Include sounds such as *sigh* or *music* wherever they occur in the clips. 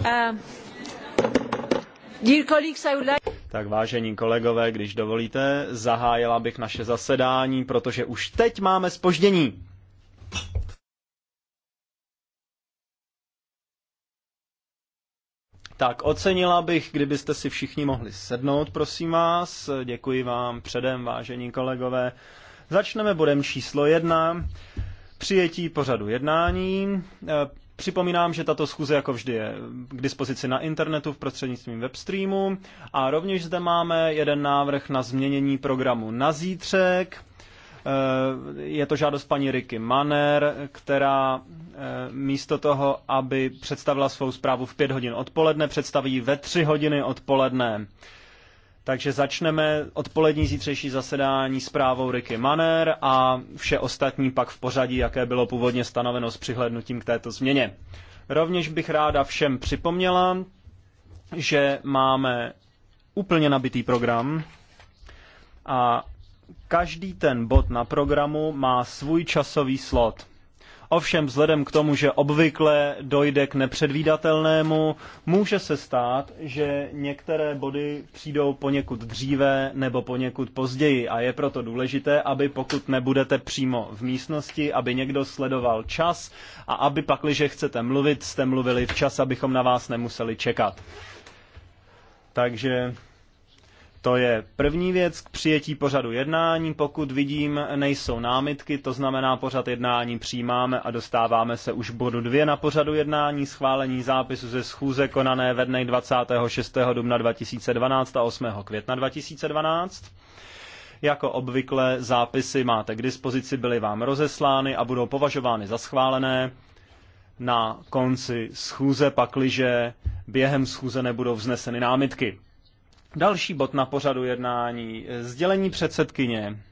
Um, tak vážení kolegové, když dovolíte, zahájila bych naše zasedání, protože už teď máme spoždění. Tak ocenila bych, kdybyste si všichni mohli sednout, prosím vás. Děkuji vám předem, vážení kolegové. Začneme bodem číslo jedna. Přijetí pořadu jednání. Připomínám, že tato schůze jako vždy je k dispozici na internetu v prostřednictvím webstreamu a rovněž zde máme jeden návrh na změnění programu na zítřek. Eh, je to žádost paní Riky Maner, která eh, místo toho, aby představila svou zprávu v pět hodin odpoledne, představí ve tři hodiny odpoledne. Takže začneme odpolední zítřejší zasedání s právou Ricky Manner a vše ostatní pak v pořadí, jaké bylo původně stanoveno s přihlednutím k této změně. Rovněž bych ráda všem připomněla, že máme úplně nabitý program a každý ten bod na programu má svůj časový slot. Ovšem vzhledem k tomu, že obvykle dojde k nepředvídatelnému, může se stát, že některé body přijdou poněkud dříve nebo poněkud později a je proto důležité, aby pokud nebudete přímo v místnosti, aby někdo sledoval čas a aby pakliže chcete mluvit, jste mluvili včas, abychom na vás nemuseli čekat. Takže to je první věc k přijetí pořadu jednání. Pokud vidím, nejsou námitky, to znamená pořad jednání přijímáme a dostáváme se už bodu 2 na pořadu jednání schválení zápisu ze schůze konané ve dnech 26. dubna 2012 a 8. května 2012. Jako obvykle zápisy máte k dispozici, byly vám rozeslány a budou považovány za schválené na konci schůze, pakliže během schůze nebudou vzneseny námitky. Další bod na pořadu jednání. Sdělení předsedkyně.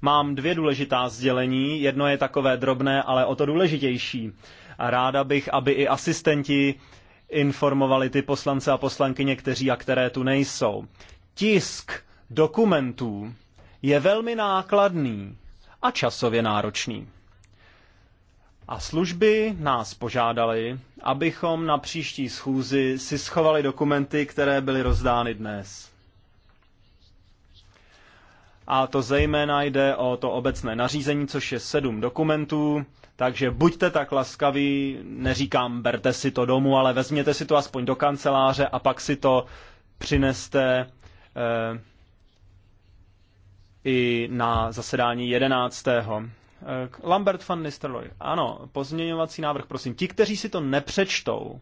Mám dvě důležitá sdělení. Jedno je takové drobné, ale o to důležitější. A ráda bych, aby i asistenti informovali ty poslance a poslankyně, kteří a které tu nejsou. Tisk dokumentů je velmi nákladný a časově náročný. A služby nás požádali, abychom na příští schůzi si schovali dokumenty, které byly rozdány dnes. A to zejména jde o to obecné nařízení, což je sedm dokumentů, takže buďte tak laskaví, neříkám berte si to domů, ale vezměte si to aspoň do kanceláře a pak si to přineste eh, i na zasedání jedenáctého. Eh, Lambert van Nistelrooy. Ano, pozměňovací návrh, prosím. Ti, kteří si to nepřečtou,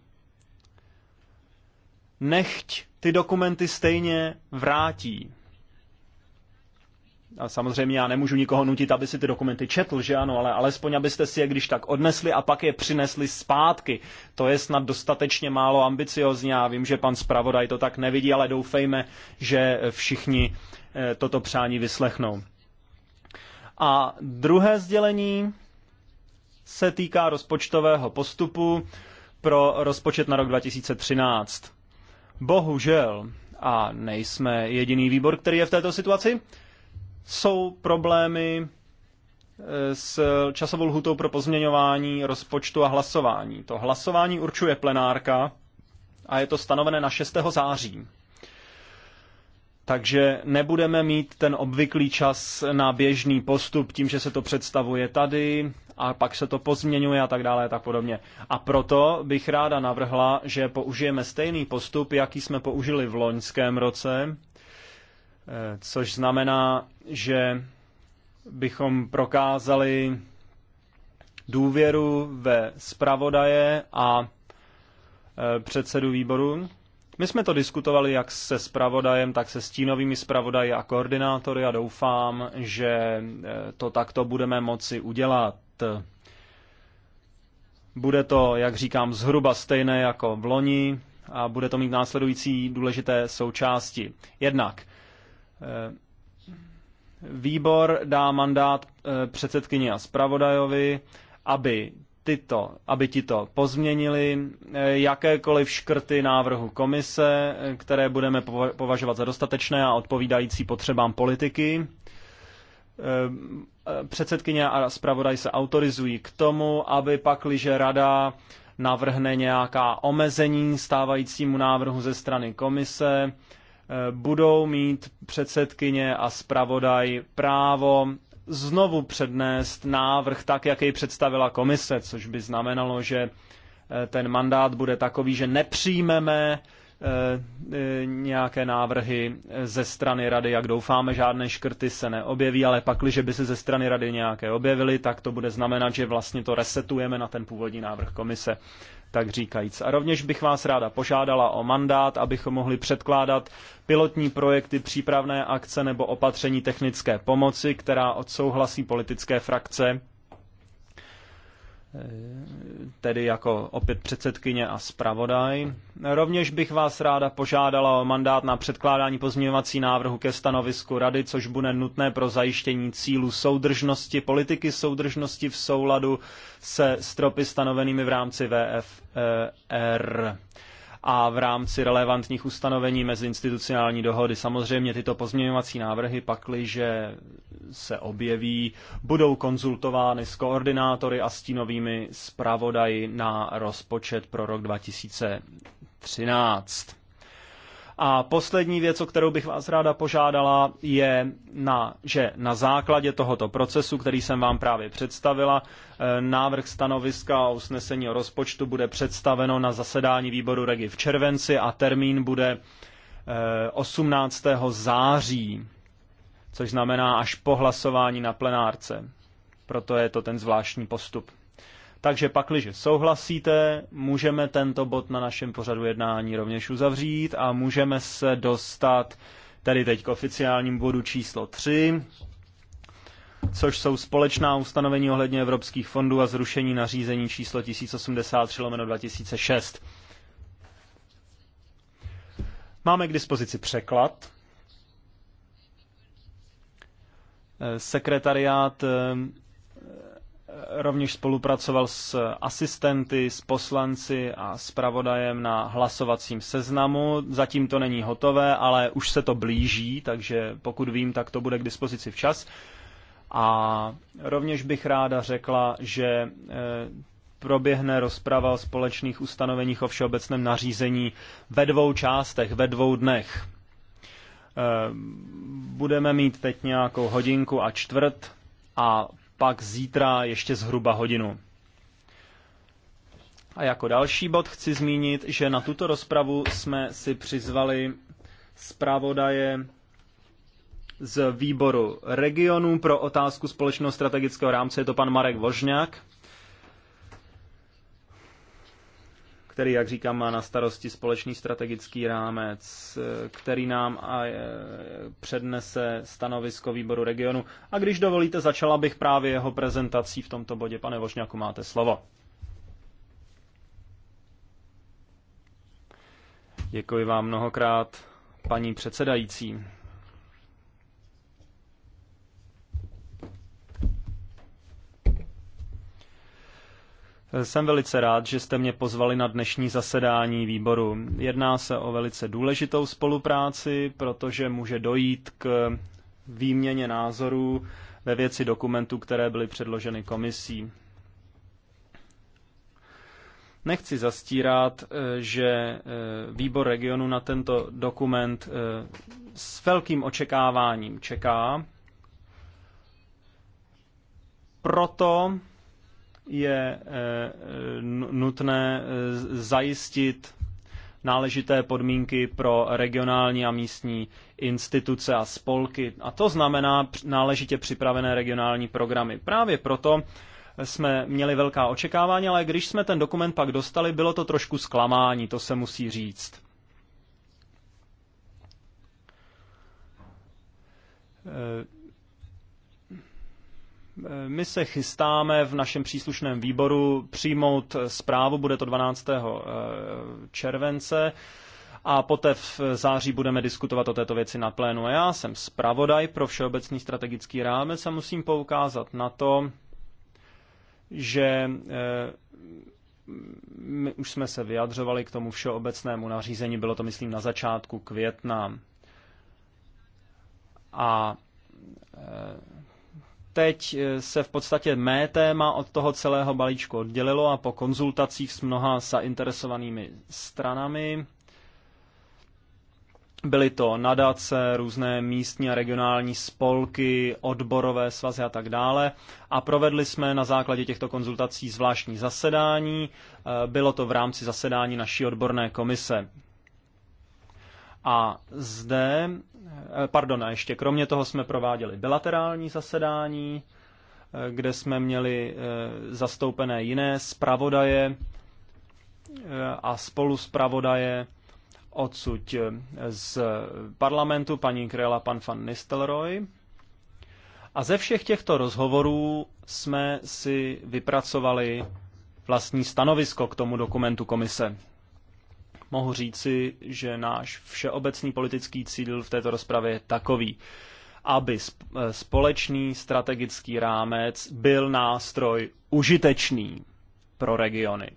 nechť ty dokumenty stejně vrátí. A samozřejmě já nemůžu nikoho nutit, aby si ty dokumenty četl, že ano, ale alespoň abyste si je když tak odnesli a pak je přinesli zpátky. To je snad dostatečně málo ambiciozní. Já vím, že pan zpravodaj to tak nevidí, ale doufejme, že všichni eh, toto přání vyslechnou. A druhé sdělení se týká rozpočtového postupu pro rozpočet na rok 2013. Bohužel, a nejsme jediný výbor, který je v této situaci, jsou problémy e, s časovou lhutou pro pozměňování rozpočtu a hlasování. To hlasování určuje plenárka a je to stanovené na 6. září. Takže nebudeme mít ten obvyklý čas na běžný postup tím, že se to představuje tady a pak se to pozměňuje a tak dále a tak podobně. A proto bych ráda navrhla, že použijeme stejný postup, jaký jsme použili v loňském roce, eh, což znamená, že bychom prokázali důvěru ve zpravodaje a eh, předsedu výboru my jsme to diskutovali jak se spravodajem, tak se stínovými spravodaji a koordinátory a doufám, že eh, to takto budeme moci udělat. Bude to, jak říkám, zhruba stejné jako v loni a bude to mít následující důležité součásti. Jednak eh, výbor dá mandát eh, předsedkyni a zpravodajovi, aby tyto, aby to pozměnili eh, jakékoliv škrty návrhu komise, eh, které budeme považovat za dostatečné a odpovídající potřebám politiky. Eh, předsedkyně a zpravodaj se autorizují k tomu, aby pakliže rada navrhne nějaká omezení stávajícímu návrhu ze strany komise, budou mít předsedkyně a zpravodaj právo znovu přednést návrh tak, jak jej představila komise, což by znamenalo, že eh, ten mandát bude takový, že nepřijmeme eh, eh, nějaké návrhy ze strany rady, jak doufáme, žádné škrty se neobjeví, ale pakliže by se ze strany rady nějaké objevily, tak to bude znamenat, že vlastně to resetujeme na ten původní návrh komise tak říkajíc. A rovněž bych vás ráda požádala o mandát, abychom mohli předkládat pilotní projekty, přípravné akce nebo opatření technické pomoci, která odsouhlasí politické frakce tedy jako opět předsedkyně a zpravodaj. Rovněž bych vás ráda požádala o mandát na předkládání pozměňovací návrhu ke stanovisku Rady, což bude nutné pro zajištění cílů soudržnosti, politiky soudržnosti v souladu se stropy stanovenými v rámci VFR. E a v rámci relevantních ustanovení mezi institucionální dohody. Samozřejmě tyto pozměňovací návrhy pakli, že se objeví, budou konzultovány s koordinátory a stínovými zpravodaji na rozpočet pro rok 2013. A poslední věc, o kterou bych vás ráda požádala, je, na, že na základě tohoto procesu, který jsem vám právě představila, eh, návrh stanoviska a usnesení o rozpočtu bude představeno na zasedání výboru Regi v červenci a termín bude 18. Eh, září, což znamená až po hlasování na plenárce. Proto je to ten zvláštní postup. Takže pakliže souhlasíte, můžeme tento bod na našem pořadu jednání rovněž uzavřít a můžeme se dostat tedy teď k oficiálním bodu číslo 3, což jsou společná ustanovení ohledně evropských fondů a zrušení nařízení číslo 1083 2006. Máme k dispozici překlad. Eh, sekretariát eh, Rovněž spolupracoval s asistenty, s poslanci a s pravodajem na hlasovacím seznamu. Zatím to není hotové, ale už se to blíží, takže pokud vím, tak to bude k dispozici včas. A rovněž bych ráda řekla, že eh, proběhne rozprava o společných ustanoveních o všeobecném nařízení ve dvou částech, ve dvou dnech. Eh, budeme mít teď nějakou hodinku a čtvrt a pak zítra ještě zhruba hodinu. A jako další bod chci zmínit, že na tuto rozpravu jsme si přizvali zpravodaje z výboru regionu pro otázku společného strategického rámce, je to pan Marek Vožňák, který, jak říkám, má na starosti společný strategický rámec, který nám a e, přednese stanovisko výboru regionu. A když dovolíte, začala bych právě jeho prezentací v tomto bodě. Pane Vožňaku, máte slovo. Děkuji vám mnohokrát, paní předsedající. Jsem velice rád, že jste mě pozvali na dnešní zasedání výboru. Jedná se o velice důležitou spolupráci, protože může dojít k výměně názorů ve věci dokumentů, které byly předloženy komisí. Nechci zastírat, eh, že eh, výbor regionu na tento dokument eh, s velkým očekáváním čeká. Proto je eh, nutné eh, zajistit náležité podmínky pro regionální a místní instituce a spolky. A to znamená náležitě připravené regionální programy. Právě proto jsme měli velká očekávání, ale když jsme ten dokument pak dostali, bylo to trošku zklamání, to se musí říct. E my se chystáme v našem příslušném výboru přijmout zprávu, bude to 12. Eh, července a poté v září budeme diskutovat o této věci na plénu. Já jsem zpravodaj pro všeobecný strategický rámec a musím poukázat na to, že eh, my už jsme se vyjadřovali k tomu všeobecnému nařízení, bylo to myslím na začátku května. A eh, Teď eh, se v podstatě mé téma od toho celého balíčku oddělilo a po konzultacích s mnoha zainteresovanými stranami byly to nadace, různé místní a regionální spolky, odborové svazy a tak dále. A provedli jsme na základě těchto konzultací zvláštní zasedání. Eh, bylo to v rámci zasedání naší odborné komise. A zde, eh, pardon, a ještě kromě toho jsme prováděli bilaterální zasedání, eh, kde jsme měli eh, zastoupené jiné zpravodaje a spolu zpravodaje odsuť z parlamentu, paní Krela, pan van Nistelrooy. A ze všech těchto rozhovorů jsme si vypracovali vlastní stanovisko k tomu dokumentu komise mohu říci, že náš všeobecný politický cíl v této rozpravě je takový, aby eh, společný strategický rámec byl nástroj užitečný pro regiony.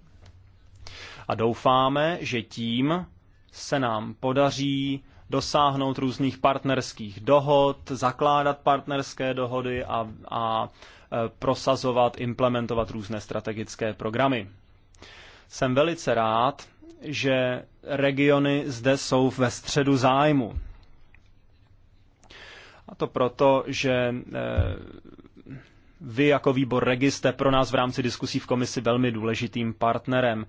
A doufáme, že tím se nám podaří dosáhnout různých partnerských dohod, zakládat partnerské dohody a, a eh, prosazovat, implementovat různé strategické programy. Jsem velice rád, že regiony zde jsou ve středu zájmu. A to proto, že eh, vy jako výbor Regi jste pro nás v rámci diskusí v komisi velmi důležitým partnerem.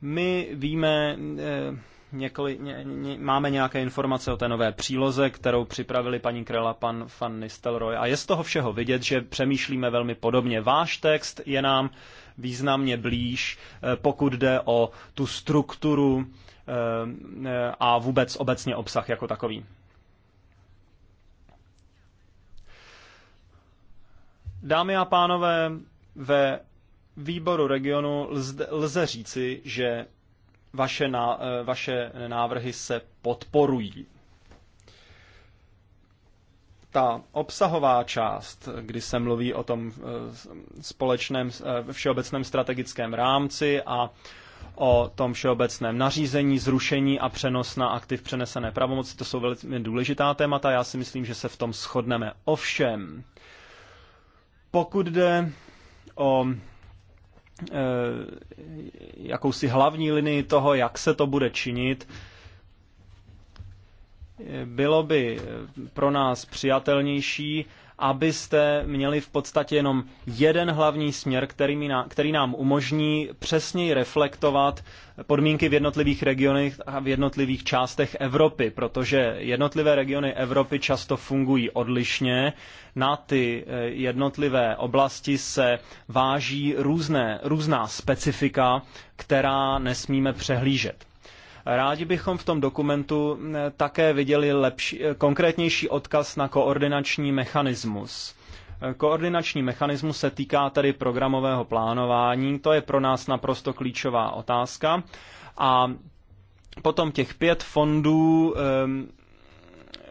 My víme, eh, Několi, ně, ně, máme nějaké informace o té nové příloze, kterou připravili paní Krela, pan Van Nistelrooy. A je z toho všeho vidět, že přemýšlíme velmi podobně. Váš text je nám významně blíž, eh, pokud jde o tu strukturu eh, eh, a vůbec obecně obsah jako takový. Dámy a pánové, ve výboru regionu lze, lze říci, že vaše, na, eh, vaše návrhy se podporují. Ta obsahová část, kdy se mluví o tom eh, společném eh, všeobecném strategickém rámci a o tom všeobecném nařízení, zrušení a přenos na aktiv přenesené pravomoci, to jsou velmi důležitá témata, já si myslím, že se v tom shodneme. Ovšem, pokud jde o Eh, jakousi hlavní linii toho, jak se to bude činit, eh, bylo by eh, pro nás přijatelnější, abyste měli v podstatě jenom jeden hlavní směr, který, mi na, který nám umožní přesněji reflektovat podmínky v jednotlivých regionech a v jednotlivých částech Evropy, protože jednotlivé regiony Evropy často fungují odlišně. Na ty eh, jednotlivé oblasti se váží různé, různá specifika, která nesmíme přehlížet. Rádi bychom v tom dokumentu eh, také viděli lepší, eh, konkrétnější odkaz na koordinační mechanismus. Eh, koordinační mechanismus se týká tedy programového plánování, to je pro nás naprosto klíčová otázka. A potom těch pět fondů ehm,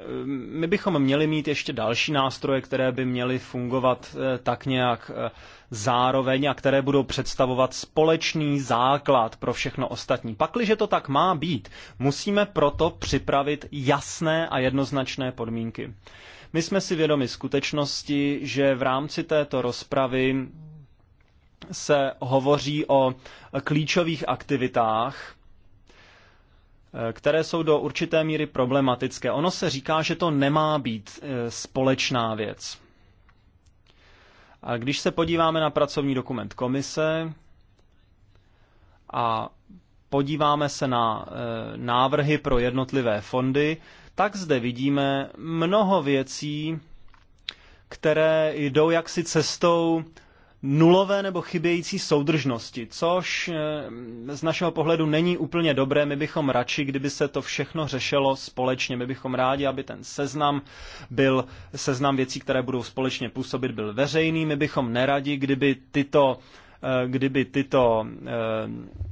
Eh, my bychom měli mít ještě další nástroje, které by měly fungovat eh, tak nějak eh, zároveň a které budou představovat společný základ pro všechno ostatní. Pakliže to tak má být, musíme proto připravit jasné a jednoznačné podmínky. My jsme si vědomi skutečnosti, že v rámci této rozpravy se hovoří o klíčových aktivitách, Eh, které jsou do určité míry problematické. Ono se říká, že to nemá být eh, společná věc. A když se podíváme na pracovní dokument komise a podíváme se na eh, návrhy pro jednotlivé fondy, tak zde vidíme mnoho věcí, které jdou jaksi cestou nulové nebo chybějící soudržnosti, což eh, z našeho pohledu není úplně dobré. My bychom radši, kdyby se to všechno řešilo společně. My bychom rádi, aby ten seznam byl, seznam věcí, které budou společně působit, byl veřejný. My bychom neradi, kdyby tyto, eh, kdyby tyto eh,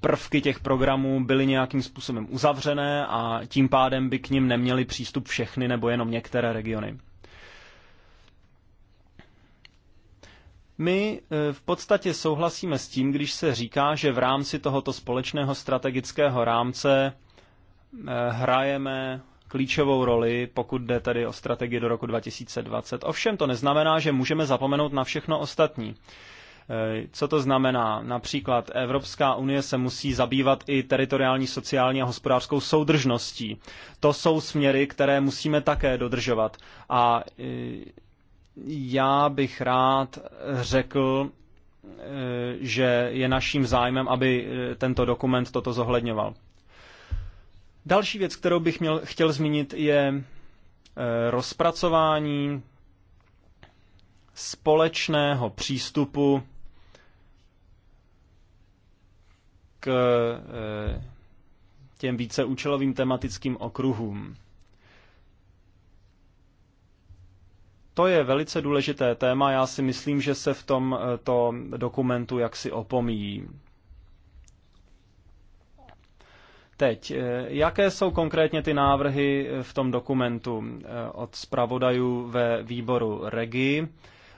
prvky těch programů byly nějakým způsobem uzavřené a tím pádem by k nim neměli přístup všechny nebo jenom některé regiony. My eh, v podstatě souhlasíme s tím, když se říká, že v rámci tohoto společného strategického rámce eh, hrajeme klíčovou roli, pokud jde tedy o strategii do roku 2020. Ovšem to neznamená, že můžeme zapomenout na všechno ostatní. Eh, co to znamená? Například Evropská unie se musí zabývat i teritoriální, sociální a hospodářskou soudržností. To jsou směry, které musíme také dodržovat. A já bych rád řekl, eh, že je naším zájmem, aby eh, tento dokument toto zohledňoval. Další věc, kterou bych měl, chtěl zmínit, je eh, rozpracování společného přístupu k těm víceúčelovým tematickým okruhům. To je velice důležité téma, já si myslím, že se v tomto eh, dokumentu jaksi opomíjí. Teď, eh, jaké jsou konkrétně ty návrhy eh, v tom dokumentu od zpravodajů ve výboru REGI?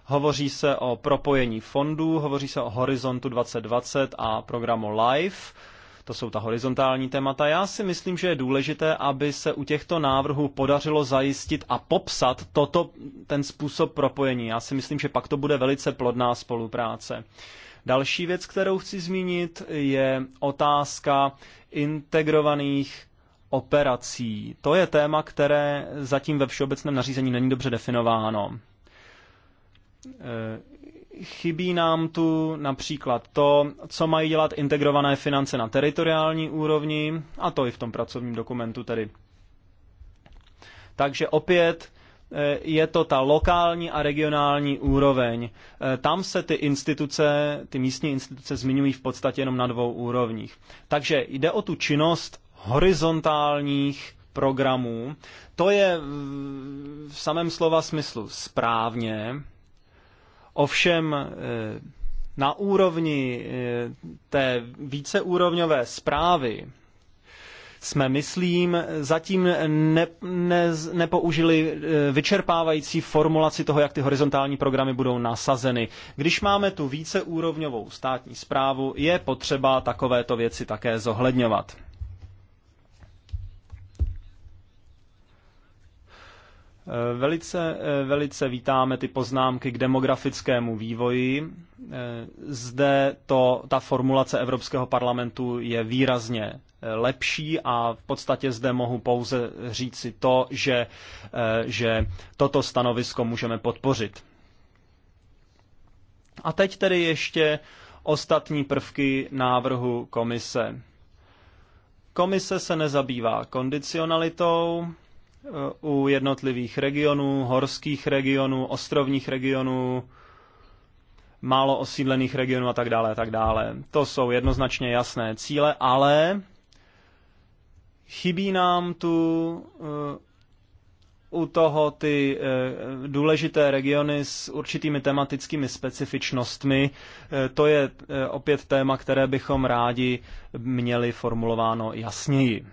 Hovoří se o propojení fondů, hovoří se o Horizontu 2020 a programu LIFE to jsou ta horizontální témata. Já si myslím, že je důležité, aby se u těchto návrhů podařilo zajistit a popsat toto, ten způsob propojení. Já si myslím, že pak to bude velice plodná spolupráce. Další věc, kterou chci zmínit, je otázka integrovaných operací. To je téma, které zatím ve všeobecném nařízení není dobře definováno. Chybí nám tu například to, co mají dělat integrované finance na teritoriální úrovni, a to i v tom pracovním dokumentu tedy. Takže opět eh, je to ta lokální a regionální úroveň. Eh, tam se ty instituce, ty místní instituce zmiňují v podstatě jenom na dvou úrovních. Takže jde o tu činnost horizontálních programů. To je v samém slova smyslu správně, Ovšem eh, na úrovni eh, té víceúrovňové zprávy jsme, myslím, zatím ne, ne, nepoužili eh, vyčerpávající formulaci toho, jak ty horizontální programy budou nasazeny. Když máme tu víceúrovňovou státní správu, je potřeba takovéto věci také zohledňovat. Eh, velice, eh, velice vítáme ty poznámky k demografickému vývoji. Eh, zde to, ta formulace Evropského parlamentu je výrazně lepší a v podstatě zde mohu pouze říci to, že, že toto stanovisko můžeme podpořit. A teď tedy ještě ostatní prvky návrhu komise. Komise se nezabývá kondicionalitou, u jednotlivých regionů, horských regionů, ostrovních regionů, málo osídlených regionů a tak dále tak dále. To jsou jednoznačně jasné cíle, ale chybí nám tu eh, u toho ty eh, důležité regiony s určitými tematickými specifičnostmi. Eh, to je opět téma, které bychom rádi měli formulováno jasněji.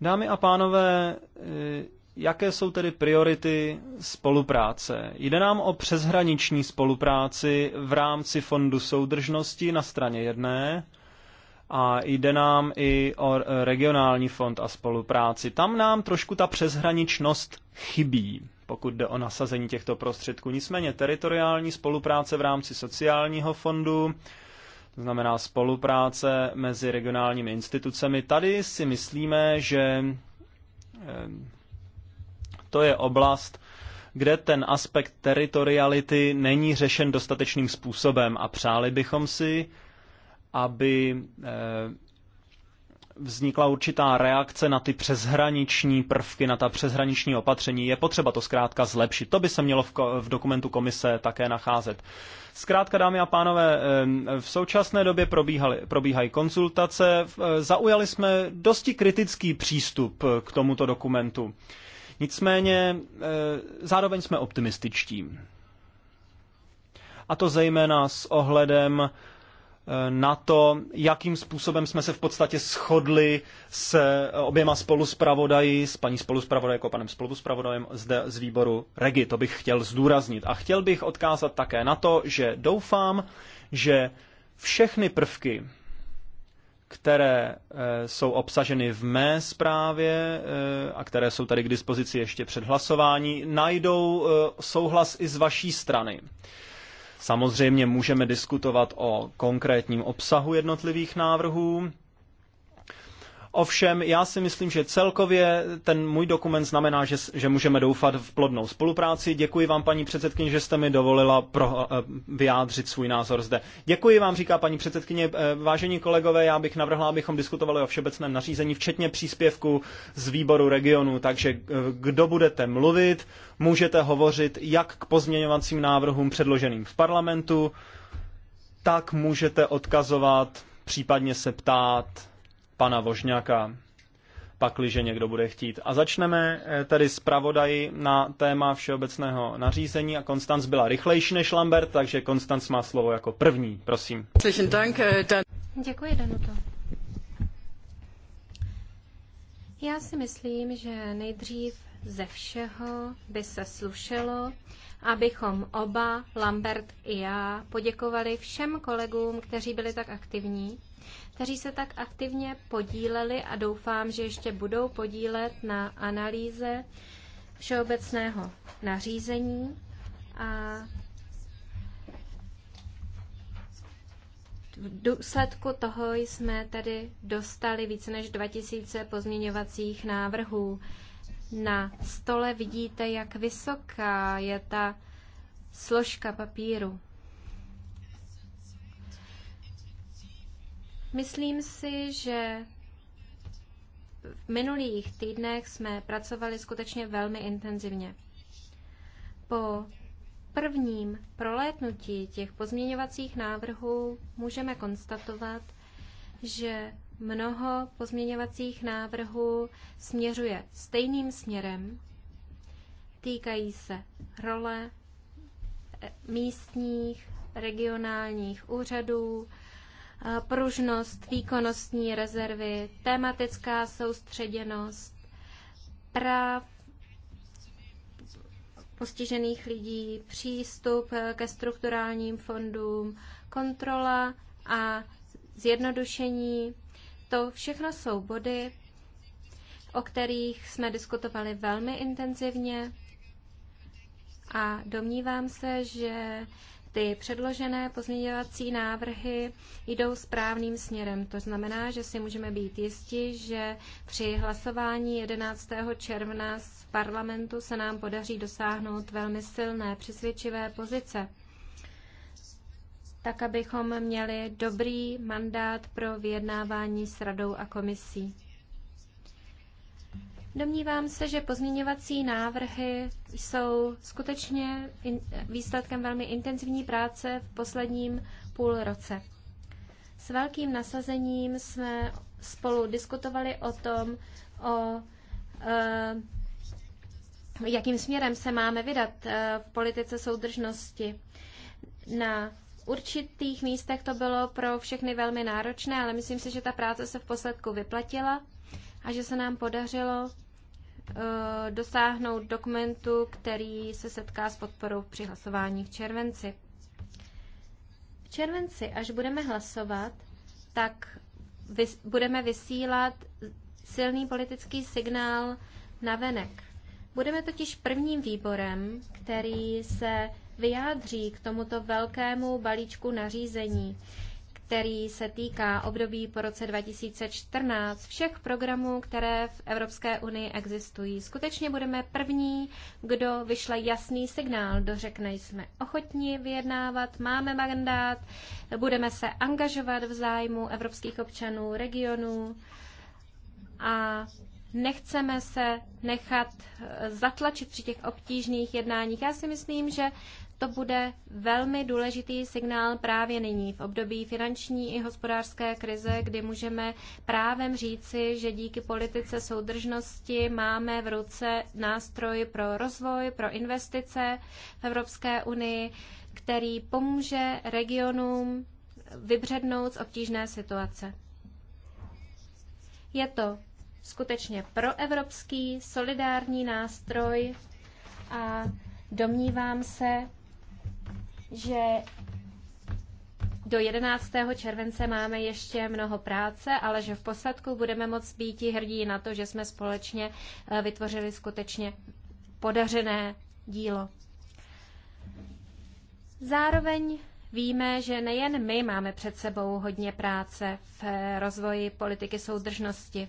Dámy a pánové, eh, jaké jsou tedy priority spolupráce? Jde nám o přeshraniční spolupráci v rámci Fondu soudržnosti na straně jedné a jde nám i o regionální fond a spolupráci. Tam nám trošku ta přeshraničnost chybí, pokud jde o nasazení těchto prostředků. Nicméně teritoriální spolupráce v rámci sociálního fondu, to znamená spolupráce mezi regionálními institucemi. Tady si myslíme, že eh, to je oblast, kde ten aspekt teritoriality není řešen dostatečným způsobem a přáli bychom si, aby eh, vznikla určitá reakce na ty přeshraniční prvky, na ta přeshraniční opatření. Je potřeba to zkrátka zlepšit. To by se mělo v, v dokumentu komise také nacházet. Zkrátka, dámy a pánové, v současné době probíhaly, probíhají konzultace. E, zaujali jsme dosti kritický přístup k tomuto dokumentu. Nicméně e, zároveň jsme optimističtí. A to zejména s ohledem Eh, na to, jakým způsobem jsme se v podstatě shodli s eh, oběma spoluspravodaji, s paní jako panem spoluspravodajem zde z výboru Regi. To bych chtěl zdůraznit. A chtěl bych odkázat také na to, že doufám, že všechny prvky, které eh, jsou obsaženy v mé zprávě a které jsou tady k dispozici ještě před hlasování, najdou souhlas i z vaší strany. Samozřejmě můžeme diskutovat o konkrétním obsahu jednotlivých návrhů, Ovšem, já si myslím, že celkově ten můj dokument znamená, že, že můžeme doufat v plodnou spolupráci. Děkuji vám, paní předsedkyně, že jste mi dovolila pro, eh, vyjádřit svůj názor zde. Děkuji vám, říká paní předsedkyně. Eh, vážení kolegové, já bych navrhla, abychom diskutovali o všeobecném nařízení, včetně příspěvku z výboru regionu. Takže eh, kdo budete mluvit, můžete hovořit jak k pozměňovacím návrhům předloženým v parlamentu, tak můžete odkazovat, případně se ptát pana Vožňáka, pakliže někdo bude chtít. A začneme eh, tedy s pravodají na téma všeobecného nařízení a Konstanc byla rychlejší než Lambert, takže Konstanc má slovo jako první, prosím. Eh, Děkuji, Danuto. Já si myslím, že nejdřív ze všeho by se slušelo, abychom oba, Lambert i já, poděkovali všem kolegům, kteří byli tak aktivní kteří se tak aktivně podíleli a doufám, že ještě budou podílet na analýze všeobecného nařízení a v důsledku toho jsme tedy dostali více než 2000 pozměňovacích návrhů. Na stole vidíte, jak vysoká je ta složka papíru. Myslím si, že v minulých týdnech jsme pracovali skutečně velmi intenzivně. Po prvním prolétnutí těch pozměňovacích návrhů můžeme konstatovat, že mnoho pozměňovacích návrhů směřuje stejným směrem. Týkají se role místních, regionálních úřadů, pružnost výkonnostní rezervy, tematická soustředěnost, práv postižených lidí, přístup ke strukturálním fondům, kontrola a zjednodušení. To všechno jsou body, o kterých jsme diskutovali velmi intenzivně a domnívám se, že ty předložené pozměňovací návrhy jdou správným směrem. To znamená, že si můžeme být jisti, že při hlasování 11. června z parlamentu se nám podaří dosáhnout velmi silné přesvědčivé pozice tak abychom měli dobrý mandát pro vyjednávání s radou a komisí. Domnívám se, že pozměňovací návrhy jsou skutečně výsledkem velmi intenzivní práce v posledním půl roce. S velkým nasazením jsme spolu diskutovali o tom, o e, jakým směrem se máme vydat eh, v politice soudržnosti. Na určitých místech to bylo pro všechny velmi náročné, ale myslím si, že ta práce se v posledku vyplatila a že se nám podařilo Eh, dosáhnout dokumentu, který se setká s podporou při hlasování v červenci. V červenci, až budeme hlasovat, tak vys- budeme vysílat silný politický signál na venek. Budeme totiž prvním výborem, který se vyjádří k tomuto velkému balíčku nařízení který se týká období po roce 2014 všech programů, které v Evropské unii existují. Skutečně budeme první, kdo vyšle jasný signál. řekne, jsme ochotní vyjednávat, máme mandát, budeme se angažovat v zájmu evropských občanů, regionů a nechceme se nechat zatlačit při těch obtížných jednáních. Já si myslím, že to bude velmi důležitý signál právě nyní, v období finanční i hospodářské krize, kdy můžeme právem říci, že díky politice soudržnosti máme v ruce nástroj pro rozvoj, pro investice v Evropské unii, který pomůže regionům vybřednout z obtížné situace. Je to skutečně proevropský solidární nástroj a domnívám se, že do 11. července máme ještě mnoho práce, ale že v posledku budeme moc být hrdí na to, že jsme společně eh, vytvořili skutečně podařené dílo. Zároveň víme, že nejen my máme před sebou hodně práce v eh, rozvoji politiky soudržnosti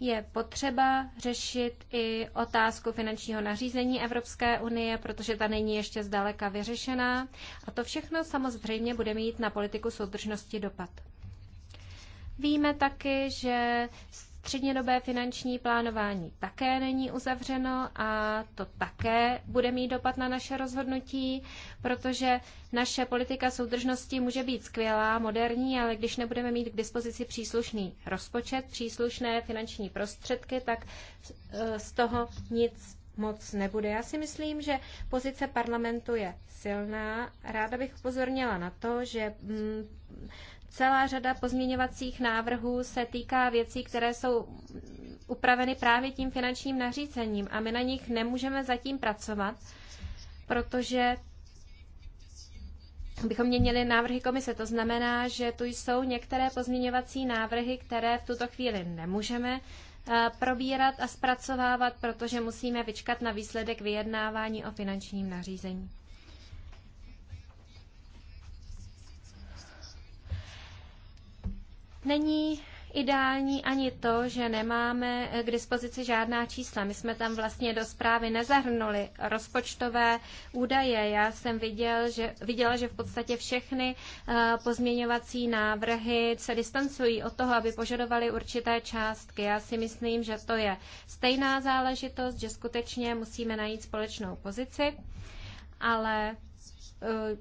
je potřeba řešit i otázku finančního nařízení Evropské unie, protože ta není ještě zdaleka vyřešená. A to všechno samozřejmě bude mít na politiku soudržnosti dopad. Víme taky, že Střednědobé finanční plánování také není uzavřeno a to také bude mít dopad na naše rozhodnutí, protože naše politika soudržnosti může být skvělá, moderní, ale když nebudeme mít k dispozici příslušný rozpočet, příslušné finanční prostředky, tak e, z toho nic moc nebude. Já si myslím, že pozice parlamentu je silná. Ráda bych upozornila na to, že mm, Celá řada pozměňovacích návrhů se týká věcí, které jsou upraveny právě tím finančním nařízením a my na nich nemůžeme zatím pracovat, protože bychom měnili návrhy komise. To znamená, že tu jsou některé pozměňovací návrhy, které v tuto chvíli nemůžeme eh, probírat a zpracovávat, protože musíme vyčkat na výsledek vyjednávání o finančním nařízení. Není ideální ani to, že nemáme k dispozici žádná čísla. My jsme tam vlastně do zprávy nezahrnuli rozpočtové údaje. Já jsem viděl, že, viděla, že v podstatě všechny eh, pozměňovací návrhy se distancují od toho, aby požadovali určité částky. Já si myslím, že to je stejná záležitost, že skutečně musíme najít společnou pozici, ale eh,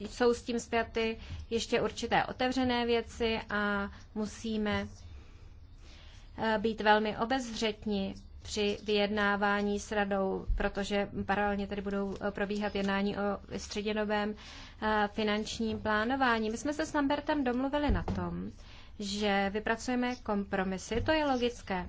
jsou s tím zpěty ještě určité otevřené věci a musíme eh, být velmi obezřetní při vyjednávání s radou, protože paralelně tady budou eh, probíhat jednání o středinovém eh, finančním plánování. My jsme se s Lambertem domluvili na tom, že vypracujeme kompromisy. To je logické.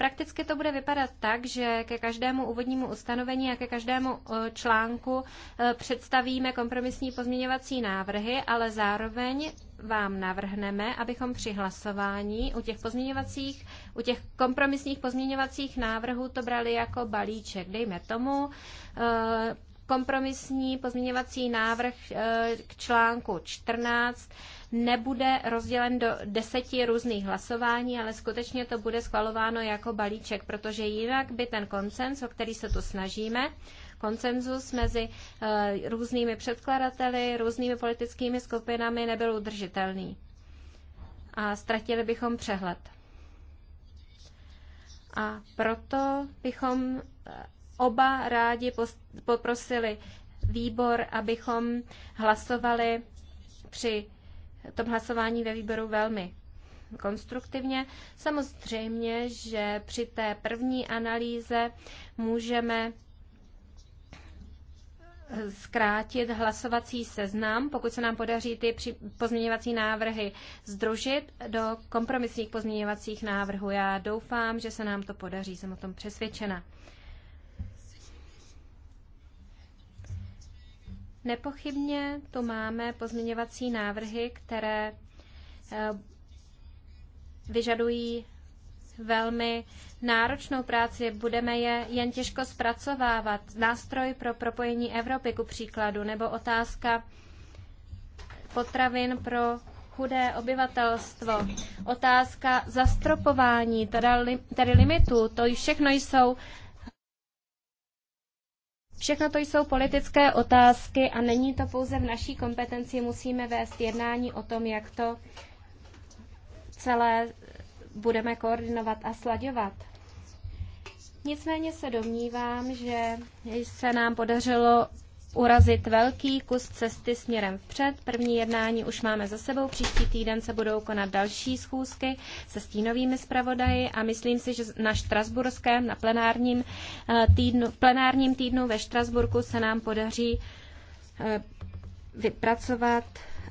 Prakticky to bude vypadat tak, že ke každému úvodnímu ustanovení a ke každému e, článku e, představíme kompromisní pozměňovací návrhy, ale zároveň vám navrhneme, abychom při hlasování u těch pozměňovacích, u těch kompromisních pozměňovacích návrhů to brali jako balíček. Dejme tomu, e, kompromisní pozměňovací návrh k článku 14 nebude rozdělen do deseti různých hlasování, ale skutečně to bude schvalováno jako balíček, protože jinak by ten koncens, o který se tu snažíme, koncenzus mezi eh, různými předkladateli, různými politickými skupinami nebyl udržitelný. A ztratili bychom přehled. A proto bychom eh, oba rádi poprosili výbor, abychom hlasovali při tom hlasování ve výboru velmi konstruktivně. Samozřejmě, že při té první analýze můžeme zkrátit hlasovací seznam, pokud se nám podaří ty pozměňovací návrhy združit do kompromisních pozměňovacích návrhů. Já doufám, že se nám to podaří, jsem o tom přesvědčena. Nepochybně tu máme pozměňovací návrhy, které eh, vyžadují velmi náročnou práci, budeme je jen těžko zpracovávat. Nástroj pro propojení Evropy, ku příkladu, nebo otázka potravin pro chudé obyvatelstvo, otázka zastropování, tedy, li, limitů, to všechno jsou Všechno to jsou politické otázky a není to pouze v naší kompetenci. Musíme vést jednání o tom, jak to celé budeme koordinovat a slaďovat. Nicméně se domnívám, že se nám podařilo urazit velký kus cesty směrem vpřed. První jednání už máme za sebou. Příští týden se budou konat další schůzky se stínovými zpravodaji a myslím si, že na Štrasburském, na plenárním eh, týdnu, plenárním týdnu ve Štrasburku se nám podaří eh, vypracovat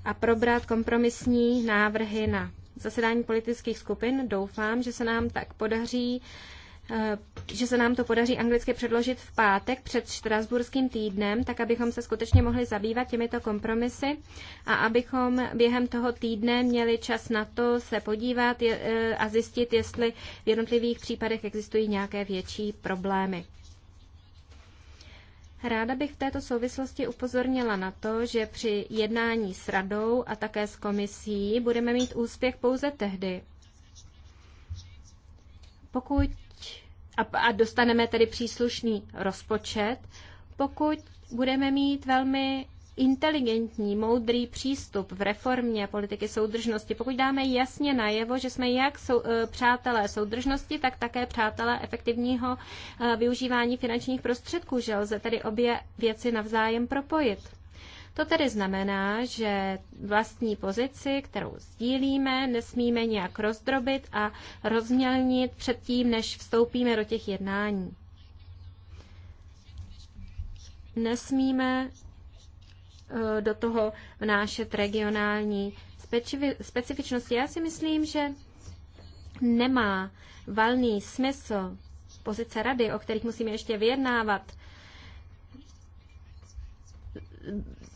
a probrat kompromisní návrhy na zasedání politických skupin. Doufám, že se nám tak podaří Eh, že se nám to podaří anglicky předložit v pátek před Štrasburským týdnem, tak abychom se skutečně mohli zabývat těmito kompromisy a abychom během toho týdne měli čas na to se podívat eh, a zjistit, jestli v jednotlivých případech existují nějaké větší problémy. Ráda bych v této souvislosti upozornila na to, že při jednání s radou a také s komisí budeme mít úspěch pouze tehdy, pokud a dostaneme tedy příslušný rozpočet, pokud budeme mít velmi inteligentní, moudrý přístup v reformě politiky soudržnosti, pokud dáme jasně najevo, že jsme jak sou, eh, přátelé soudržnosti, tak také přátelé efektivního eh, využívání finančních prostředků, že lze tedy obě věci navzájem propojit. To tedy znamená, že vlastní pozici, kterou sdílíme, nesmíme nějak rozdrobit a rozmělnit předtím, než vstoupíme do těch jednání. Nesmíme eh, do toho vnášet regionální specifičnosti. Já si myslím, že nemá valný smysl pozice rady, o kterých musíme ještě vyjednávat,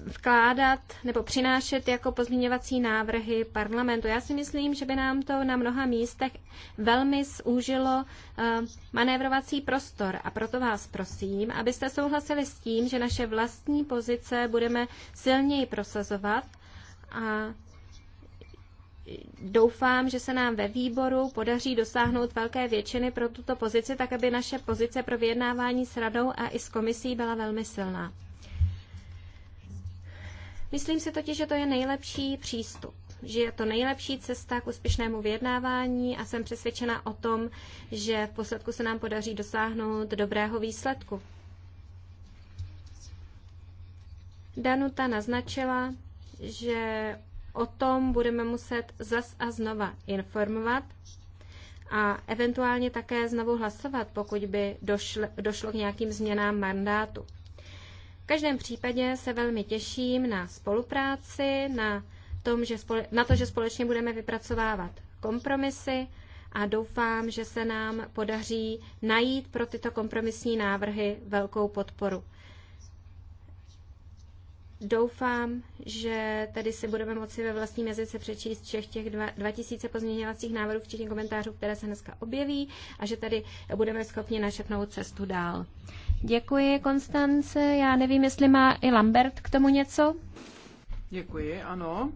vkládat nebo přinášet jako pozměňovací návrhy parlamentu. Já si myslím, že by nám to na mnoha místech velmi zúžilo eh, manévrovací prostor a proto vás prosím, abyste souhlasili s tím, že naše vlastní pozice budeme silněji prosazovat a doufám, že se nám ve výboru podaří dosáhnout velké většiny pro tuto pozici, tak aby naše pozice pro vyjednávání s radou a i s komisí byla velmi silná. Myslím si totiž, že to je nejlepší přístup, že je to nejlepší cesta k úspěšnému vyjednávání a jsem přesvědčena o tom, že v posledku se nám podaří dosáhnout dobrého výsledku. Danuta naznačila, že o tom budeme muset zas a znova informovat a eventuálně také znovu hlasovat, pokud by došlo, došlo k nějakým změnám mandátu. V každém případě se velmi těším na spolupráci, na, tom, že spole- na to, že společně budeme vypracovávat kompromisy a doufám, že se nám podaří najít pro tyto kompromisní návrhy velkou podporu. Doufám, že tedy si budeme moci ve vlastním jazyce přečíst všech těch 2000 pozměňovacích návrhů, včetně komentářů, které se dneska objeví, a že tady budeme schopni našepnout cestu dál. Děkuji, Konstance. Já nevím, jestli má i Lambert k tomu něco. Děkuji, ano.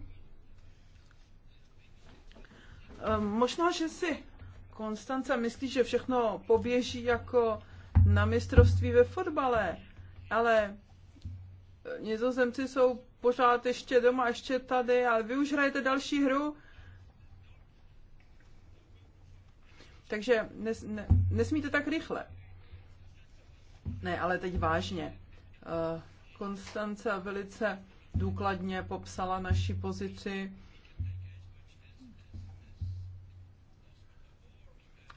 E, možná, že si Konstance myslí, že všechno poběží jako na mistrovství ve fotbale, ale nizozemci jsou pořád ještě doma, ještě tady, ale vy už hrajete další hru. Takže nes, ne, nesmíte tak rychle. Ne, ale teď vážně. Eh, Konstance velice důkladně popsala naši pozici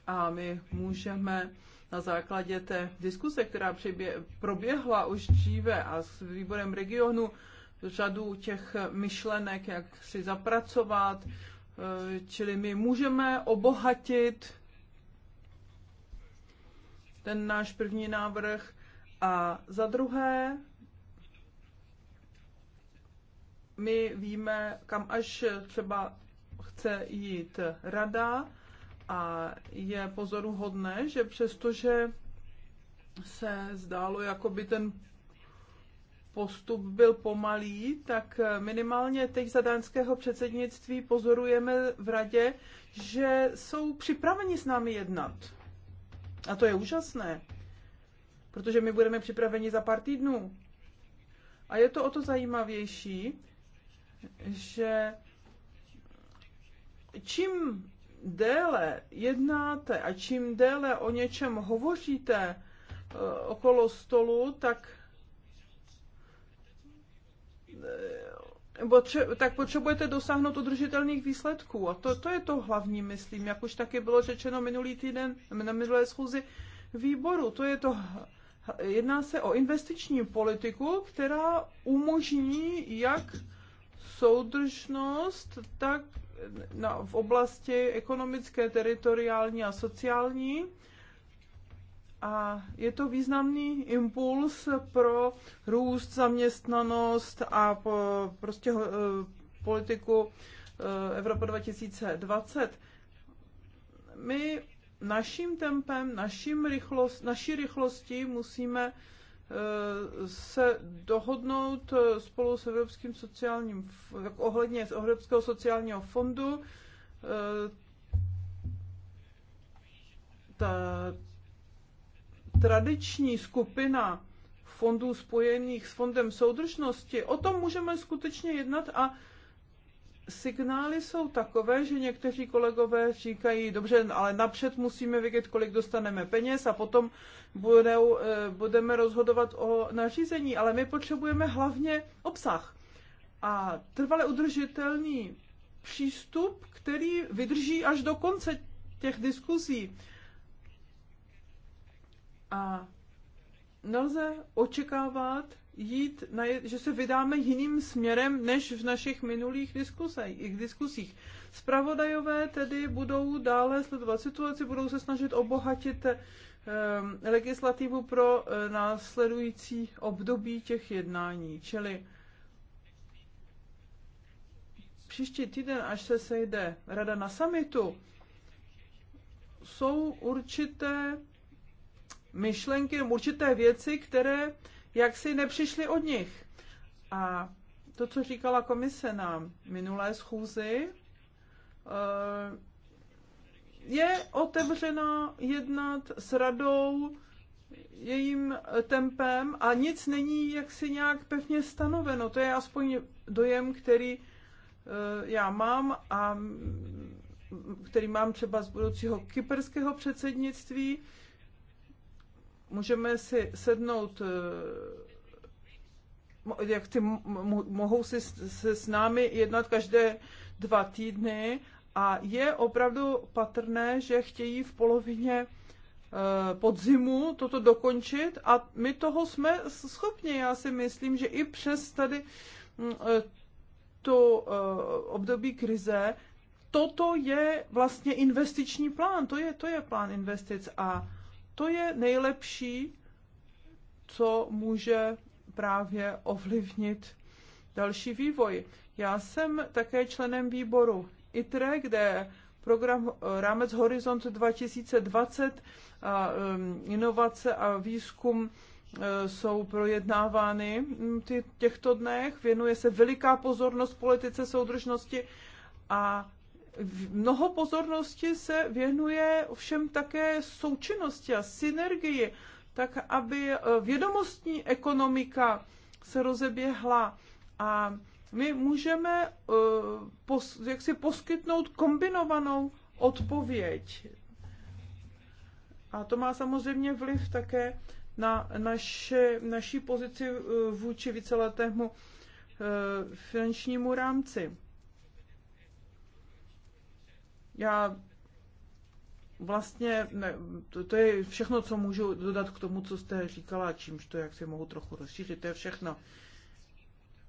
a my můžeme na základě té diskuse, která proběhla už dříve a s výborem regionu, řadu těch myšlenek, jak si zapracovat, eh, čili my můžeme obohatit ten náš první návrh. A za druhé, my víme, kam až třeba chce jít rada a je pozoruhodné, že přestože se zdálo, jako by ten postup byl pomalý, tak minimálně teď za dánského předsednictví pozorujeme v radě, že jsou připraveni s námi jednat. A to je úžasné, protože my budeme připraveni za pár týdnů. A je to o to zajímavější, že čím déle jednáte a čím déle o něčem hovoříte eh, okolo stolu, tak eh, tak potřebujete dosáhnout udržitelných výsledků. A to, to je to hlavní, myslím, jak už taky bylo řečeno minulý týden na minulé schůzi výboru. To je to Jedná se o investiční politiku, která umožní jak soudržnost, tak na, v oblasti ekonomické, teritoriální a sociální a je to významný impuls pro růst, zaměstnanost a po, prostě uh, politiku uh, Evropa 2020. My naším tempem, naším rychlost, naší rychlostí musíme eh, se dohodnout spolu s Evropským sociálním, ohledně z Evropského sociálního fondu, ta, tradiční skupina fondů spojených s Fondem soudržnosti, o tom můžeme skutečně jednat a signály jsou takové, že někteří kolegové říkají, dobře, ale napřed musíme vědět, kolik dostaneme peněz a potom budou, eh, budeme rozhodovat o nařízení, ale my potřebujeme hlavně obsah a trvale udržitelný přístup, který vydrží až do konce těch diskuzí. A nelze očekávat, jít, na, že se vydáme jiným směrem než v našich minulých diskusích. diskusích. Spravodajové tedy budou dále sledovat situaci, budou se snažit obohatit eh, legislativu pro eh, následující období těch jednání. Čili příští týden, až se sejde rada na samitu, jsou určité myšlenky, určité věci, které jaksi nepřišly od nich. A to, co říkala komise na minulé schůzi, eh, je otevřena jednat s radou jejím tempem a nic není jaksi nějak pevně stanoveno. To je aspoň dojem, který eh, já mám a mm, který mám třeba z budoucího kyperského předsednictví, můžeme si sednout eh, jak ty mohou si se s námi jednat každé dva týdny a je opravdu patrné, že chtějí v polovině eh, podzimu toto dokončit a my toho jsme schopni. Já si myslím, že i přes tady mm, eh, to období krize, toto je vlastně investiční plán, to je, to je plán investic a to je nejlepší, co může právě ovlivnit další vývoj. Já jsem také členem výboru ITRE, kde program eh, Rámec Horizont 2020 a inovace a výzkum eh, jsou projednávány v mm, těchto dnech. Věnuje se veliká pozornost politice soudržnosti a Mnoho pozornosti se věnuje všem také součinnosti a synergii, tak aby eh, vědomostní ekonomika se rozeběhla a my můžeme eh, jak si poskytnout kombinovanou odpověď. A to má samozřejmě vliv také na naše, naší pozici eh, vůči víceletému finančnímu rámci. Já vlastně, ne, to, to je všechno, co můžu dodat k tomu, co jste říkala, čímž to, jak si mohu trochu rozšířit, to je všechno.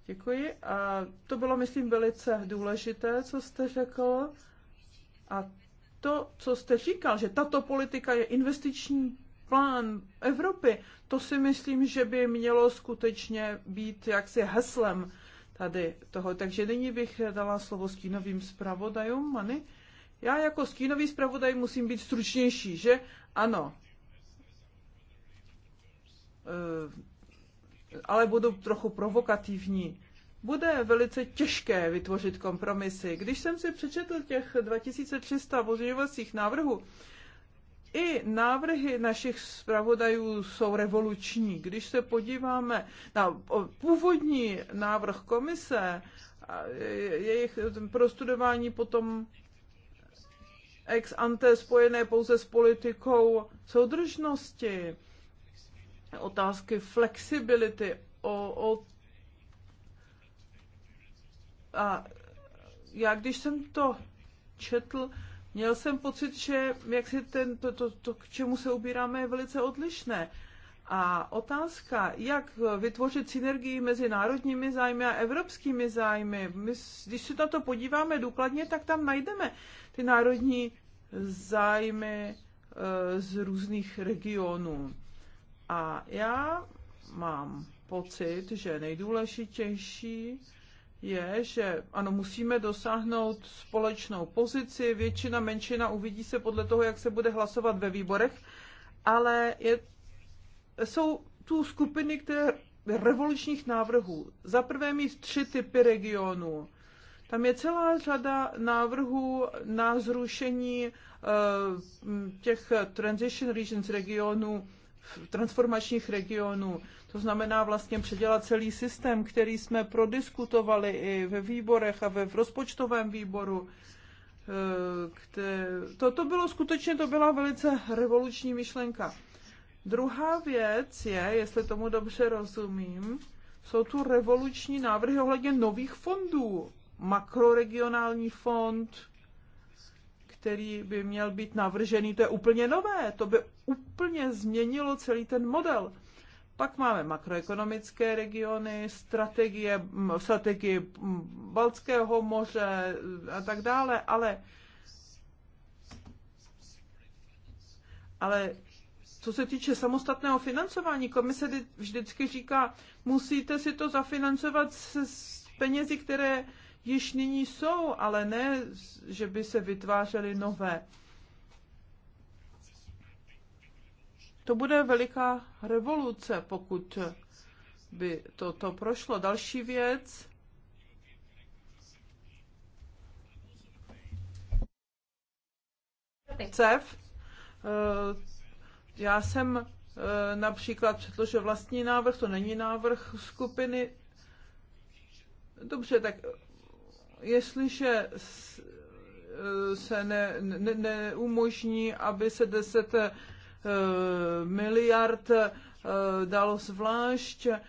Děkuji. A to bylo, myslím, velice důležité, co jste řekl. A to, co jste říkal, že tato politika je investiční plán Evropy, to si myslím, že by mělo skutečně být jaksi heslem tady toho. Takže nyní bych dala slovo stínovým zpravodajům, Many. Já jako stínový zpravodaj musím být stručnější, že? Ano. Eh, ale budu trochu provokativní. Bude velice těžké vytvořit kompromisy. Když jsem si přečetl těch 2300 pozměňovacích návrhů, i návrhy našich zpravodajů jsou revoluční. Když se podíváme na původní návrh komise, jejich prostudování potom ex ante spojené pouze s politikou soudržnosti, otázky flexibility, o, o a já když jsem to četl, měl jsem pocit, že jak si ten, to, to, to, k čemu se ubíráme, je velice odlišné. A otázka, jak vytvořit synergii mezi národními zájmy a evropskými zájmy, my, když se na to podíváme důkladně, tak tam najdeme ty národní zájmy eh, z různých regionů. A já mám pocit, že nejdůležitější je, že ano, musíme dosáhnout společnou pozici, většina, menšina uvidí se podle toho, jak se bude hlasovat ve výborech, ale je, jsou tu skupiny, které revolučních návrhů. Za prvé mít tři typy regionů. Tam je celá řada návrhů na zrušení eh, těch transition regions regionů, transformačních regionů. To znamená vlastně předělat celý systém, který jsme prodiskutovali i ve výborech a ve v rozpočtovém výboru. Eh, to, to bylo skutečně, to byla velice revoluční myšlenka. Druhá věc je, jestli tomu dobře rozumím, jsou tu revoluční návrhy ohledně nových fondů makroregionální fond, který by měl být navržený, to je úplně nové, to by úplně změnilo celý ten model. Pak máme makroekonomické regiony, strategie, strategie Balckého moře a tak dále, ale, ale co se týče samostatného financování, komise vždycky říká, musíte si to zafinancovat s penězi, které již nyní jsou, ale ne, že by se vytvářely nové. To bude veliká revoluce, pokud by toto prošlo. Další věc. CEF. Eh, já jsem eh, například předložil vlastní návrh, to není návrh skupiny. Dobře, tak jestliže se ne, ne, neumožní, aby se 10 eh, miliard eh, dalo zvlášť, eh,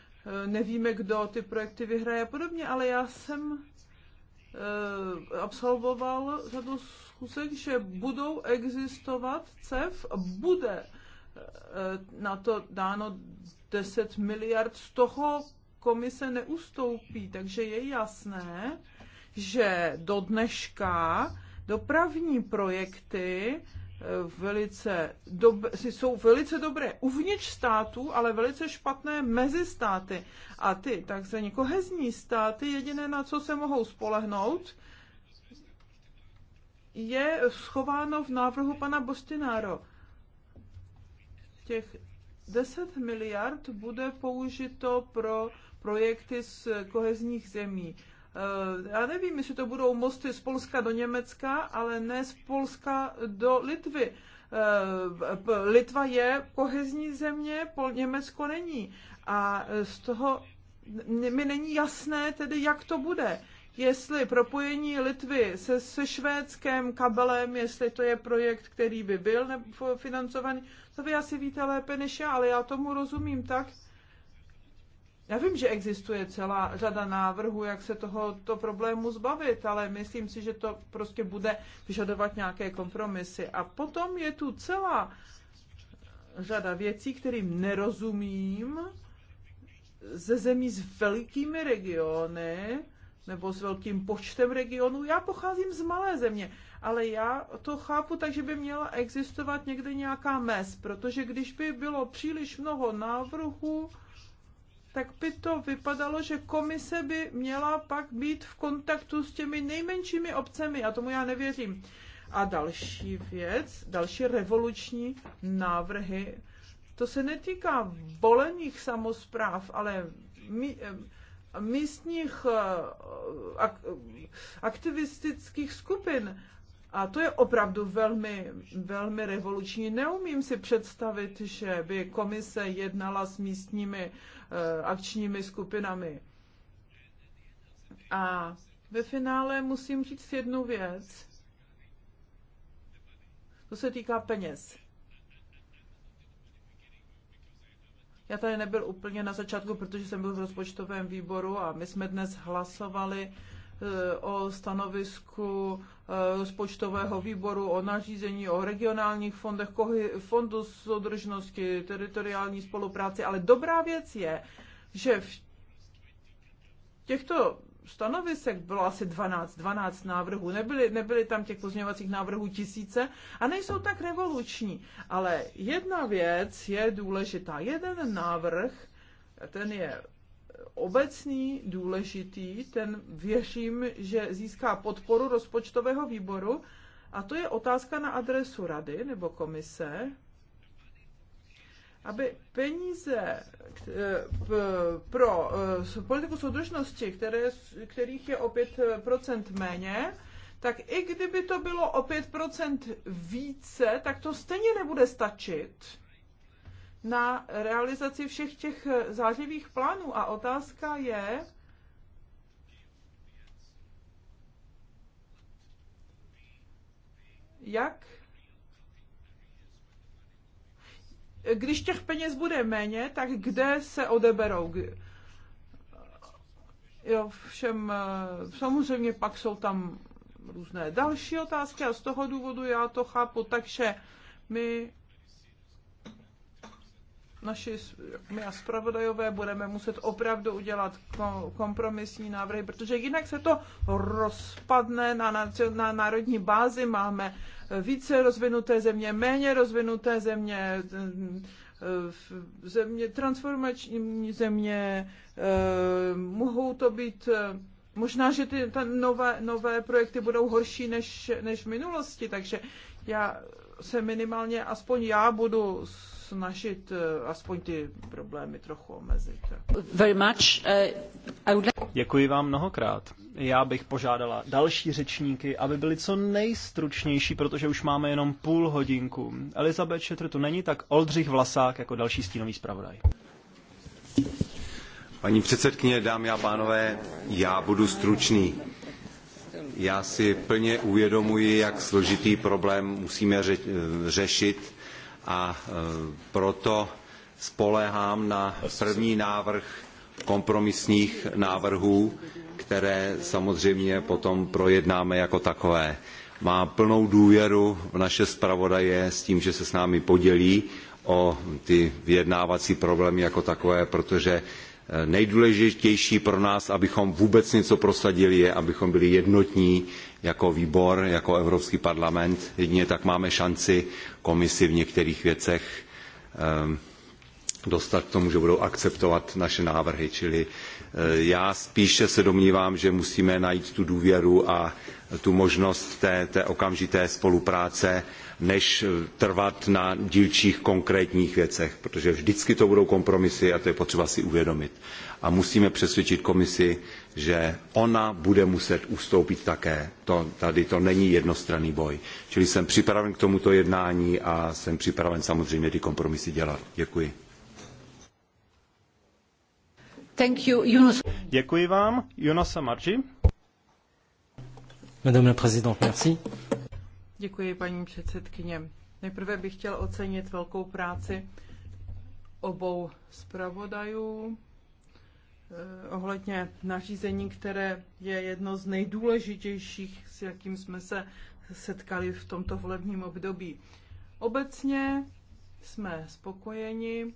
nevíme, kdo ty projekty vyhraje a podobně, ale já jsem absolvoval to zkusek, že budou existovat CEF, bude na to dáno 10 miliard, z toho komise neustoupí, takže je jasné, že do dneška dopravní projekty eh, velice dob- jsou velice dobré uvnitř států, ale velice špatné mezi státy. A ty takzvaně kohezní státy, jediné na co se mohou spolehnout, je schováno v návrhu pana Bostináro. Těch 10 miliard bude použito pro projekty z kohezních zemí. Eh, já nevím, jestli to budou mosty z Polska do Německa, ale ne z Polska do Litvy. Eh, Litva je kohezní země, Pol Německo není. A z toho mi není jasné tedy, jak to bude. Jestli propojení Litvy se, se švédským kabelem, jestli to je projekt, který by byl financovaný, to vy asi víte lépe než já, ale já tomu rozumím tak, já vím, že existuje celá řada návrhů, jak se tohoto problému zbavit, ale myslím si, že to prostě bude vyžadovat nějaké kompromisy. A potom je tu celá řada věcí, kterým nerozumím, ze zemí s velkými regiony nebo s velkým počtem regionů. Já pocházím z malé země, ale já to chápu tak, že by měla existovat někde nějaká mez, protože když by bylo příliš mnoho návrhů, tak by to vypadalo, že komise by měla pak být v kontaktu s těmi nejmenšími obcemi a tomu já nevěřím. A další věc, další revoluční návrhy, to se netýká volených samozpráv, ale mí, eh, místních eh, ak, aktivistických skupin. A to je opravdu velmi, velmi revoluční. Neumím si představit, že by komise jednala s místními Eh, akčními skupinami. A ve finále musím říct jednu věc. To se týká peněz. Já tady nebyl úplně na začátku, protože jsem byl v rozpočtovém výboru a my jsme dnes hlasovali Eh, o stanovisku eh, rozpočtového výboru, o nařízení, o regionálních fondech, fondu soudržnosti, teritoriální spolupráci, ale dobrá věc je, že v těchto stanovisek bylo asi 12, 12 návrhů, nebyly, nebyly tam těch pozměňovacích návrhů tisíce a nejsou tak revoluční. Ale jedna věc je důležitá. Jeden návrh, ten je obecný, důležitý, ten věřím, že získá podporu rozpočtového výboru, a to je otázka na adresu rady nebo komise, aby peníze e, pro e, politiku soudržnosti, které, kterých je o 5% méně, tak i kdyby to bylo o 5% více, tak to stejně nebude stačit na realizaci všech těch zářivých plánů. A otázka je, jak když těch peněz bude méně, tak kde se odeberou? Jo, všem, samozřejmě pak jsou tam různé další otázky a z toho důvodu já to chápu, takže my naši, my a spravodajové budeme muset opravdu udělat kompromisní návrhy, protože jinak se to rozpadne na, na národní bázi. Máme více rozvinuté země, méně rozvinuté země, eh, země transformační země, eh, mohou to být eh, Možná, že ty ta nové, nové projekty budou horší než, než v minulosti, takže já se minimálně, aspoň já budu snažit eh, aspoň ty problémy trochu omezit. Very much. Eh, Děkuji vám mnohokrát. Já bych požádala další řečníky, aby byli co nejstručnější, protože už máme jenom půl hodinku. Elizabeth Šetr tu není, tak Oldřich Vlasák jako další stínový zpravodaj. Paní předsedkyně, dámy a pánové, já budu stručný. Já si plně uvědomuji, jak složitý problém musíme řešit a e, proto spoléhám na první návrh kompromisních návrhů, které samozřejmě potom projednáme jako takové. Má plnou důvěru v naše zpravodaje s tím, že se s námi podělí o ty vyjednávací problémy jako takové, protože e, nejdůležitější pro nás, abychom vůbec něco prosadili, je, abychom byli jednotní jako výbor, jako Evropský parlament. Jedině tak máme šanci komisi v některých věcech ehm, dostat k tomu, že budou akceptovat naše návrhy. Čili eh, já spíše se domnívám, že musíme najít tu důvěru a tu možnost té, té okamžité spolupráce, než eh, trvat na dílčích konkrétních věcech, protože vždycky to budou kompromisy a to je potřeba si uvědomit. A musíme přesvědčit komisi, že ona bude muset ustoupit také. To, tady to není jednostranný boj. Čili jsem připraven k tomuto jednání a jsem připraven samozřejmě ty kompromisy dělat. Děkuji. Thank you, Jonas. Děkuji vám. Jonasa Marži. Madame la présidente, merci. Děkuji, paní předsedkyně. Nejprve bych chtěl ocenit velkou práci obou zpravodajů, Eh, ohledně nařízení, které je jedno z nejdůležitějších, s jakým jsme se setkali v tomto volebním období. Obecně jsme spokojeni,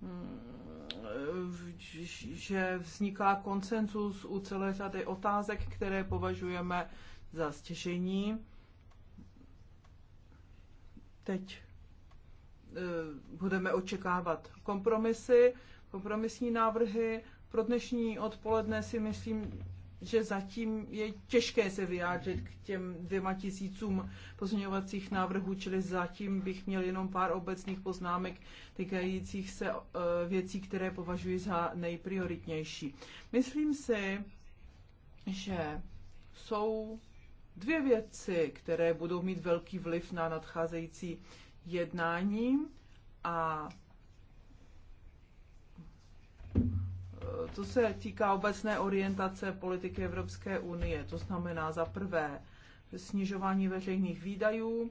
mm, že vzniká konsenzus u celé řady otázek, které považujeme za stěžení. Teď eh, budeme očekávat kompromisy, kompromisní návrhy pro dnešní odpoledne si myslím, že zatím je těžké se vyjádřit k těm dvěma tisícům pozměňovacích návrhů, čili zatím bych měl jenom pár obecných poznámek týkajících se eh, věcí, které považuji za nejprioritnější. Myslím si, že jsou dvě věci, které budou mít velký vliv na nadcházející jednání a to se týká obecné orientace politiky Evropské unie. To znamená za prvé snižování veřejných výdajů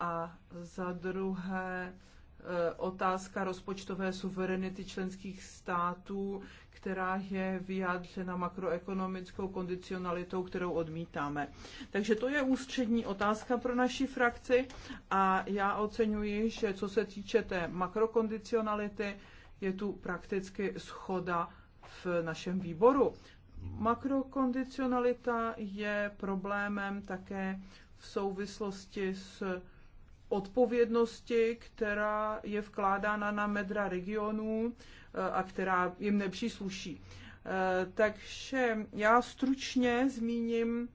a za druhé eh, otázka rozpočtové suverenity členských států, která je vyjádřena makroekonomickou kondicionalitou, kterou odmítáme. Takže to je ústřední otázka pro naši frakci a já oceňuji, že co se týče té makrokondicionality, je tu prakticky schoda v našem výboru. Makrokondicionalita je problémem také v souvislosti s odpovědnosti, která je vkládána na medra regionů eh, a která jim nepřísluší. Eh, takže já stručně zmíním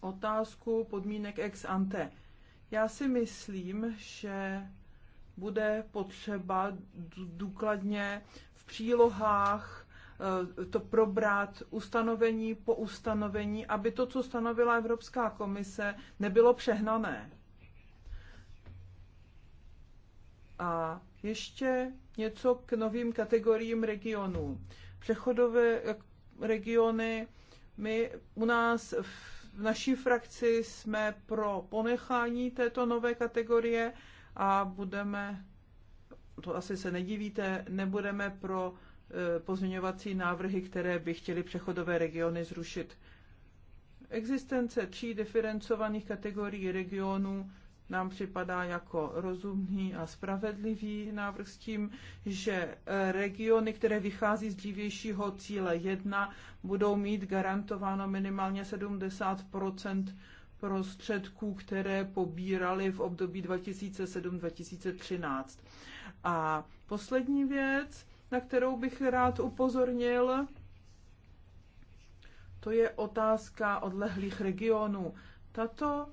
otázku podmínek ex ante. Já si myslím, že bude potřeba důkladně v přílohách eh, to probrat ustanovení po ustanovení, aby to, co stanovila Evropská komise, nebylo přehnané. A ještě něco k novým kategoriím regionů. Přechodové eh, regiony, my u nás v naší frakci jsme pro ponechání této nové kategorie, a budeme, to asi se nedivíte, nebudeme pro e, pozměňovací návrhy, které by chtěly přechodové regiony zrušit. Existence tří diferencovaných kategorií regionů nám připadá jako rozumný a spravedlivý návrh s tím, že e, regiony, které vychází z dřívějšího cíle 1, budou mít garantováno minimálně 70 prostředků, které pobírali v období 2007-2013. A poslední věc, na kterou bych rád upozornil, to je otázka odlehlých regionů. Tato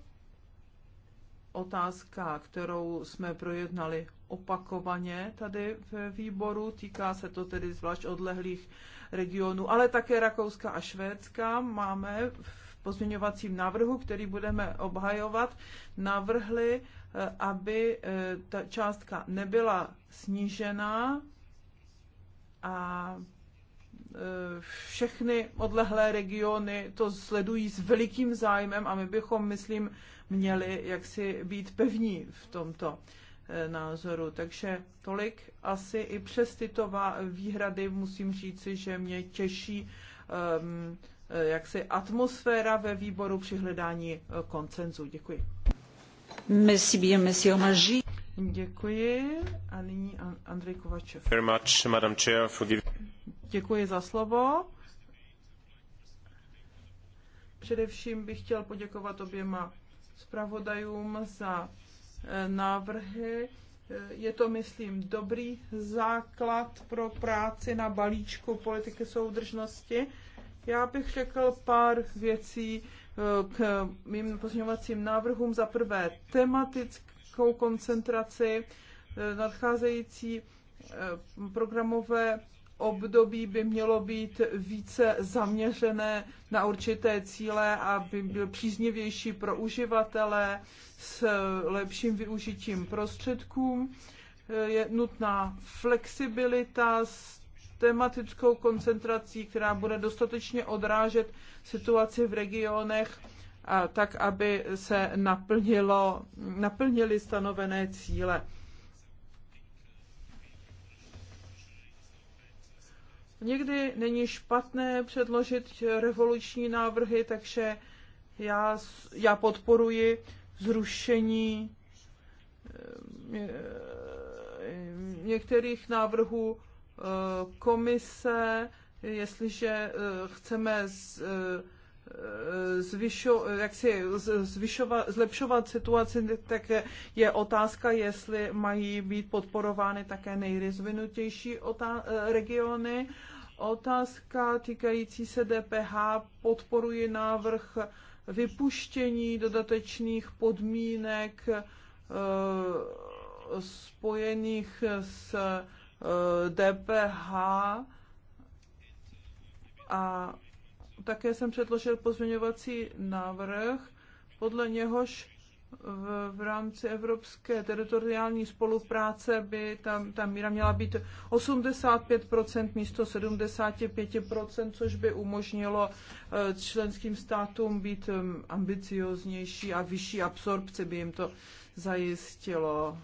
otázka, kterou jsme projednali opakovaně tady v výboru, týká se to tedy zvlášť odlehlých regionů, ale také Rakouska a Švédska máme v pozměňovacím návrhu, který budeme obhajovat, navrhli, eh, aby eh, ta částka nebyla snížena a eh, všechny odlehlé regiony to sledují s velikým zájmem a my bychom, myslím, měli jaksi být pevní v tomto názoru. Takže tolik asi i přes tyto výhrady musím říci, že mě těší um, Eh, jaksi atmosféra ve výboru při hledání eh, koncenzu. Děkuji. Merci bien, monsieur Magie. Děkuji. A nyní Andrej Kovačev. Very much, Madam Chair, for Děkuji za slovo. Především bych chtěl poděkovat oběma zpravodajům za eh, návrhy. Je to, myslím, dobrý základ pro práci na balíčku politiky soudržnosti já bych řekl pár věcí eh, k mým pozměňovacím návrhům. Za prvé tematickou koncentraci eh, nadcházející eh, programové období by mělo být více zaměřené na určité cíle, by byl příznivější pro uživatele s lepším využitím prostředků. Je nutná flexibilita s tematickou koncentrací, která bude dostatečně odrážet situaci v regionech, a tak, aby se naplnilo, naplnili stanovené cíle. Někdy není špatné předložit revoluční návrhy, takže já, já podporuji zrušení eh, eh, některých návrhů Eh, komise, jestliže eh, chceme eh, zvyšo, jak si zvyšovat, zlepšovat situaci, tak je otázka, jestli mají být podporovány také nejrozvinutější regiony. Otázka týkající se DPH podporuje návrh vypuštění dodatečných podmínek spojených s DPH eh, a také jsem předložil pozměňovací návrh, podle něhož v, v rámci evropské teritoriální spolupráce by tam, ta míra měla být 85% místo 75%, což by umožnilo eh, členským státům být eh, ambicioznější a vyšší absorpci by jim to zajistilo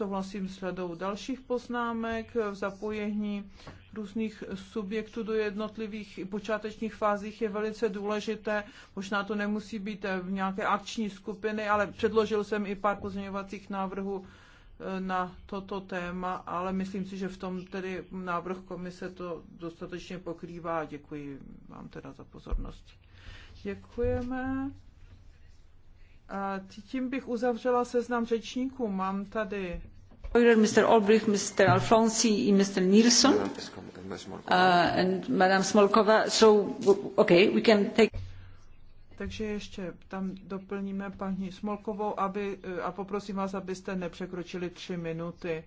souhlasím s řadou dalších poznámek v zapojení různých subjektů do jednotlivých počátečních fázích je velice důležité. Možná to nemusí být v nějaké akční skupiny, ale předložil jsem i pár pozměňovacích návrhů e, na toto téma, ale myslím si, že v tom tedy návrh komise to dostatečně pokrývá. Děkuji vám teda za pozornost. Děkujeme tím bych uzavřela seznam řečníků. Mám tady Mr. Olbrich, Mr. Alfonsi i Mr. Nilsson uh, and Madame Smolkova. So, okay, we can take... Takže ještě tam doplníme paní Smolkovou aby, a poprosím vás, abyste nepřekročili tři minuty.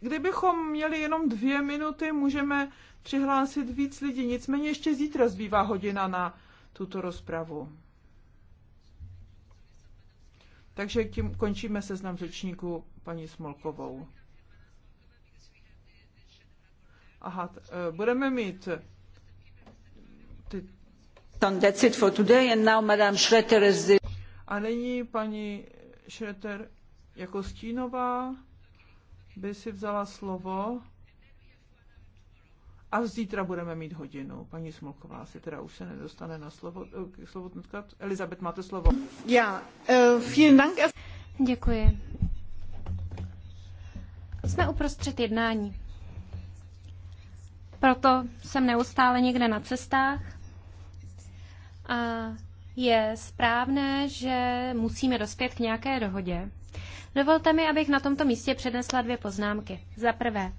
Kdybychom měli jenom dvě minuty, můžeme přihlásit víc lidí. Nicméně ještě zítra zbývá hodina na tuto rozpravu. Takže tím končíme seznam řečníků paní Smolkovou. Aha, e, budeme mít e, ty... That's it for today and now Madame Schroeter is the... A nyní paní Schroeter jako stínová by si vzala slovo. A zítra budeme mít hodinu. Paní Smolková si teda už se nedostane na slovo, eh, k slovo Elizabet, máte slovo. Já, uh, vielen Dank. Děkuji. Jsme uprostřed jednání. Proto jsem neustále někde na cestách. A je správné, že musíme dospět k nějaké dohodě. Dovolte mi, abych na tomto místě přednesla dvě poznámky. Za prvé,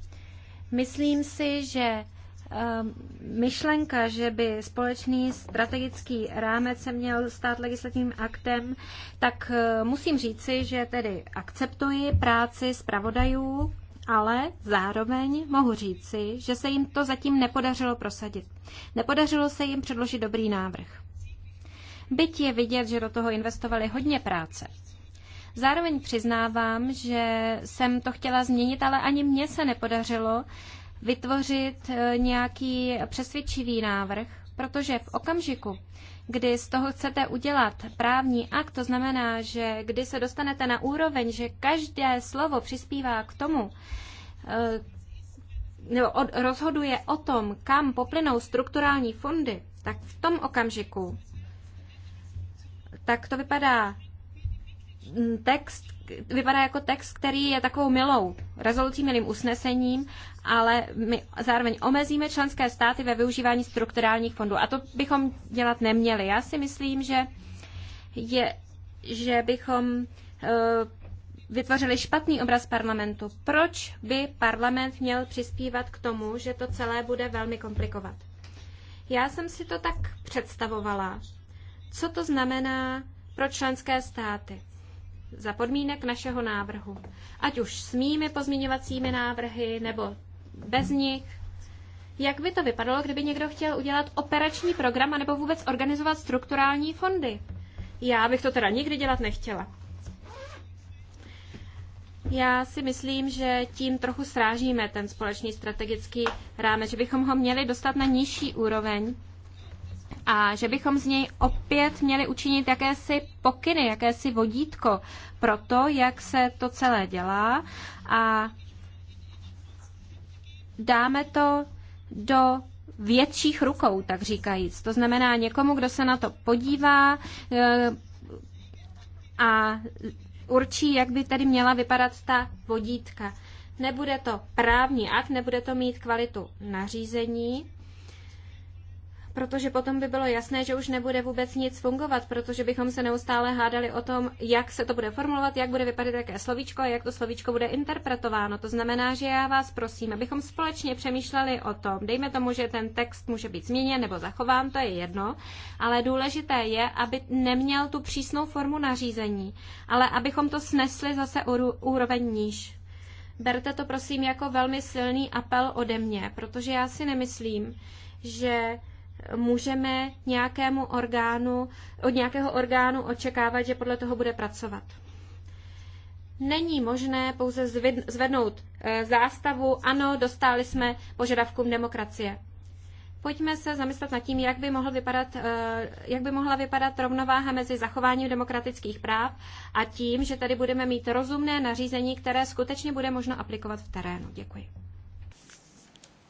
myslím si, že Ehm, myšlenka, že by společný strategický rámec se měl stát legislativním aktem, tak eh, musím říci, že tedy akceptuji práci zpravodajů, ale zároveň mohu říci, že se jim to zatím nepodařilo prosadit. Nepodařilo se jim předložit dobrý návrh. Byť je vidět, že do toho investovali hodně práce. Zároveň přiznávám, že jsem to chtěla změnit, ale ani mně se nepodařilo vytvořit eh, nějaký přesvědčivý návrh, protože v okamžiku, kdy z toho chcete udělat právní akt, to znamená, že kdy se dostanete na úroveň, že každé slovo přispívá k tomu, eh, nebo od, rozhoduje o tom, kam poplynou strukturální fondy, tak v tom okamžiku, tak to vypadá text, vypadá jako text, který je takovou milou rezolucí, milým usnesením, ale my zároveň omezíme členské státy ve využívání strukturálních fondů. A to bychom dělat neměli. Já si myslím, že, je, že bychom uh, vytvořili špatný obraz parlamentu. Proč by parlament měl přispívat k tomu, že to celé bude velmi komplikovat? Já jsem si to tak představovala. Co to znamená pro členské státy? za podmínek našeho návrhu. Ať už s mými pozměňovacími návrhy nebo bez nich. Jak by to vypadalo, kdyby někdo chtěl udělat operační program nebo vůbec organizovat strukturální fondy? Já bych to teda nikdy dělat nechtěla. Já si myslím, že tím trochu srážíme ten společný strategický rámec, že bychom ho měli dostat na nižší úroveň a že bychom z něj opět měli učinit jakési pokyny, jakési vodítko pro to, jak se to celé dělá a dáme to do větších rukou, tak říkajíc. To znamená někomu, kdo se na to podívá eh, a určí, jak by tady měla vypadat ta vodítka. Nebude to právní akt, nebude to mít kvalitu nařízení, protože potom by bylo jasné, že už nebude vůbec nic fungovat, protože bychom se neustále hádali o tom, jak se to bude formulovat, jak bude vypadat jaké slovíčko a jak to slovíčko bude interpretováno. To znamená, že já vás prosím, abychom společně přemýšleli o tom, dejme tomu, že ten text může být změněn nebo zachován, to je jedno, ale důležité je, aby neměl tu přísnou formu nařízení, ale abychom to snesli zase úroveň níž. Berte to prosím jako velmi silný apel ode mě, protože já si nemyslím, že můžeme nějakému orgánu, od nějakého orgánu očekávat, že podle toho bude pracovat. Není možné pouze zvednout eh, zástavu, ano, dostali jsme požadavkům demokracie. Pojďme se zamyslet nad tím, jak by, mohl vypadat, eh, jak by mohla vypadat rovnováha mezi zachováním demokratických práv a tím, že tady budeme mít rozumné nařízení, které skutečně bude možno aplikovat v terénu. Děkuji.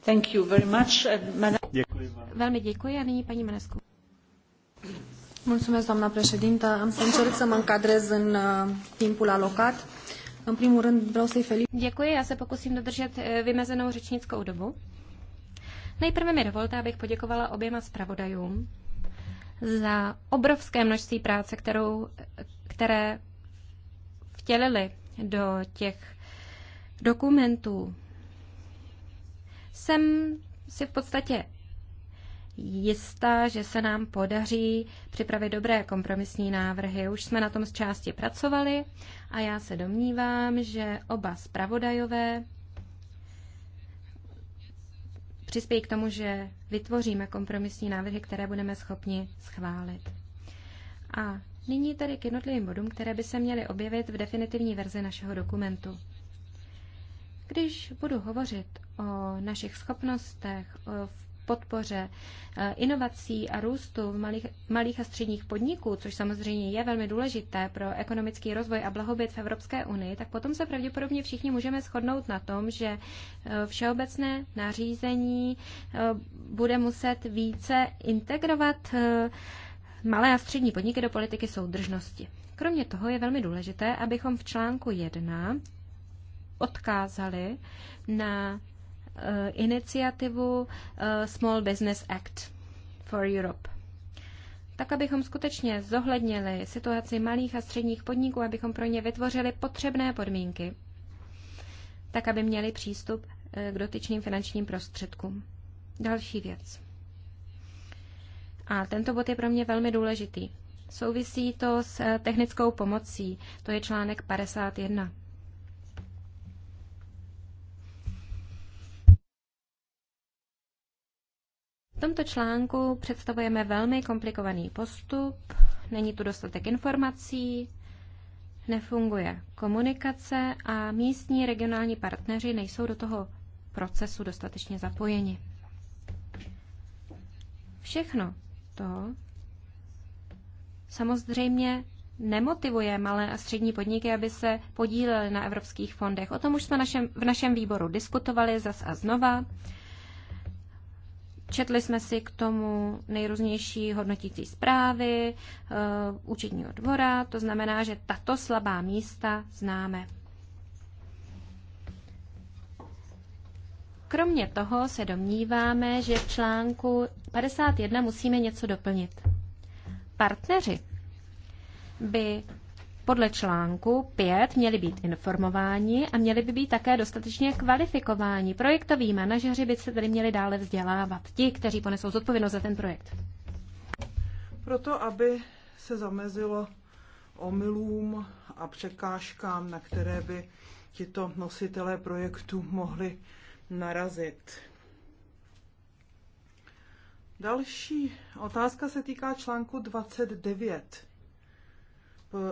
Thank you very much. Eh, Děkuji vám. Velmi děkuji a nyní paní Manescu. Mulțumesc, doamna președintă. Am să încerc să mă încadrez în uh, timpul alocat. În primul rând vreau să-i felicit. Děkuji, já se pokusím dodržet eh, vymezenou řečnickou dobu. Nejprve mi dovolte, abych poděkovala oběma zpravodajům za obrovské množství práce, kterou, které vtělili do těch dokumentů. Jsem si v podstatě jistá, že se nám podaří připravit dobré kompromisní návrhy. Už jsme na tom z části pracovali a já se domnívám, že oba zpravodajové přispějí k tomu, že vytvoříme kompromisní návrhy, které budeme schopni schválit. A nyní tedy k jednotlivým bodům, které by se měly objevit v definitivní verzi našeho dokumentu. Když budu hovořit o našich schopnostech, o podpoře eh, inovací a růstu malých, malých a středních podniků, což samozřejmě je velmi důležité pro ekonomický rozvoj a blahobyt v Evropské unii, tak potom se pravděpodobně všichni můžeme shodnout na tom, že eh, všeobecné nařízení eh, bude muset více integrovat malé a střední podniky do politiky soudržnosti. Kromě toho je velmi důležité, abychom v článku 1 odkázali na Eh, iniciativu eh, Small Business Act for Europe tak abychom skutečně zohlednili situaci malých a středních podniků, abychom pro ně vytvořili potřebné podmínky, tak aby měli přístup eh, k dotyčným finančním prostředkům. Další věc. A tento bod je pro mě velmi důležitý. Souvisí to s technickou pomocí, to je článek 51. V tomto článku představujeme velmi komplikovaný postup, není tu dostatek informací, nefunguje komunikace a místní regionální partneři nejsou do toho procesu dostatečně zapojeni. Všechno to samozřejmě nemotivuje malé a střední podniky, aby se podílely na evropských fondech. O tom už jsme v našem výboru diskutovali zas a znova. Četli jsme si k tomu nejrůznější hodnotící zprávy eh, účetního dvora, to znamená, že tato slabá místa známe. Kromě toho se domníváme, že v článku 51 musíme něco doplnit. Partneři by podle článku 5 měli být informováni a měli by být také dostatečně kvalifikováni. Projektoví manažeři by se tedy měli dále vzdělávat, ti, kteří ponesou zodpovědnost za ten projekt. Proto, aby se zamezilo omylům a překážkám, na které by tito nositelé projektu mohli narazit. Další otázka se týká článku 29.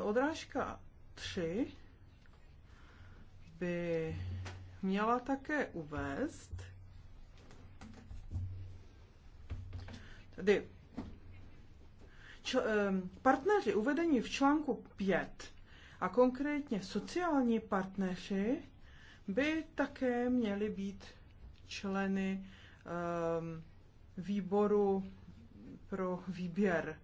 Odrážka 3 by měla také uvést, tedy čl, eh, partneři uvedení v článku 5 a konkrétně sociální partneři by také měli být členy um, výboru pro výběr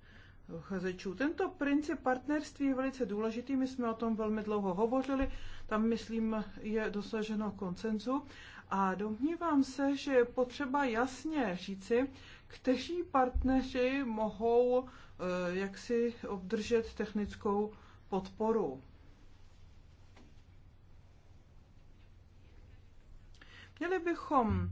uchazečů. Tento princip partnerství je velice důležitý, my jsme o tom velmi dlouho hovořili, tam, myslím, je dosaženo koncenzu. A domnívám se, že je potřeba jasně říci, kteří partneři mohou eh, jaksi obdržet technickou podporu. Měli bychom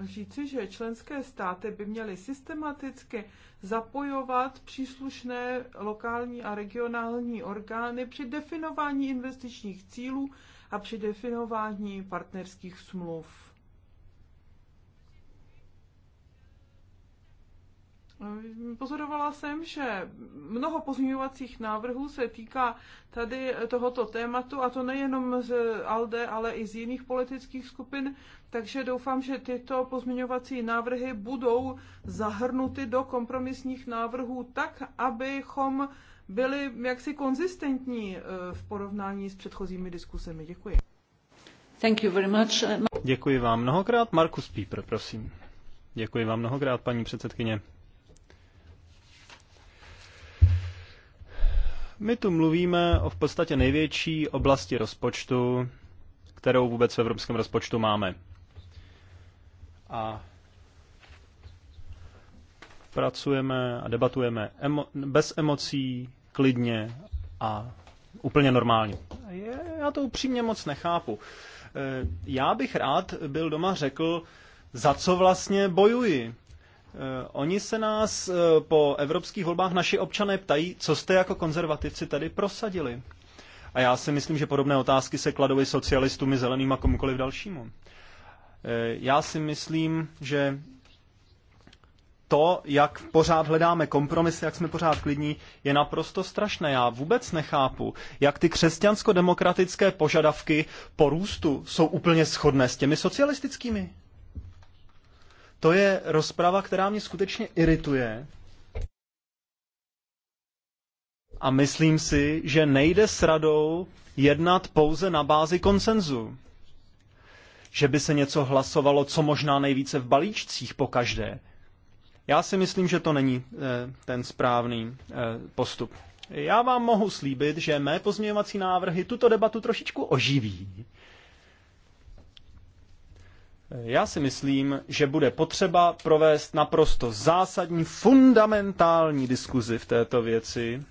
říci, že členské státy by měly systematicky zapojovat příslušné lokální a regionální orgány při definování investičních cílů a při definování partnerských smluv. Pozorovala jsem, že mnoho pozměňovacích návrhů se týká tady tohoto tématu, a to nejenom z ALDE, ale i z jiných politických skupin, takže doufám, že tyto pozměňovací návrhy budou zahrnuty do kompromisních návrhů tak, abychom byli jaksi konzistentní eh, v porovnání s předchozími diskusemi. Děkuji. Thank you very much. Děkuji vám mnohokrát. Markus Pieper, prosím. Děkuji vám mnohokrát, paní předsedkyně. My tu mluvíme o v podstatě největší oblasti rozpočtu, kterou vůbec v evropském rozpočtu máme. A pracujeme a debatujeme emo- bez emocí, klidně a úplně normálně. Já to upřímně moc nechápu. E, já bych rád byl doma řekl, za co vlastně bojuji. Eh, oni se nás eh, po evropských volbách naši občané ptají, co jste jako konzervativci tady prosadili. A já si myslím, že podobné otázky se kladou i socialistům, i zeleným a komukoliv dalšímu. Eh, já si myslím, že to, jak pořád hledáme kompromisy, jak jsme pořád klidní, je naprosto strašné. Já vůbec nechápu, jak ty křesťansko-demokratické požadavky po růstu jsou úplně shodné s těmi socialistickými. To je rozprava, která mě skutečně irituje. A myslím si, že nejde s radou jednat pouze na bázi konsenzu. Že by se něco hlasovalo co možná nejvíce v balíčcích po každé. Já si myslím, že to není eh, ten správný eh, postup. Já vám mohu slíbit, že mé pozměňovací návrhy tuto debatu trošičku oživí já si myslím, že bude potřeba provést naprosto zásadní, fundamentální diskuzi v této věci.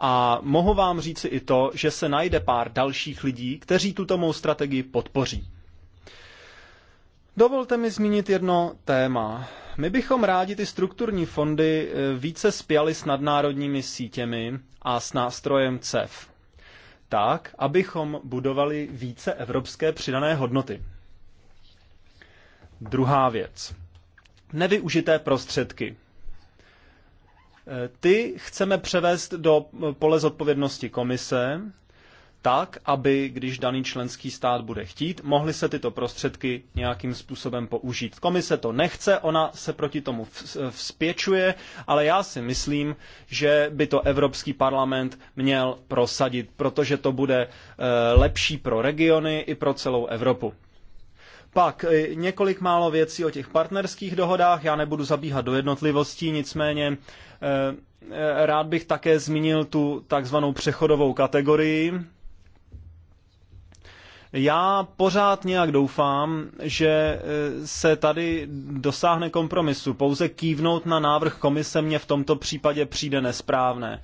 A mohu vám říci i to, že se najde pár dalších lidí, kteří tuto mou strategii podpoří. Dovolte mi zmínit jedno téma. My bychom rádi ty strukturní fondy eh, více spjali s nadnárodními sítěmi a s nástrojem CEF tak, abychom budovali více evropské přidané hodnoty. Druhá věc. Nevyužité prostředky. E, ty chceme převést do pole zodpovědnosti komise tak, aby když daný členský stát bude chtít, mohly se tyto prostředky nějakým způsobem použít. Komise to nechce, ona se proti tomu vzpěčuje, ale já si myslím, že by to Evropský parlament měl prosadit, protože to bude eh, lepší pro regiony i pro celou Evropu. Pak eh, několik málo věcí o těch partnerských dohodách, já nebudu zabíhat do jednotlivostí, nicméně eh, rád bych také zmínil tu takzvanou přechodovou kategorii, já pořád nějak doufám, že eh, se tady dosáhne kompromisu. Pouze kývnout na návrh komise mě v tomto případě přijde nesprávné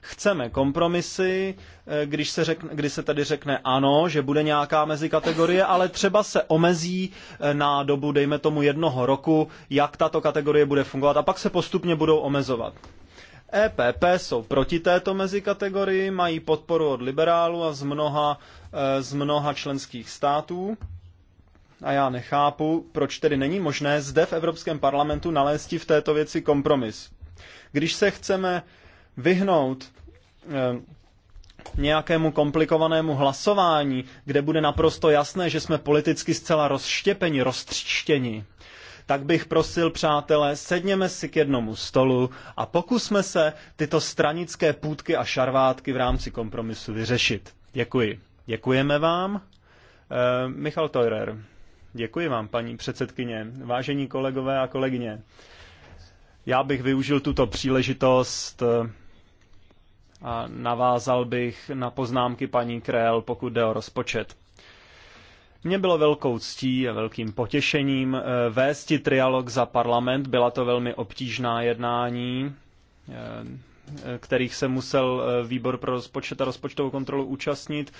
chceme kompromisy, eh, když se, řekne, když se tady řekne ano, že bude nějaká mezikategorie, ale třeba se omezí eh, na dobu, dejme tomu, jednoho roku, jak tato kategorie bude fungovat a pak se postupně budou omezovat. EPP jsou proti této mezikategorii, mají podporu od liberálů a z mnoha Eh, z mnoha členských států. A já nechápu, proč tedy není možné zde v Evropském parlamentu nalézti v této věci kompromis. Když se chceme vyhnout eh, nějakému komplikovanému hlasování, kde bude naprosto jasné, že jsme politicky zcela rozštěpeni, roztřštěni, tak bych prosil, přátelé, sedněme si k jednomu stolu a pokusme se tyto stranické půdky a šarvátky v rámci kompromisu vyřešit. Děkuji. Děkujeme vám. E, Michal Teurer. Děkuji vám, paní předsedkyně. Vážení kolegové a kolegyně, já bych využil tuto příležitost eh, a navázal bych na poznámky paní Krell, pokud jde o rozpočet. Mně bylo velkou ctí a velkým potěšením eh, vésti trialog za parlament. Byla to velmi obtížná jednání, kterých se musel výbor pro rozpočet a rozpočtovou kontrolu účastnit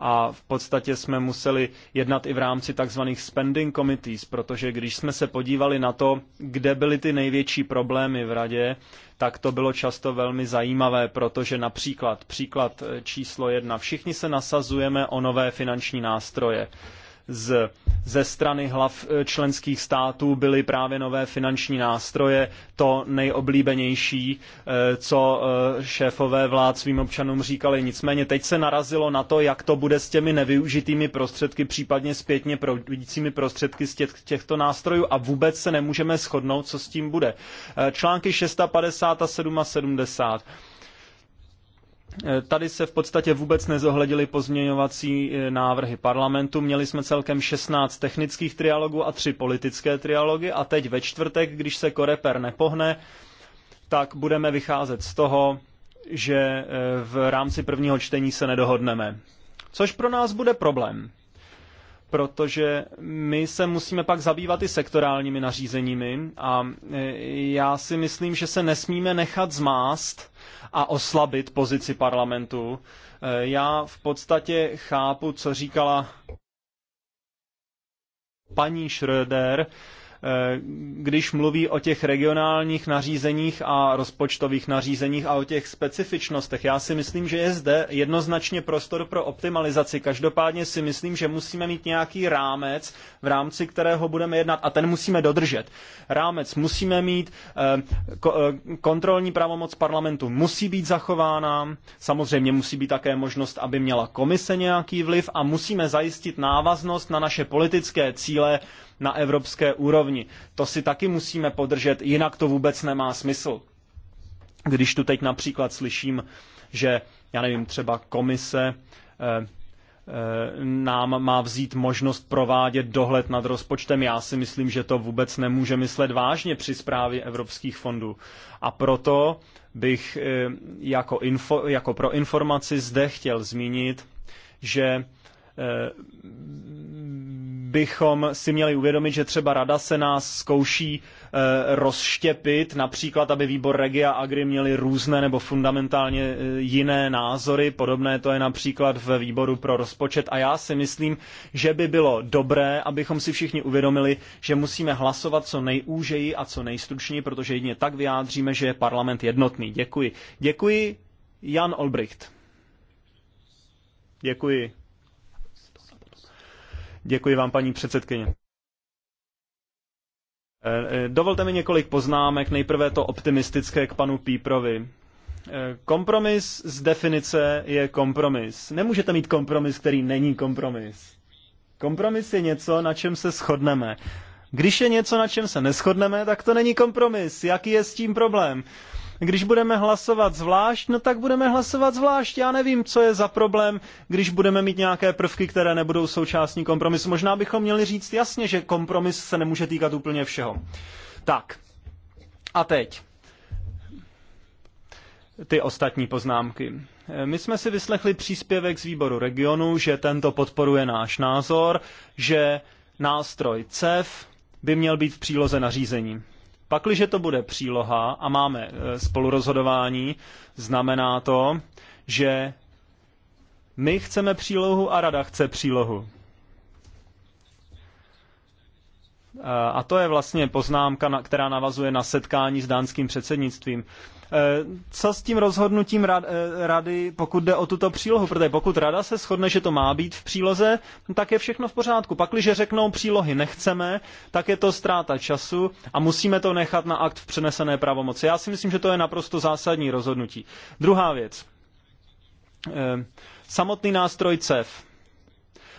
a v podstatě jsme museli jednat i v rámci tzv. spending committees, protože když jsme se podívali na to, kde byly ty největší problémy v radě, tak to bylo často velmi zajímavé, protože například, příklad číslo jedna, všichni se nasazujeme o nové finanční nástroje z, ze strany hlav eh, členských států byly právě nové finanční nástroje to nejoblíbenější, eh, co eh, šéfové vlád svým občanům říkali. Nicméně teď se narazilo na to, jak to bude s těmi nevyužitými prostředky, případně zpětně proudícími prostředky z těch, těchto nástrojů a vůbec se nemůžeme shodnout, co s tím bude. Články 650 a 770 Tady se v podstatě vůbec nezohledily pozměňovací eh, návrhy parlamentu. Měli jsme celkem 16 technických trialogů a 3 politické trialogy a teď ve čtvrtek, když se Koreper nepohne, tak budeme vycházet z toho, že eh, v rámci prvního čtení se nedohodneme. Což pro nás bude problém, protože my se musíme pak zabývat i sektorálními nařízeními a e, já si myslím, že se nesmíme nechat zmást a oslabit pozici parlamentu. E, já v podstatě chápu, co říkala paní Schröder, Eh, když mluví o těch regionálních nařízeních a rozpočtových nařízeních a o těch specifičnostech. Já si myslím, že je zde jednoznačně prostor pro optimalizaci. Každopádně si myslím, že musíme mít nějaký rámec, v rámci kterého budeme jednat a ten musíme dodržet. Rámec musíme mít, eh, eh, kontrolní pravomoc parlamentu musí být zachována, samozřejmě musí být také možnost, aby měla komise nějaký vliv a musíme zajistit návaznost na naše politické cíle, na evropské úrovni. To si taky musíme podržet, jinak to vůbec nemá smysl. Když tu teď například slyším, že, já nevím, třeba komise eh, eh, nám má vzít možnost provádět dohled nad rozpočtem. Já si myslím, že to vůbec nemůže myslet vážně při zprávě evropských fondů. A proto bych eh, jako, info, jako pro informaci zde chtěl zmínit, že bychom si měli uvědomit, že třeba rada se nás zkouší eh, rozštěpit, například, aby výbor Regia Agri měli různé nebo fundamentálně eh, jiné názory, podobné to je například ve výboru pro rozpočet a já si myslím, že by bylo dobré, abychom si všichni uvědomili, že musíme hlasovat co nejúžeji a co nejstručněji, protože jedině tak vyjádříme, že je parlament jednotný. Děkuji. Děkuji, Jan Olbricht. Děkuji, Děkuji vám, paní předsedkyně. Eh, eh, dovolte mi několik poznámek, nejprve to optimistické k panu Píprovi. Eh, kompromis z definice je kompromis. Nemůžete mít kompromis, který není kompromis. Kompromis je něco, na čem se shodneme. Když je něco, na čem se neschodneme, tak to není kompromis. Jaký je s tím problém? Když budeme hlasovat zvlášť, no tak budeme hlasovat zvlášť. Já nevím, co je za problém, když budeme mít nějaké prvky, které nebudou součástí kompromisu. Možná bychom měli říct jasně, že kompromis se nemůže týkat úplně všeho. Tak. A teď ty ostatní poznámky. My jsme si vyslechli příspěvek z výboru regionu, že tento podporuje náš názor, že nástroj CEF by měl být v příloze nařízení. Pakliže to bude příloha a máme e, spolurozhodování, znamená to, že my chceme přílohu a rada chce přílohu. E, a to je vlastně poznámka, která navazuje na setkání s dánským předsednictvím. Eh, co s tím rozhodnutím eh, rady, pokud jde o tuto přílohu? Protože pokud rada se shodne, že to má být v příloze, no tak je všechno v pořádku. Pakliže řeknou přílohy nechceme, tak je to ztráta času a musíme to nechat na akt v přenesené pravomoci. Já si myslím, že to je naprosto zásadní rozhodnutí. Druhá věc. Eh, samotný nástroj CEF.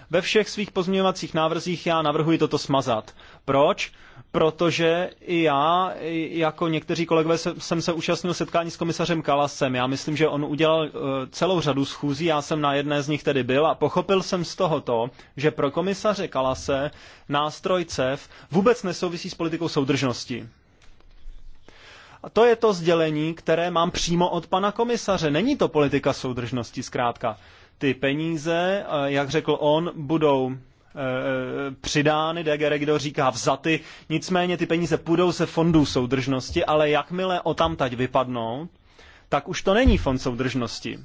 Ve všech svých pozměňovacích návrzích já navrhuji toto smazat. Proč? protože i já, jako někteří kolegové, jsem se účastnil setkání s komisařem Kalasem. Já myslím, že on udělal eh, celou řadu schůzí, já jsem na jedné z nich tedy byl a pochopil jsem z toho to, že pro komisaře Kalase nástroj CEF vůbec nesouvisí s politikou soudržnosti. A to je to sdělení, které mám přímo od pana komisaře. Není to politika soudržnosti zkrátka. Ty peníze, eh, jak řekl on, budou Eh, eh, přidány, DG Regdo říká vzaty, nicméně ty peníze půjdou se fondů soudržnosti, ale jakmile o tamtať vypadnou, tak už to není fond soudržnosti.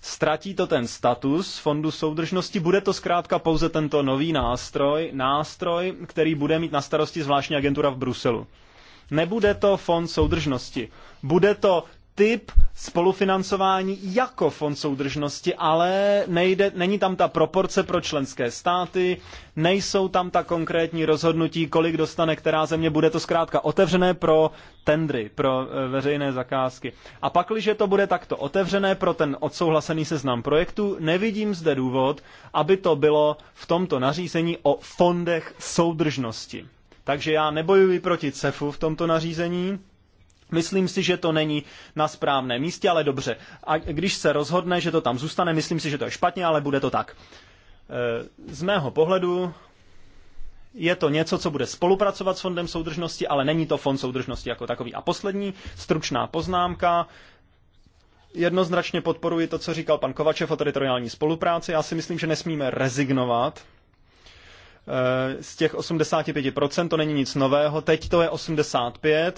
Ztratí to ten status fondu soudržnosti, bude to zkrátka pouze tento nový nástroj, nástroj, který bude mít na starosti zvláštní agentura v Bruselu. Nebude to fond soudržnosti. Bude to typ spolufinancování jako fond soudržnosti, ale nejde, není tam ta proporce pro členské státy, nejsou tam ta konkrétní rozhodnutí, kolik dostane která země, bude to zkrátka otevřené pro tendry, pro eh, veřejné zakázky. A pak, když to bude takto otevřené pro ten odsouhlasený seznam projektů, nevidím zde důvod, aby to bylo v tomto nařízení o fondech soudržnosti. Takže já nebojuji proti CEFu v tomto nařízení, Myslím si, že to není na správném místě, ale dobře. A když se rozhodne, že to tam zůstane, myslím si, že to je špatně, ale bude to tak. Eh, z mého pohledu je to něco, co bude spolupracovat s Fondem soudržnosti, ale není to Fond soudržnosti jako takový. A poslední stručná poznámka. Jednoznačně podporuji to, co říkal pan Kovačev o teritoriální spolupráci. Já si myslím, že nesmíme rezignovat eh, z těch 85%, to není nic nového, teď to je 85%,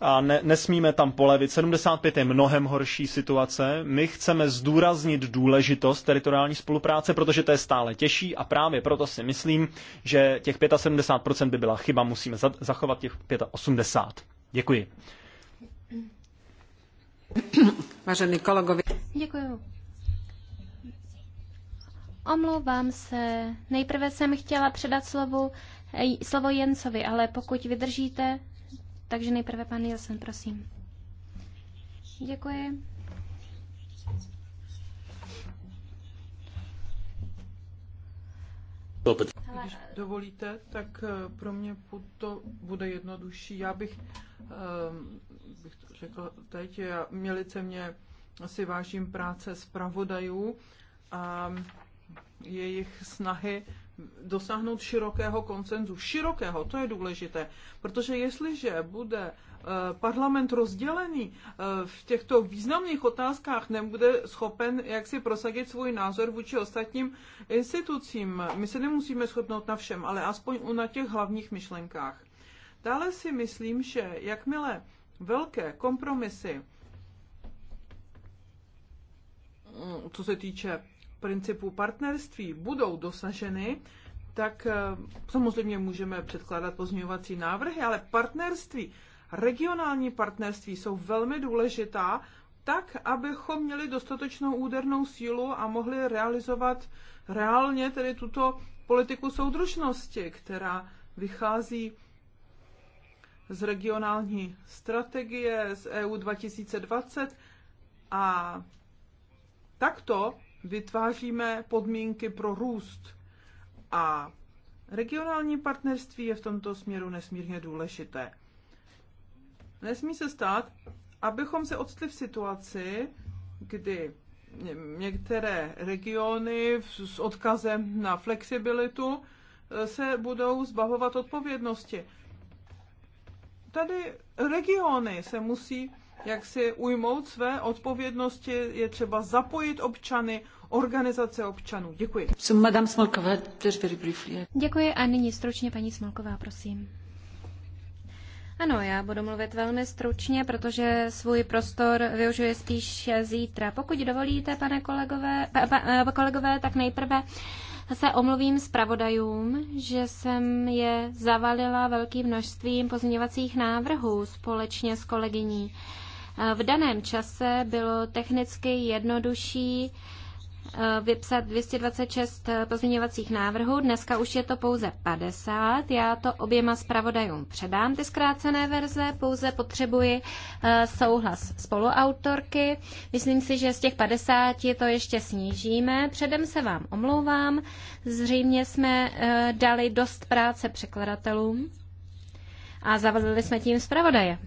a ne, nesmíme tam polevit. 75 je mnohem horší situace. My chceme zdůraznit důležitost teritoriální spolupráce, protože to je stále těžší a právě proto si myslím, že těch 75% by byla chyba. Musíme zachovat těch 85. Děkuji. Vážený kolegovi. Děkuji. Omlouvám se. Nejprve jsem chtěla předat slovu, slovo Jencovi, ale pokud vydržíte, takže nejprve pan Nielsen, prosím. Děkuji. Když dovolíte, tak eh, pro mě to bude jednodušší. Já bych, ehm, bych to řekla teď, já mělice mě asi vážím práce zpravodajů a jejich snahy dosáhnout širokého koncenzu. Širokého, to je důležité, protože jestliže bude eh, parlament rozdělený eh, v těchto významných otázkách, nebude schopen jak si prosadit svůj názor vůči ostatním institucím. My se nemusíme shodnout na všem, ale aspoň na těch hlavních myšlenkách. Dále si myslím, že jakmile velké kompromisy, mm, co se týče principů partnerství budou dosaženy, tak eh, samozřejmě můžeme předkládat pozměňovací návrhy, ale partnerství, regionální partnerství jsou velmi důležitá, tak, abychom měli dostatečnou údernou sílu a mohli realizovat reálně tedy tuto politiku soudržnosti, která vychází z regionální strategie, z EU 2020 a takto vytváříme podmínky pro růst. A regionální partnerství je v tomto směru nesmírně důležité. Nesmí se stát, abychom se odstli v situaci, kdy některé regiony s odkazem na flexibilitu e, se budou zbavovat odpovědnosti. Tady regiony se musí jak si ujmout své odpovědnosti, je třeba zapojit občany, organizace občanů. Děkuji. Madame Děkuji a nyní stručně paní Smolková, prosím. Ano, já budu mluvit velmi stručně, protože svůj prostor využije spíš zítra. Pokud dovolíte, pane kolegové, pa, pa, eh, kolegové tak nejprve se omluvím zpravodajům, že jsem je zavalila velkým množstvím pozměňovacích návrhů společně s kolegyní. Uh, v daném čase bylo technicky jednodušší e, vypsat 226 e, pozměňovacích návrhů. Dneska už je to pouze 50. Já to oběma zpravodajům předám, ty zkrácené verze, pouze potřebuji e, souhlas spoluautorky. Myslím si, že z těch 50 to ještě snížíme. Předem se vám omlouvám. Zřejmě jsme dali dost práce překladatelům a zavazili jsme tím zpravodaje.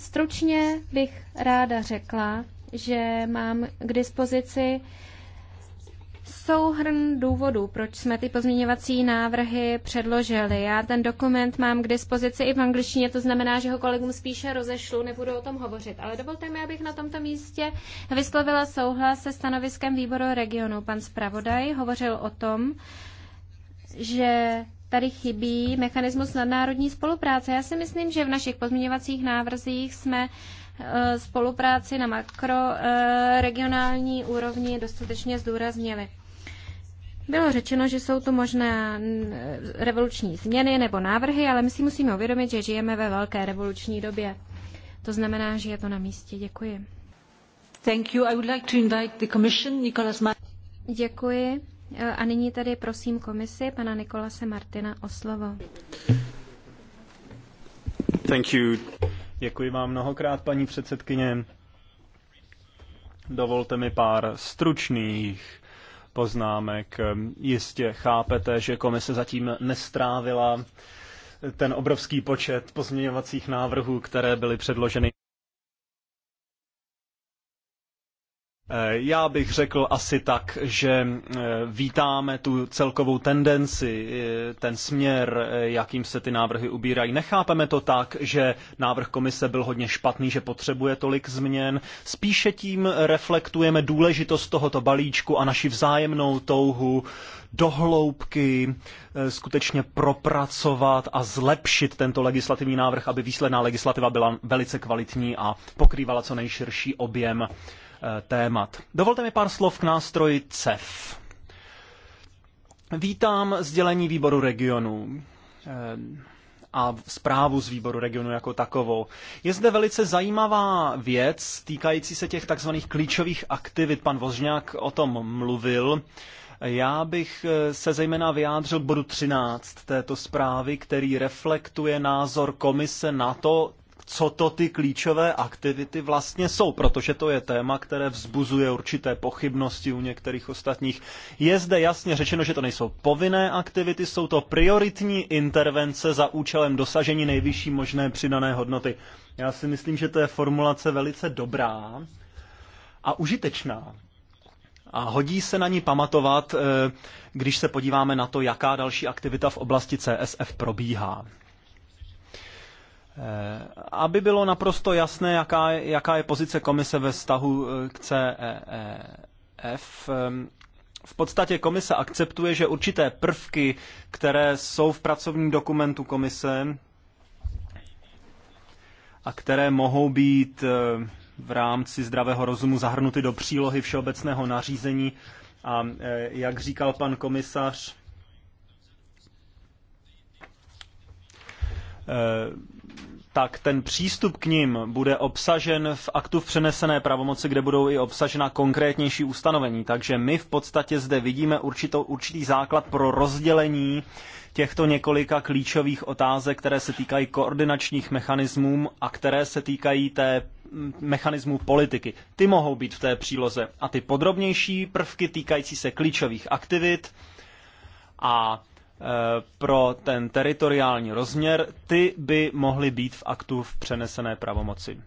Stručně bych ráda řekla, že mám k dispozici souhrn důvodů, proč jsme ty pozměňovací návrhy předložili. Já ten dokument mám k dispozici i v angličtině, to znamená, že ho kolegům spíše rozešlu, nebudu o tom hovořit. Ale dovolte mi, abych na tomto místě vyslovila souhlas se stanoviskem výboru regionu. Pan zpravodaj hovořil o tom, že tady chybí mechanismus nadnárodní spolupráce. Já si myslím, že v našich pozměňovacích návrzích jsme e, spolupráci na makroregionální e, úrovni dostatečně zdůraznili. Bylo řečeno, že jsou to možná revoluční změny nebo návrhy, ale my si musíme uvědomit, že žijeme ve velké revoluční době. To znamená, že je to na místě. Děkuji. Thank you. I would like to invite the commission, Nicolas Děkuji. A nyní tedy prosím komisi pana Nikolase Martina o slovo. Thank you. Děkuji vám mnohokrát, paní předsedkyně. Dovolte mi pár stručných poznámek. Jistě chápete, že komise zatím nestrávila ten obrovský počet pozměňovacích návrhů, které byly předloženy. Eh, já bych řekl asi tak, že eh, vítáme tu celkovou tendenci, eh, ten směr, jakým se ty návrhy ubírají. Nechápeme to tak, že návrh komise byl hodně špatný, že potřebuje tolik změn. Spíše tím reflektujeme důležitost tohoto balíčku a naši vzájemnou touhu dohloubky skutečně propracovat a zlepšit tento legislativní návrh, aby výsledná legislativa byla velice kvalitní a pokrývala co nejširší objem Eh, témat. Dovolte mi pár slov k nástroji CEF. Vítám sdělení výboru regionů eh, a zprávu z výboru regionu jako takovou. Je zde velice zajímavá věc týkající se těch takzvaných klíčových aktivit. Pan Vožňák o tom mluvil. Já bych eh, se zejména vyjádřil k bodu 13 této zprávy, který reflektuje názor komise na to, co to ty klíčové aktivity vlastně jsou, protože to je téma, které vzbuzuje určité pochybnosti u některých ostatních. Je zde jasně řečeno, že to nejsou povinné aktivity, jsou to prioritní intervence za účelem dosažení nejvyšší možné přidané hodnoty. Já si myslím, že to je formulace velice dobrá a užitečná. A hodí se na ní pamatovat, eh, když se podíváme na to, jaká další aktivita v oblasti CSF probíhá. Eh, aby bylo naprosto jasné, jaká, jaká je pozice komise ve vztahu eh, k CEF, e ehm, v podstatě komise akceptuje, že určité prvky, které jsou v pracovním dokumentu komise a které mohou být eh, v rámci zdravého rozumu zahrnuty do přílohy všeobecného nařízení, a jak říkal pan komisař, tak ten přístup k ním bude obsažen v aktu v přenesené pravomoci, kde budou i obsažena konkrétnější ustanovení. Takže my v podstatě zde vidíme určitou, určitý základ pro rozdělení těchto několika klíčových otázek, které se týkají koordinačních mechanismů a které se týkají té mechanismů politiky. Ty mohou být v té příloze. A ty podrobnější prvky týkající se klíčových aktivit a pro ten teritoriální rozměr, ty by mohly být v aktu v přenesené pravomoci.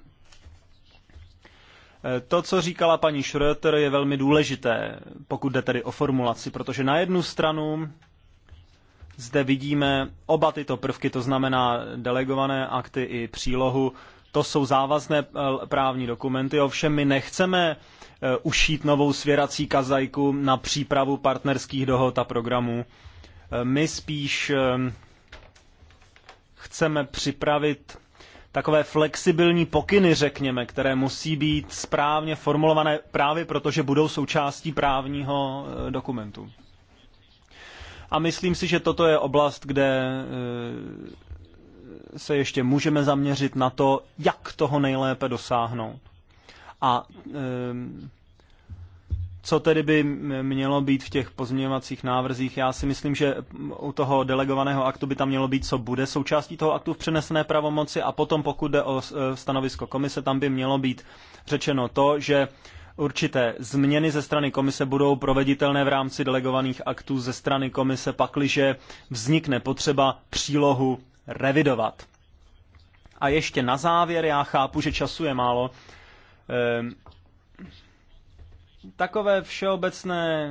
To, co říkala paní Schröter, je velmi důležité, pokud jde tedy o formulaci, protože na jednu stranu zde vidíme oba tyto prvky, to znamená delegované akty i přílohu. To jsou závazné právní dokumenty, ovšem my nechceme eh, ušít novou svěrací kazajku na přípravu partnerských dohod a programů my spíš eh, chceme připravit takové flexibilní pokyny, řekněme, které musí být správně formulované právě proto, že budou součástí právního eh, dokumentu. A myslím si, že toto je oblast, kde eh, se ještě můžeme zaměřit na to, jak toho nejlépe dosáhnout. A co tedy by mělo být v těch pozměňovacích návrzích? Já si myslím, že u toho delegovaného aktu by tam mělo být, co bude součástí toho aktu v přenesené pravomoci a potom, pokud jde o e, stanovisko komise, tam by mělo být řečeno to, že určité změny ze strany komise budou proveditelné v rámci delegovaných aktů ze strany komise, pakliže vznikne potřeba přílohu revidovat. A ještě na závěr, já chápu, že času je málo. Takové všeobecné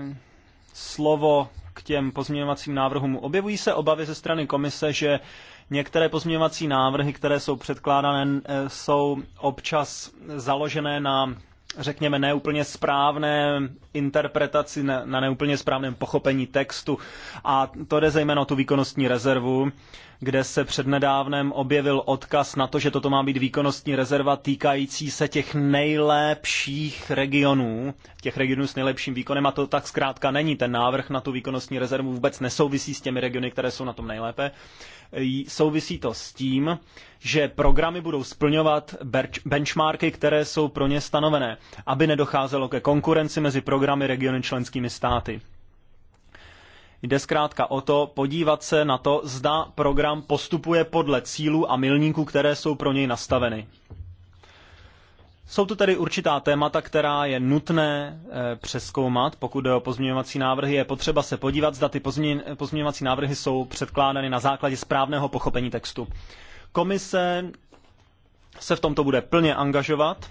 slovo k těm pozměňovacím návrhům. Objevují se obavy ze strany komise, že některé pozměňovací návrhy, které jsou předkládané, eh, jsou občas založené na řekněme, neúplně správné interpretaci, na, na neúplně správném pochopení textu. A to jde zejména o tu výkonnostní rezervu, kde se přednedávnem objevil odkaz na to, že toto má být výkonnostní rezerva týkající se těch nejlepších regionů, těch regionů s nejlepším výkonem, a to tak zkrátka není. Ten návrh na tu výkonnostní rezervu vůbec nesouvisí s těmi regiony, které jsou na tom nejlépe. Souvisí to s tím, že programy budou splňovat benchmarky, které jsou pro ně stanovené, aby nedocházelo ke konkurenci mezi programy regiony členskými státy. Jde zkrátka o to podívat se na to, zda program postupuje podle cílů a milníků, které jsou pro něj nastaveny. Jsou tu tedy určitá témata, která je nutné eh, přeskoumat, pokud jde o pozměňovací návrhy. Je potřeba se podívat, zda ty pozměňovací návrhy jsou předkládány na základě správného pochopení textu. Komise se v tomto bude plně angažovat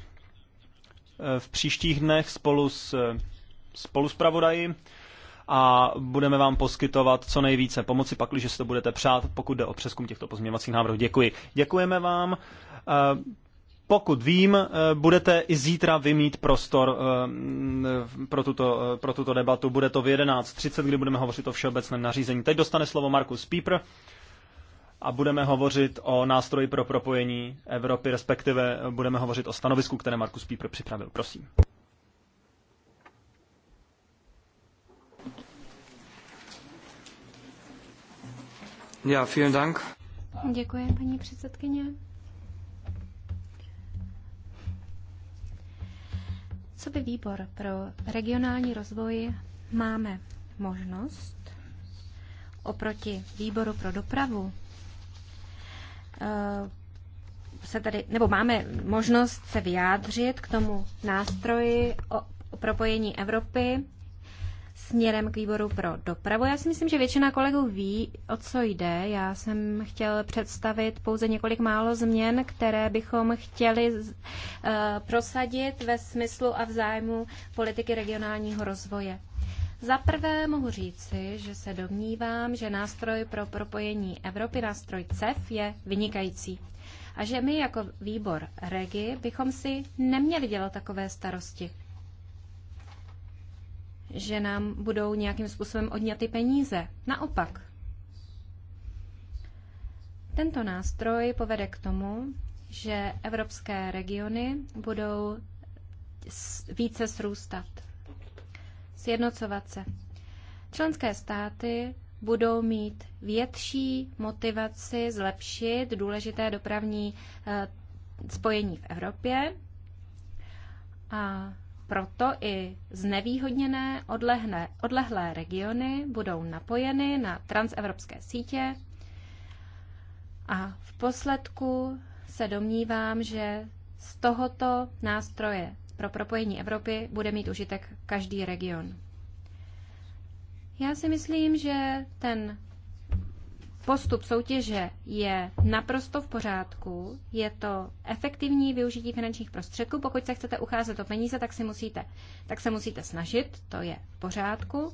eh, v příštích dnech spolu s eh, spoluspravodaji a budeme vám poskytovat co nejvíce pomoci, pakliže si to budete přát, pokud jde o přeskum těchto pozměňovacích návrhů. Děkuji. Děkujeme vám. Pokud vím, eh, budete i zítra mít prostor eh, eh, pro tuto, pro tuto debatu. Bude to v 11.30, kdy budeme hovořit o všeobecném nařízení. Teď dostane slovo Markus Pieper a budeme hovořit o nástroji pro propojení Evropy, respektive budeme hovořit o stanovisku, které Markus Pieper připravil. Prosím. Ja, vielen Dank. Děkuji, paní předsedkyně. Co by výbor pro regionální rozvoj máme možnost oproti výboru pro dopravu eh, se tady, nebo máme možnost se vyjádřit k tomu nástroji o propojení Evropy směrem k výboru pro dopravu. Já si myslím, že většina kolegů ví, o co jde. Já jsem chtěl představit pouze několik málo změn, které bychom chtěli eh, prosadit ve smyslu a v zájmu politiky regionálního rozvoje. Za prvé mohu říci, že se domnívám, že nástroj pro propojení Evropy, nástroj CEF, je vynikající. A že my jako výbor REGI bychom si neměli dělat takové starosti že nám budou nějakým způsobem odňaty peníze. Naopak, tento nástroj povede k tomu, že evropské regiony budou více srůstat, sjednocovat se. Členské státy budou mít větší motivaci zlepšit důležité dopravní eh, spojení v Evropě a proto i znevýhodněné odlehne, odlehlé regiony budou napojeny na transevropské sítě a v posledku se domnívám, že z tohoto nástroje pro propojení Evropy bude mít užitek každý region. Já si myslím, že ten Postup soutěže je naprosto v pořádku, je to efektivní využití finančních prostředků. Pokud se chcete ucházet o peníze, tak, si musíte, tak se musíte snažit, to je v pořádku.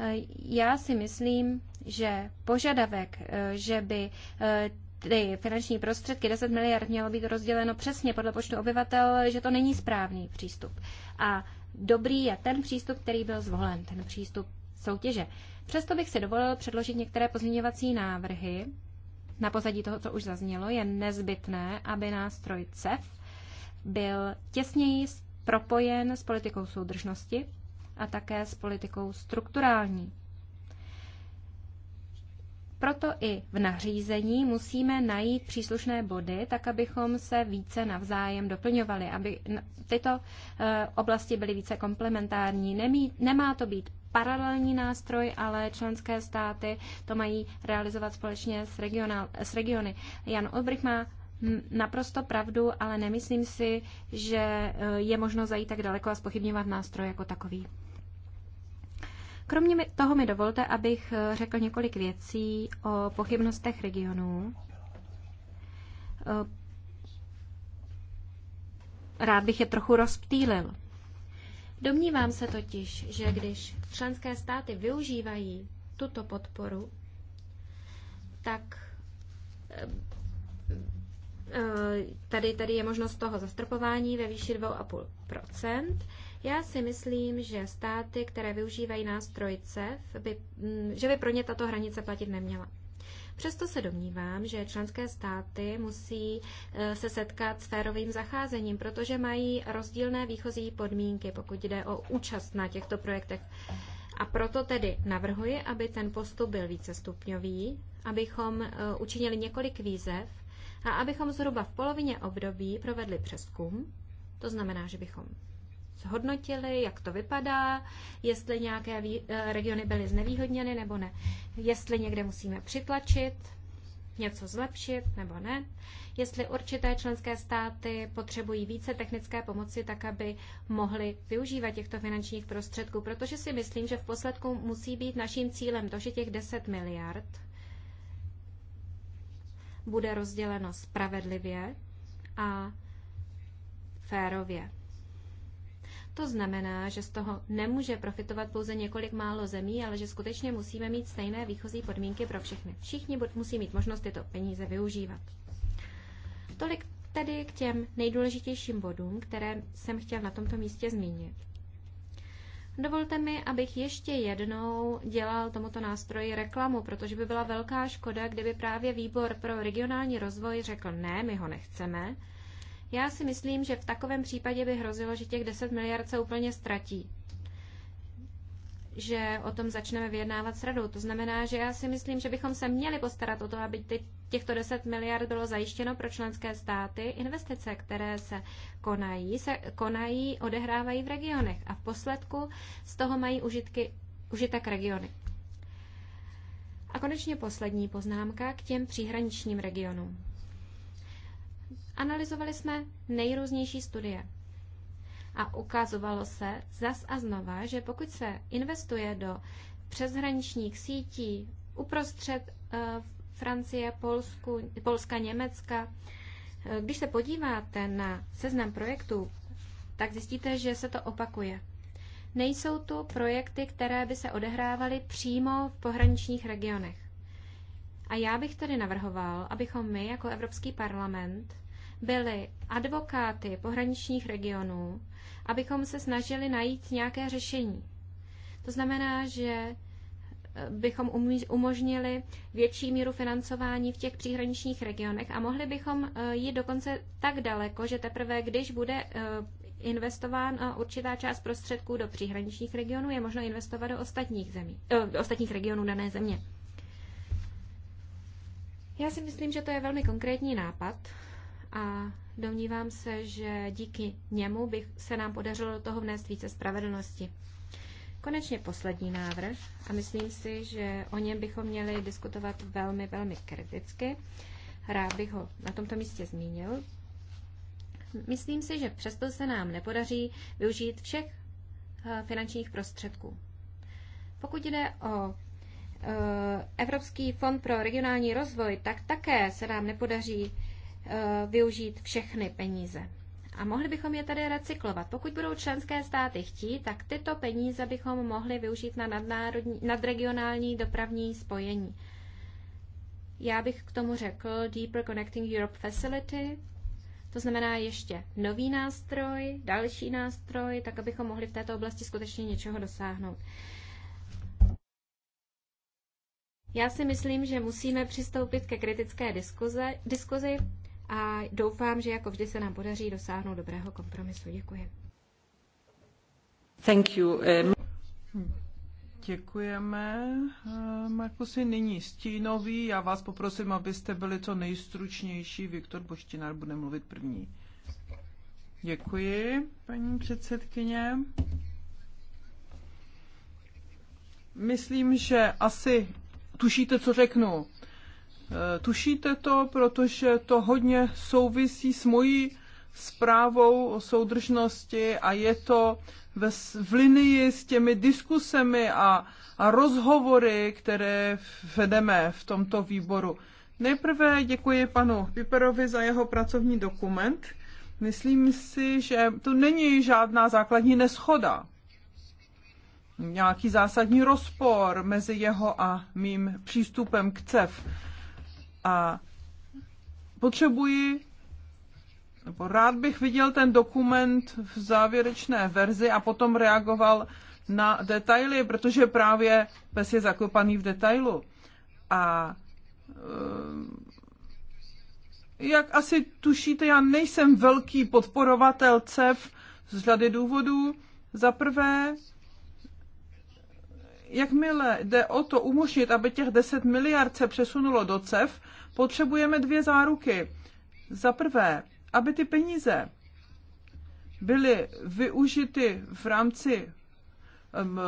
Eh, já si myslím, že požadavek, eh, že by eh, ty finanční prostředky 10 miliard mělo být rozděleno přesně podle počtu obyvatel, že to není správný přístup. A dobrý je ten přístup, který byl zvolen, ten přístup soutěže. Přesto bych si dovolil předložit některé pozměňovací návrhy. Na pozadí toho, co už zaznělo, je nezbytné, aby nástroj CEF byl těsněji propojen s politikou soudržnosti a také s politikou strukturální. Proto i v nařízení musíme najít příslušné body, tak abychom se více navzájem doplňovali, aby tyto eh, oblasti byly více komplementární. Nemí, nemá to být paralelní nástroj, ale členské státy to mají realizovat společně s, regionál, s regiony. Jan Olbrich má naprosto pravdu, ale nemyslím si, že eh, je možno zajít tak daleko a spochybňovat nástroj jako takový. Kromě toho mi dovolte, abych eh, řekl několik věcí o pochybnostech regionů. Eh, rád bych je trochu rozptýlil. Domnívám se totiž, že když členské státy využívají tuto podporu, tak eh, eh, tady, tady je možnost toho zastropování ve výši 2,5 Já si myslím, že státy, které využívají nástroj CEF, by, mm, že by pro ně tato hranice platit neměla. Přesto se domnívám, že členské státy musí e, se setkat s férovým zacházením, protože mají rozdílné výchozí podmínky, pokud jde o účast na těchto projektech. A proto tedy navrhuji, aby ten postup byl vícestupňový, abychom e, učinili několik výzev a abychom zhruba v polovině období provedli přeskum. To znamená, že bychom zhodnotili, jak to vypadá, jestli nějaké eh, regiony byly znevýhodněny nebo ne, jestli někde musíme přitlačit, něco zlepšit nebo ne, jestli určité členské státy potřebují více technické pomoci, tak aby mohly využívat těchto finančních prostředků, protože si myslím, že v posledku musí být naším cílem to, že těch 10 miliard bude rozděleno spravedlivě a férově. To znamená, že z toho nemůže profitovat pouze několik málo zemí, ale že skutečně musíme mít stejné výchozí podmínky pro všechny. Všichni musí mít možnost tyto peníze využívat. Tolik tedy k těm nejdůležitějším bodům, které jsem chtěl na tomto místě zmínit. Dovolte mi, abych ještě jednou dělal tomuto nástroji reklamu, protože by byla velká škoda, kdyby právě výbor pro regionální rozvoj řekl ne, my ho nechceme, já si myslím, že v takovém případě by hrozilo, že těch 10 miliard se úplně ztratí že o tom začneme vyjednávat s radou. To znamená, že já si myslím, že bychom se měli postarat o to, aby ty, těchto 10 miliard bylo zajištěno pro členské státy. Investice, které se konají, se konají, odehrávají v regionech a v posledku z toho mají užitky, užitek regiony. A konečně poslední poznámka k těm příhraničním regionům. Analyzovali jsme nejrůznější studie. A ukazovalo se zas a znova, že pokud se investuje do přeshraničních sítí uprostřed eh, Francie, Polsku, Polska, Německa, eh, když se podíváte na seznam projektů, tak zjistíte, že se to opakuje. Nejsou tu projekty, které by se odehrávaly přímo v pohraničních regionech. A já bych tedy navrhoval, abychom my jako Evropský parlament byli advokáty pohraničních regionů, abychom se snažili najít nějaké řešení. To znamená, že eh, bychom umožnili větší míru financování v těch příhraničních regionech a mohli bychom eh, jít dokonce tak daleko, že teprve když bude eh, investován určitá část prostředků do příhraničních regionů, je možno investovat do ostatních, zemí, do ostatních regionů dané země. Já si myslím, že to je velmi konkrétní nápad, a domnívám se, že díky němu bych se nám podařilo do toho vnést více spravedlnosti. Konečně poslední návrh a myslím si, že o něm bychom měli diskutovat velmi, velmi kriticky. Rád bych ho na tomto místě zmínil. Myslím si, že přesto se nám nepodaří využít všech eh, finančních prostředků. Pokud jde o eh, Evropský fond pro regionální rozvoj, tak také se nám nepodaří Eh, využít všechny peníze. A mohli bychom je tady recyklovat. Pokud budou členské státy chtít, tak tyto peníze bychom mohli využít na nadnárodní, nadregionální dopravní spojení. Já bych k tomu řekl Deeper Connecting Europe Facility, to znamená ještě nový nástroj, další nástroj, tak abychom mohli v této oblasti skutečně něčeho dosáhnout. Já si myslím, že musíme přistoupit ke kritické diskuze, diskuzi, a doufám, že jako vždy se nám podaří dosáhnout dobrého kompromisu. Děkuji. Thank you. Um... Děkujeme. Eh, Markusy, nyní stínový. Já vás poprosím, abyste byli co nejstručnější. Viktor Boštinár bude mluvit první. Děkuji, paní předsedkyně. Myslím, že asi tušíte, co řeknu. Tušíte to, protože to hodně souvisí s mojí zprávou o soudržnosti a je to ve, v linii s těmi diskusemi a, a rozhovory, které vedeme v tomto výboru. Nejprve děkuji panu Piperovi za jeho pracovní dokument. Myslím si, že to není žádná základní neschoda, nějaký zásadní rozpor mezi jeho a mým přístupem k CEF. A potřebuji, nebo rád bych viděl ten dokument v závěrečné verzi a potom reagoval na detaily, protože právě pes je zakopaný v detailu. A eh, jak asi tušíte, já nejsem velký podporovatel CEF z řady důvodů. Za prvé, jakmile jde o to umožnit, aby těch 10 miliard se přesunulo do CEF, potřebujeme dvě záruky. Za prvé, aby ty peníze byly využity v rámci um,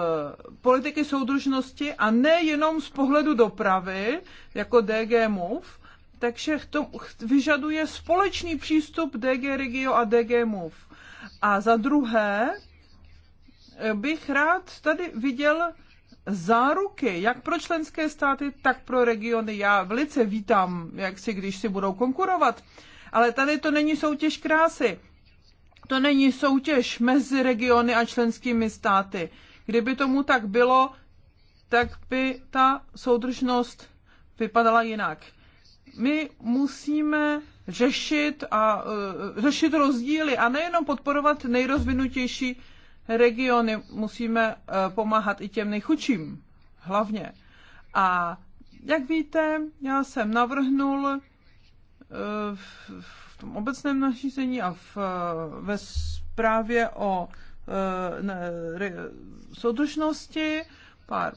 politiky soudržnosti a nejenom z pohledu dopravy, jako DG MOVE, takže to vyžaduje společný přístup DG Regio a DG MOVE. A za druhé, eh, bych rád tady viděl záruky, jak pro členské státy, tak pro regiony. Já velice vítám, jak si, když si budou konkurovat. Ale tady to není soutěž krásy. To není soutěž mezi regiony a členskými státy. Kdyby tomu tak bylo, tak by ta soudržnost vypadala jinak. My musíme řešit a e, řešit rozdíly a nejenom podporovat nejrozvinutější regiony musíme eh, pomáhat i těm nejchudším, hlavně. A jak víte, já jsem navrhnul eh, v, tom obecném nařízení a v, eh, ve zprávě o ne, re, soudržnosti pár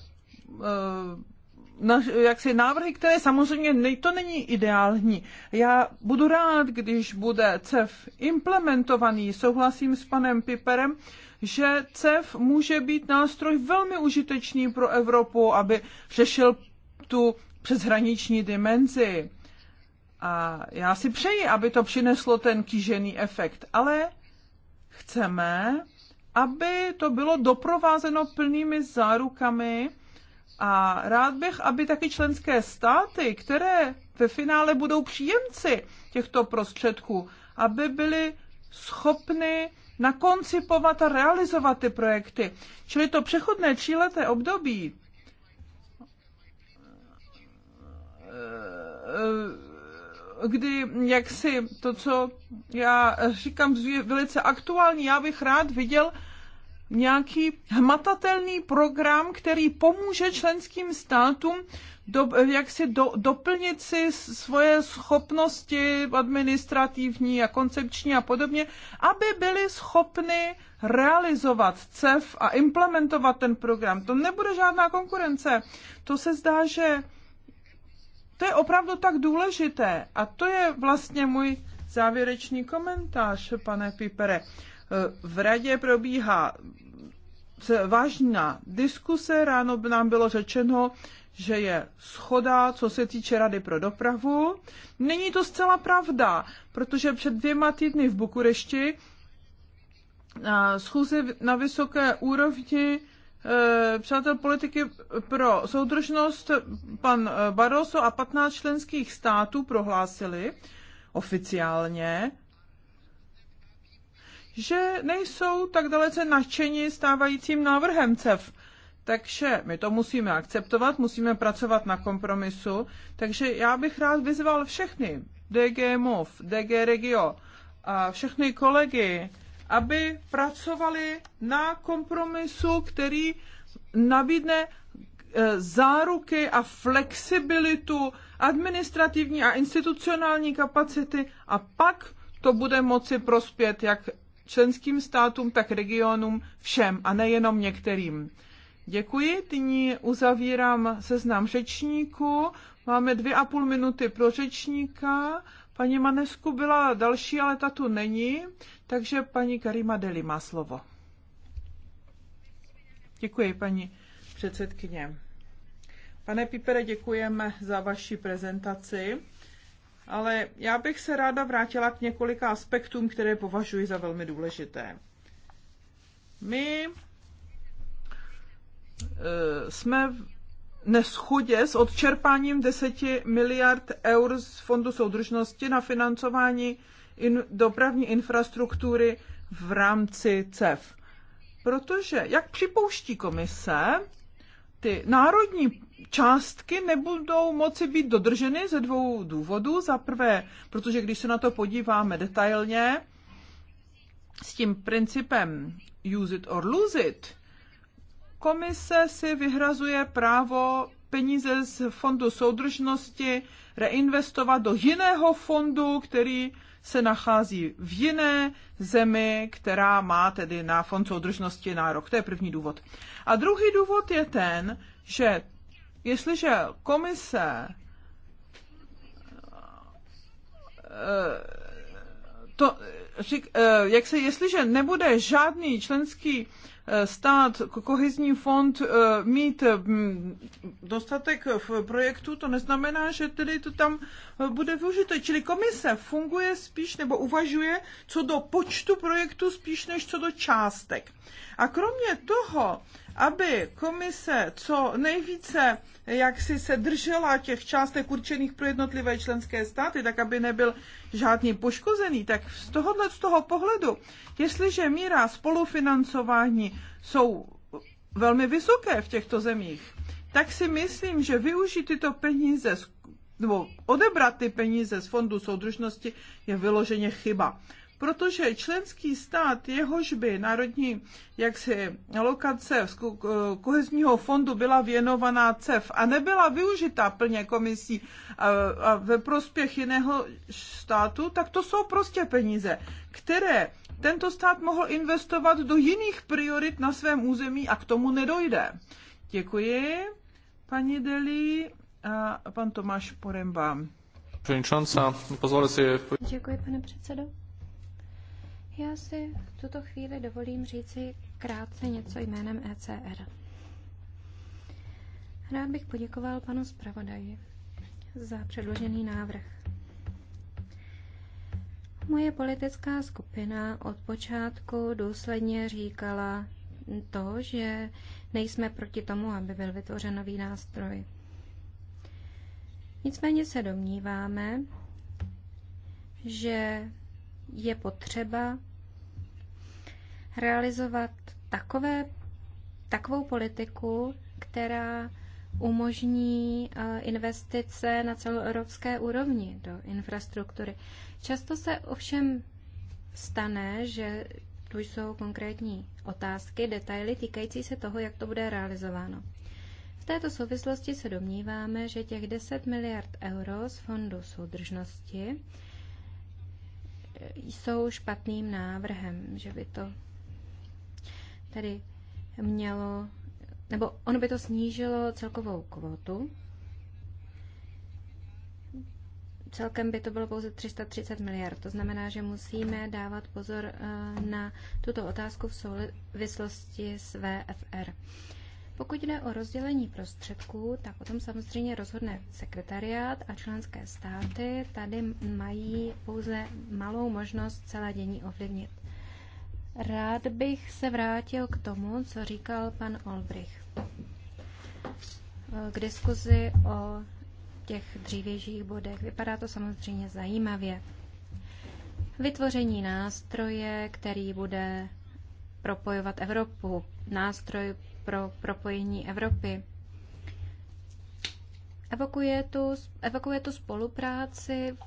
na, jaksi návrhy, které samozřejmě ne, to není ideální. Já budu rád, když bude CEF implementovaný, souhlasím s panem Piperem, že CEF může být nástroj velmi užitečný pro Evropu, aby řešil tu přeshraniční dimenzi. A já si přeji, aby to přineslo ten kýžený efekt, ale chceme, aby to bylo doprovázeno plnými zárukami a rád bych, aby taky členské státy, které ve finále budou příjemci těchto prostředků, aby byly schopny nakoncipovat a realizovat ty projekty. Čili to přechodné tříleté období eh, eh, kdy jak si to, co já říkám, je velice aktuální, já bych rád viděl nějaký hmatatelný program, který pomůže členským státům do, jak si do, doplnit si svoje schopnosti administrativní a koncepční a podobně, aby byli schopni realizovat CEF a implementovat ten program. To nebude žádná konkurence. To se zdá, že to je opravdu tak důležité. A to je vlastně můj závěrečný komentář, pane Pipere. V radě probíhá vážná diskuse, ráno by nám bylo řečeno, že je schoda, co se týče Rady pro dopravu. Není to zcela pravda, protože před dvěma týdny v Bukurešti schůze na vysoké úrovni eh, přátel politiky pro soudržnost pan eh, Barroso a 15 členských států prohlásili oficiálně, že nejsou tak dalece nadšeni stávajícím návrhem CEF. Takže my to musíme akceptovat, musíme pracovat na kompromisu. Takže já bych rád vyzval všechny, DG MOV, DG Regio a všechny kolegy, aby pracovali na kompromisu, který nabídne eh, záruky a flexibilitu administrativní a institucionální kapacity a pak to bude moci prospět jak členským státům, tak regionům všem a nejenom některým. Děkuji, nyní uzavírám seznam řečníků. Máme dvě a půl minuty pro řečníka. Paní Manesku byla další, ale ta tu není, takže paní Karima Deli má slovo. Děkuji, paní předsedkyně. Pane Pipere, děkujeme za vaši prezentaci, ale já bych se ráda vrátila k několika aspektům, které považuji za velmi důležité. My Eh, jsme neschodě s odčerpáním 10 miliard eur z Fondu soudržnosti na financování in, dopravní infrastruktury v rámci CEF. Protože, jak připouští komise, ty národní částky nebudou moci být dodrženy ze dvou důvodů. Za prvé, protože když se na to podíváme detailně, s tím principem use it or lose it, Komise si vyhrazuje právo peníze z fondu soudržnosti reinvestovat do jiného fondu, který se nachází v jiné zemi, která má tedy na fond soudržnosti nárok. To je první důvod. A druhý důvod je ten, že jestliže komise eh, to, eh, jak se, jestliže nebude žádný členský stát, kohezní fond eh, mít mm, dostatek v projektu, to neznamená, že tedy to tam eh, bude využito. Čili komise funguje spíš nebo uvažuje co do počtu projektů spíš než co do částek. A kromě toho, aby komise co nejvíce jak si se držela těch částek určených pro jednotlivé členské státy, tak aby nebyl žádný poškozený, tak z tohohle z toho pohledu, jestliže míra spolufinancování jsou velmi vysoké v těchto zemích, tak si myslím, že využít tyto peníze nebo odebrat ty peníze z fondu soudržnosti je vyloženě chyba protože členský stát, jehož by národní jaksi lokace z kohezního fondu byla věnovaná CEF a nebyla využita plně komisí a, a ve prospěch jiného státu, tak to jsou prostě peníze, které tento stát mohl investovat do jiných priorit na svém území a k tomu nedojde. Děkuji, paní Deli a pan Tomáš Poremba. Děkuji, pane předsedo. Já si v tuto chvíli dovolím říci krátce něco jménem ECR. Rád bych poděkoval panu zpravodaji za předložený návrh. Moje politická skupina od počátku důsledně říkala to, že nejsme proti tomu, aby byl vytvořen nový nástroj. Nicméně se domníváme, že je potřeba realizovat takové, takovou politiku, která umožní eh, investice na celoevropské úrovni do infrastruktury. Často se ovšem stane, že tu jsou konkrétní otázky, detaily týkající se toho, jak to bude realizováno. V této souvislosti se domníváme, že těch 10 miliard euro z Fondu soudržnosti jsou špatným návrhem, že by to tedy mělo, nebo ono by to snížilo celkovou kvotu. Celkem by to bylo pouze 330 miliard. To znamená, že musíme dávat pozor eh, na tuto otázku v souvislosti s VFR. Pokud jde o rozdělení prostředků, tak o tom samozřejmě rozhodne sekretariát a členské státy. Tady mají pouze malou možnost celé dění ovlivnit. Rád bych se vrátil k tomu, co říkal pan Olbrich k diskuzi o těch dřívějších bodech. Vypadá to samozřejmě zajímavě. Vytvoření nástroje, který bude propojovat Evropu, nástroj pro propojení Evropy. Evokuje tu, evokuje tu spolupráci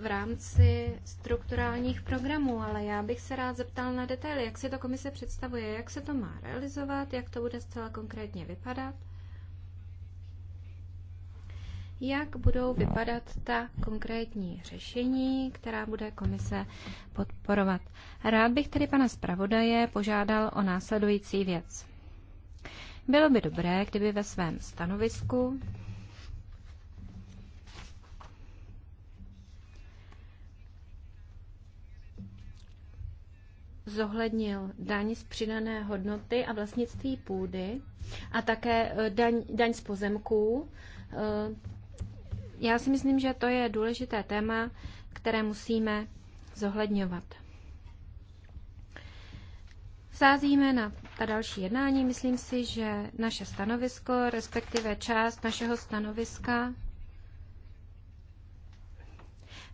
v rámci strukturálních programů, ale já bych se rád zeptal na detaily, jak si to komise představuje, jak se to má realizovat, jak to bude zcela konkrétně vypadat, jak budou vypadat ta konkrétní řešení, která bude komise podporovat. Rád bych tedy pana zpravodaje požádal o následující věc. Bylo by dobré, kdyby ve svém stanovisku zohlednil daň z přidané hodnoty a vlastnictví půdy a také e, daň, daň z pozemků. E, já si myslím, že to je důležité téma, které musíme zohledňovat. Sázíme na ta další jednání. Myslím si, že naše stanovisko, respektive část našeho stanoviska,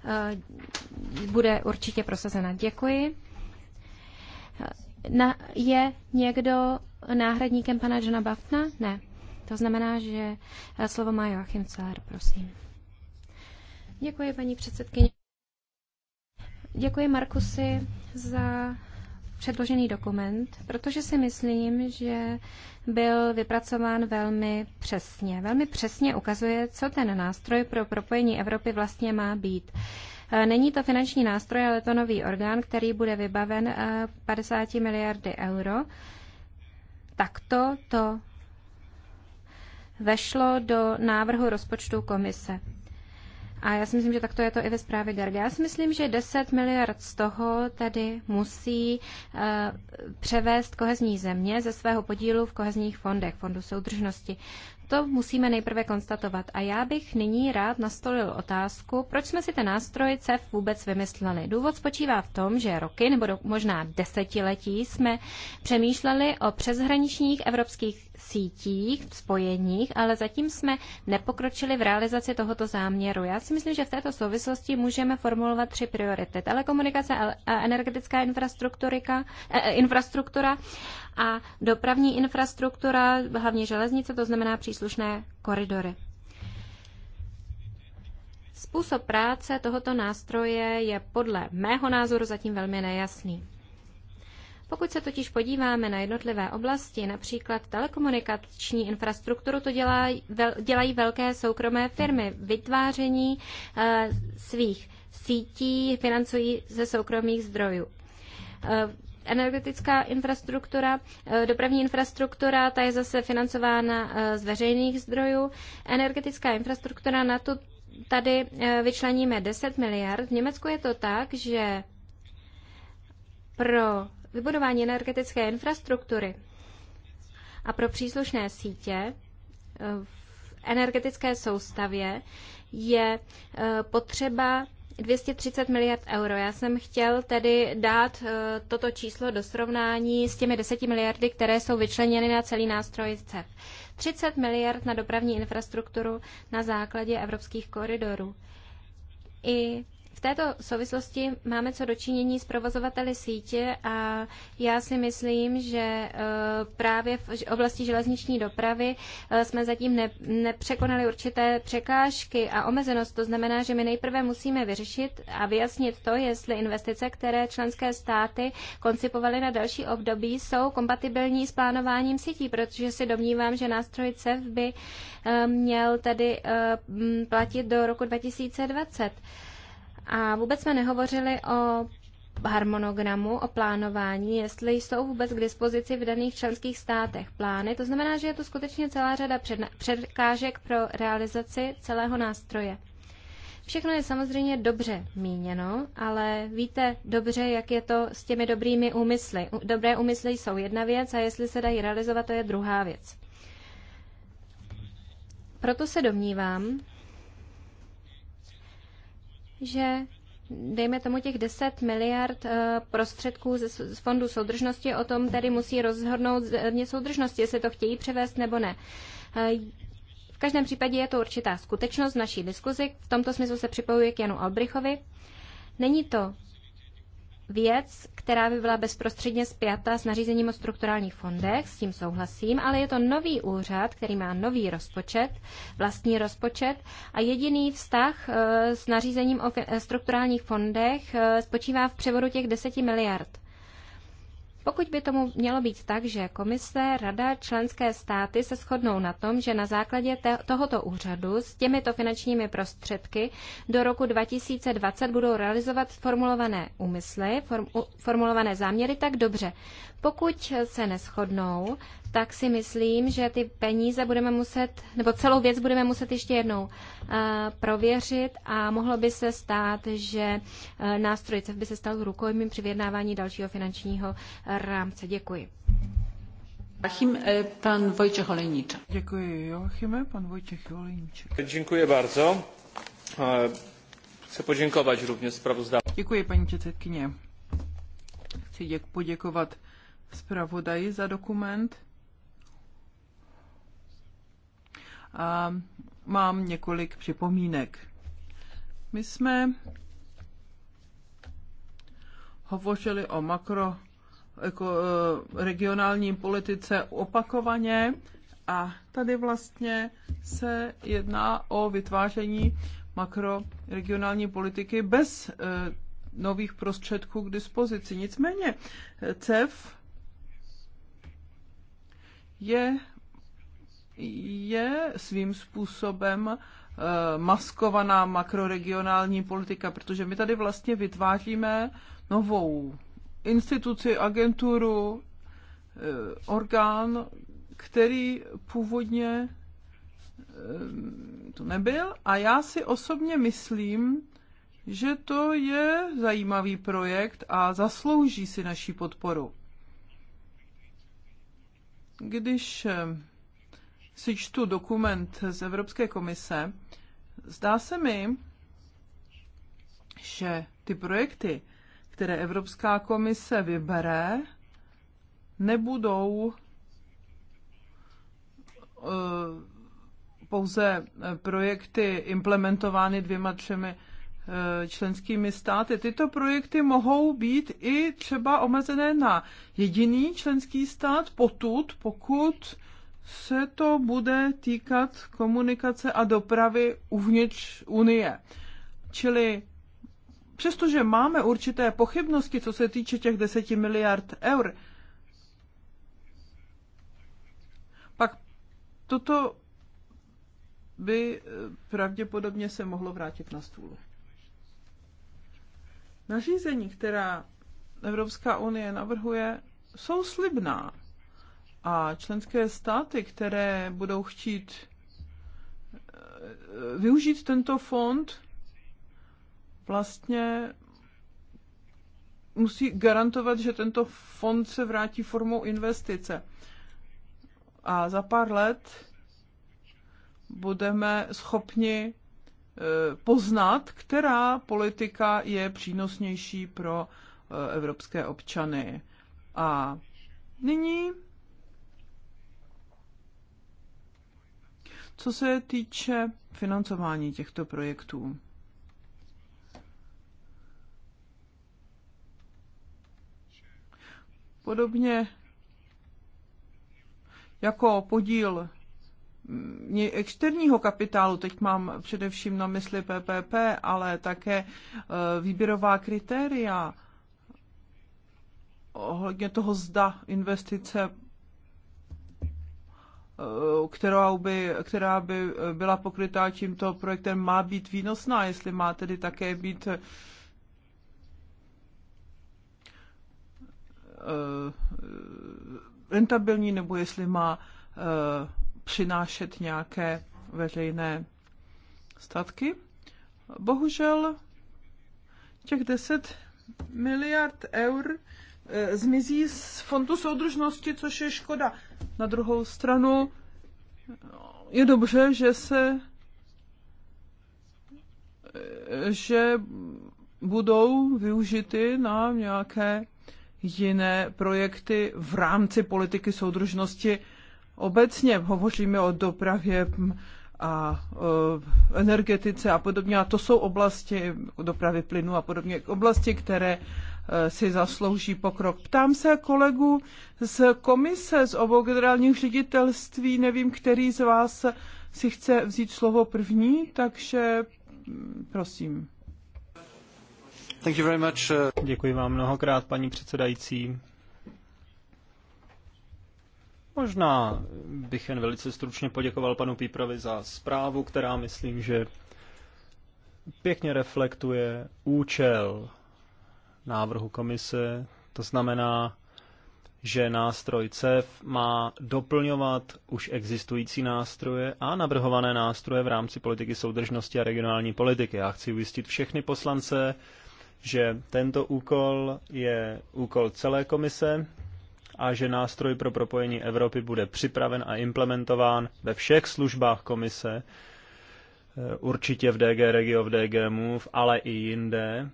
e, bude určitě prosazena. Děkuji. Na, je někdo náhradníkem pana Johna Baftna? Ne. To znamená, že eh, slovo má Joachim Celer, prosím. Děkuji, paní předsedkyně. Děkuji Markusy za předložený dokument, protože si myslím, že byl vypracován velmi přesně. Velmi přesně ukazuje, co ten nástroj pro propojení Evropy vlastně má být. Eh, není to finanční nástroj, ale to nový orgán, který bude vybaven 50 eh, miliardy euro. Takto to vešlo do návrhu rozpočtu komise. A já si myslím, že takto je to i ve zprávě Garga. Já si myslím, že 10 miliard z toho tady musí uh, převést kohezní země ze svého podílu v kohezních fondech, fondu soudržnosti. To musíme nejprve konstatovat. A já bych nyní rád nastolil otázku, proč jsme si ten nástroj CEF vůbec vymysleli. Důvod spočívá v tom, že roky nebo do, možná desetiletí jsme přemýšleli o přeshraničních evropských sítích, spojeních, ale zatím jsme nepokročili v realizaci tohoto záměru. Já si myslím, že v této souvislosti můžeme formulovat tři priority. Telekomunikace a energetická infrastruktura, e, e, infrastruktura a dopravní infrastruktura, hlavně železnice, to znamená příslušné koridory. Způsob práce tohoto nástroje je podle mého názoru zatím velmi nejasný. Pokud se totiž podíváme na jednotlivé oblasti, například telekomunikační infrastrukturu, to dělá, dělají velké soukromé firmy. Vytváření eh, svých sítí financují ze soukromých zdrojů. Eh, energetická infrastruktura, eh, dopravní infrastruktura, ta je zase financována z veřejných zdrojů. Energetická infrastruktura, na to tady vyčleníme 10 miliard. V Německu je to tak, že pro vybudování energetické infrastruktury a pro příslušné sítě eh, v energetické soustavě je eh, potřeba 230 miliard euro. Já jsem chtěl tedy dát eh, toto číslo do srovnání s těmi 10 miliardy, které jsou vyčleněny na celý nástroj CEF. 30 miliard na dopravní infrastrukturu na základě evropských koridorů. I této souvislosti máme co dočinění s provozovateli sítě a já si myslím, že eh, právě v oblasti železniční dopravy eh, jsme zatím nepřekonali určité překážky a omezenost. To znamená, že my nejprve musíme vyřešit a vyjasnit to, jestli investice, které členské státy koncipovaly na další období, jsou kompatibilní s plánováním sítí, protože si domnívám, že nástroj CEF by eh, měl tedy platit do roku 2020. A vůbec jsme nehovořili o harmonogramu, o plánování, jestli jsou vůbec k dispozici v daných členských státech plány. To znamená, že je to skutečně celá řada předkážek pro realizaci celého nástroje. Všechno je samozřejmě dobře míněno, ale víte dobře, jak je to s těmi dobrými úmysly. Dobré úmysly jsou jedna věc a jestli se dají realizovat, to je druhá věc. Proto se domnívám, že dejme tomu těch 10 miliard eh, prostředků z fondu soudržnosti, o tom tedy musí rozhodnout země soudržnosti, jestli to chtějí převést nebo ne. Eh, v každém případě je to určitá skutečnost naší diskuzi. V tomto smyslu se připojuji k Janu Albrichovi. Není to věc, která by byla bezprostředně spjata s nařízením o strukturálních fondech, s tím souhlasím, ale je to nový úřad, který má nový rozpočet, vlastní rozpočet a jediný vztah eh, s nařízením o strukturálních fondech eh, spočívá v převodu těch 10 miliard. Pokud by tomu mělo být tak, že komise, rada, členské státy se shodnou na tom, že na základě te- tohoto úřadu s těmito finančními prostředky do roku 2020 budou realizovat formulované úmysly, form- formulované záměry, tak dobře. Pokud se neschodnou, tak si myslím, že ty peníze budeme muset, nebo celou věc budeme muset ještě jednou uh, prověřit a mohlo by se stát, že uh, nástroj by se stal rukojmím při vyjednávání dalšího finančního rámce. Děkuji. Joachim, eh, pan Vojtěch Olejniczak. Děkuji Joachime, pan Wojciech Olejniczak. Děkuji bardzo. E, Chci poděkovat rovněž zpravodajce. Děkuji, paní předsedkyně. Chci děk poděkovat zpravodaji za dokument. A mám několik připomínek. My jsme hovořili o makro jako e, regionální politice opakovaně a tady vlastně se jedná o vytváření makroregionální politiky bez e, nových prostředků k dispozici. Nicméně e, CEF je, je svým způsobem maskovaná makroregionální politika, protože my tady vlastně vytváříme novou instituci, agenturu, eh, orgán, který původně eh, to nebyl. A já si osobně myslím, že to je zajímavý projekt a zaslouží si naší podporu. Když eh, si čtu dokument z Evropské komise, zdá se mi, že ty projekty, které Evropská komise vybere, nebudou eh, pouze eh, projekty implementovány dvěma, třemi eh, členskými státy. Tyto projekty mohou být i třeba omezené na jediný členský stát, potud, pokud se to bude týkat komunikace a dopravy uvnitř Unie. Čili Přestože máme určité pochybnosti, co se týče těch 10 miliard eur, pak toto by eh, pravděpodobně se mohlo vrátit na stůl. Nařízení, která Evropská unie navrhuje, jsou slibná a členské státy, které budou chtít eh, využít tento fond, vlastně musí garantovat, že tento fond se vrátí formou investice. A za pár let budeme schopni e, poznat, která politika je přínosnější pro e, evropské občany. A nyní, co se týče financování těchto projektů. podobně jako podíl externího kapitálu, teď mám především na mysli PPP, ale také e, výběrová kritéria ohledně toho zda investice, e, která by, která by e, byla pokrytá tímto projektem, má být výnosná, jestli má tedy také být Eh, rentabilní nebo jestli má eh, přinášet nějaké veřejné statky. Bohužel těch 10 miliard eur eh, zmizí z fondu soudržnosti, což je škoda. Na druhou stranu je dobře, že se že budou využity na nějaké jiné projekty v rámci politiky soudržnosti. Obecně hovoříme o dopravě a e, energetice a podobně. A to jsou oblasti dopravy plynu a podobně, oblasti, které e, si zaslouží pokrok. Ptám se kolegu z komise, z obou generálních ředitelství, nevím, který z vás si chce vzít slovo první, takže prosím. Uh, Děkuji vám mnohokrát, paní předsedající. Možná bych jen velice stručně poděkoval panu Píprovi za zprávu, která myslím, že pěkně reflektuje účel návrhu komise. To znamená, že nástroj CEF má doplňovat už existující nástroje a navrhované nástroje v rámci politiky soudržnosti a regionální politiky. Já chci ujistit všechny poslance, že tento úkol je úkol celé komise a že nástroj pro propojení Evropy bude připraven a implementován ve všech službách komise, eh, určitě v DG Regio, v DG Move, ale i jinde.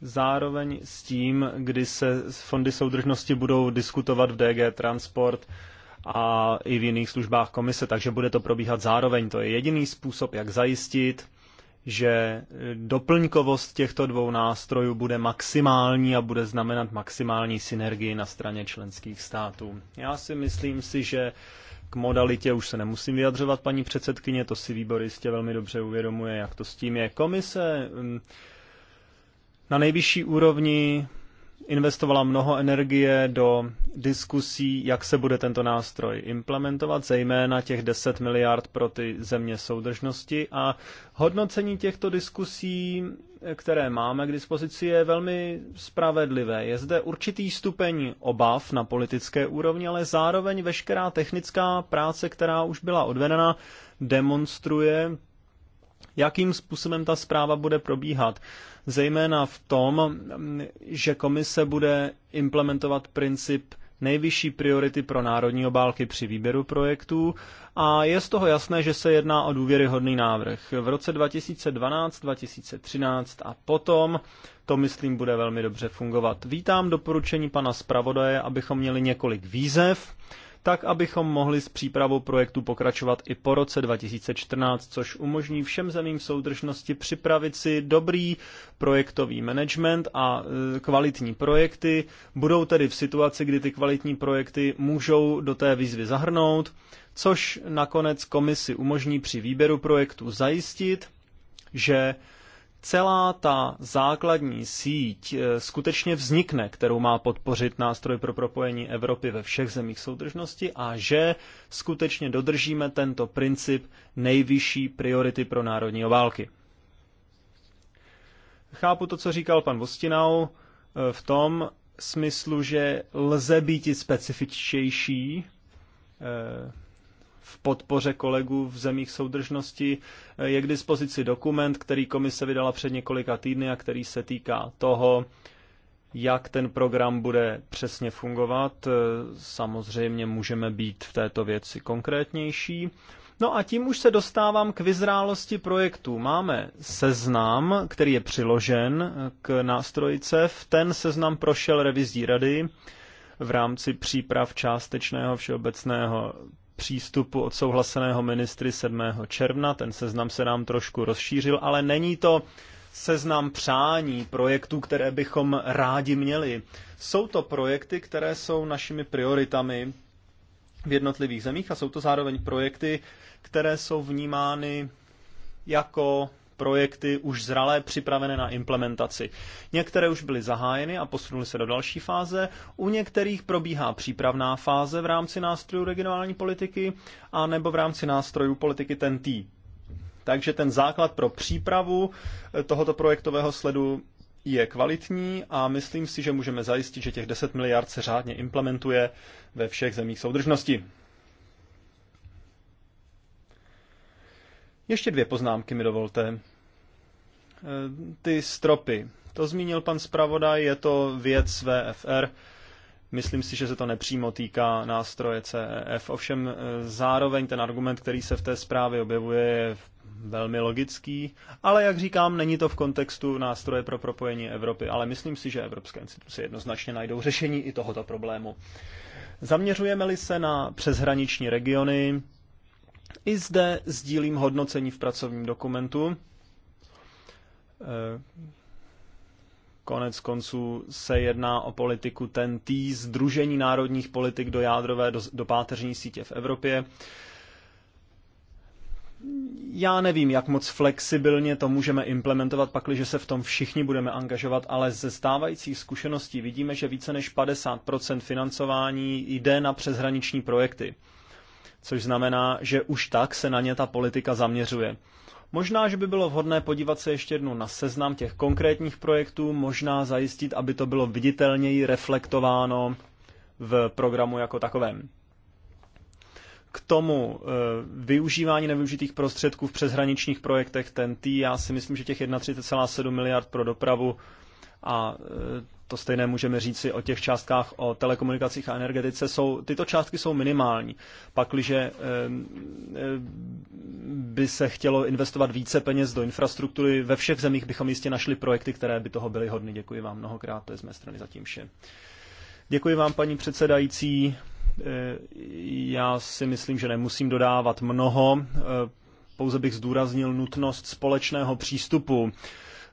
Zároveň s tím, kdy se fondy soudržnosti budou diskutovat v DG Transport a i v jiných službách komise, takže bude to probíhat zároveň. To je jediný způsob, jak zajistit, že eh, doplňkovost těchto dvou nástrojů bude maximální a bude znamenat maximální synergii na straně členských států. Já si myslím si, že k modalitě už se nemusím vyjadřovat, paní předsedkyně, to si výbor jistě velmi dobře uvědomuje, jak to s tím je. Komise hm, na nejvyšší úrovni investovala mnoho energie do diskusí, jak se bude tento nástroj implementovat, zejména těch 10 miliard pro ty země soudržnosti a hodnocení těchto diskusí, které máme k dispozici, je velmi spravedlivé. Je zde určitý stupeň obav na politické úrovni, ale zároveň veškerá technická práce, která už byla odvedena, demonstruje, jakým způsobem ta zpráva bude probíhat zejména v tom, že komise bude implementovat princip nejvyšší priority pro národní obálky při výběru projektů a je z toho jasné, že se jedná o důvěryhodný návrh. V roce 2012, 2013 a potom to, myslím, bude velmi dobře fungovat. Vítám doporučení pana zpravodaje, abychom měli několik výzev, tak abychom mohli s přípravou projektu pokračovat i po roce 2014, což umožní všem zemím soudržnosti připravit si dobrý projektový management a e, kvalitní projekty. Budou tedy v situaci, kdy ty kvalitní projekty můžou do té výzvy zahrnout, což nakonec komisi umožní při výběru projektu zajistit, že celá ta základní síť eh, skutečně vznikne, kterou má podpořit nástroj pro propojení Evropy ve všech zemích soudržnosti a že skutečně dodržíme tento princip nejvyšší priority pro národní obálky. Chápu to, co říkal pan Vostinau eh, v tom smyslu, že lze být i specifičtější, eh, v podpoře kolegů v zemích soudržnosti. Eh, je k dispozici dokument, který komise vydala před několika týdny a který se týká toho, jak ten program bude přesně fungovat. Eh, samozřejmě můžeme být v této věci konkrétnější. No a tím už se dostávám k vyzrálosti projektů. Máme seznam, který je přiložen eh, k nástroji CEF. Ten seznam prošel revizí rady v rámci příprav částečného všeobecného přístupu odsouhlaseného ministry 7. června. Ten seznam se nám trošku rozšířil, ale není to seznam přání projektů, které bychom rádi měli. Jsou to projekty, které jsou našimi prioritami v jednotlivých zemích a jsou to zároveň projekty, které jsou vnímány jako projekty už zralé, připravené na implementaci. Některé už byly zahájeny a posunuly se do další fáze, u některých probíhá přípravná fáze v rámci nástrojů regionální politiky a nebo v rámci nástrojů politiky TNT. Takže ten základ pro přípravu eh, tohoto projektového sledu je kvalitní a myslím si, že můžeme zajistit, že těch 10 miliard se řádně implementuje ve všech zemích soudržnosti. Ještě dvě poznámky mi dovolte. E, ty stropy. To zmínil pan zpravodaj, je to věc VFR. Myslím si, že se to nepřímo týká nástroje CEF. Ovšem e, zároveň ten argument, který se v té zprávě objevuje, je velmi logický, ale jak říkám, není to v kontextu nástroje pro propojení Evropy, ale myslím si, že evropské instituce jednoznačně najdou řešení i tohoto problému. Zaměřujeme-li se na přeshraniční regiony, i zde sdílím hodnocení v pracovním dokumentu. E, konec konců se jedná o politiku ten TNT, Združení národních politik do jádrové, do, do páteřní sítě v Evropě. Já nevím, jak moc flexibilně to můžeme implementovat, pakliže se v tom všichni budeme angažovat, ale ze stávajících zkušeností vidíme, že více než 50% financování jde na přeshraniční projekty což znamená, že už tak se na ně ta politika zaměřuje. Možná, že by bylo vhodné podívat se ještě jednou na seznam těch konkrétních projektů, možná zajistit, aby to bylo viditelněji reflektováno v programu jako takovém. K tomu e, využívání nevyužitých prostředků v přeshraničních projektech TNT, já si myslím, že těch 31,7 miliard pro dopravu a e, to stejné můžeme říci o těch částkách o telekomunikacích a energetice, jsou, tyto částky jsou minimální. Pakliže eh, eh, by se chtělo investovat více peněz do infrastruktury, ve všech zemích bychom jistě našli projekty, které by toho byly hodny. Děkuji vám mnohokrát, to je z mé strany zatím vše. Děkuji vám, paní předsedající. Eh, já si myslím, že nemusím dodávat mnoho, pouze bych zdůraznil nutnost společného přístupu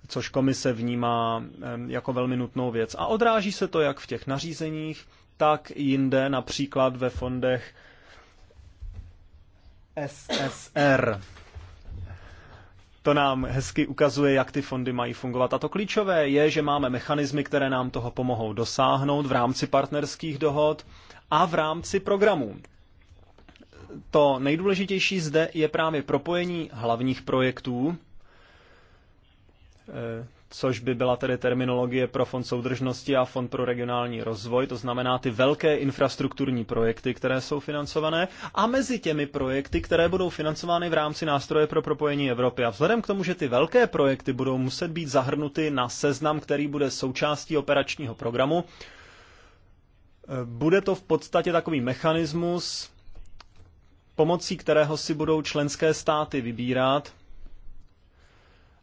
což komise vnímá jako velmi nutnou věc. A odráží se to jak v těch nařízeních, tak jinde, například ve fondech SSR. To nám hezky ukazuje, jak ty fondy mají fungovat. A to klíčové je, že máme mechanismy, které nám toho pomohou dosáhnout v rámci partnerských dohod a v rámci programů. To nejdůležitější zde je právě propojení hlavních projektů Eh, což by byla tedy terminologie pro Fond soudržnosti a Fond pro regionální rozvoj, to znamená ty velké infrastrukturní projekty, které jsou financované, a mezi těmi projekty, které budou financovány v rámci nástroje pro propojení Evropy. A vzhledem k tomu, že ty velké projekty budou muset být zahrnuty na seznam, který bude součástí operačního programu, eh, bude to v podstatě takový mechanismus, pomocí kterého si budou členské státy vybírat,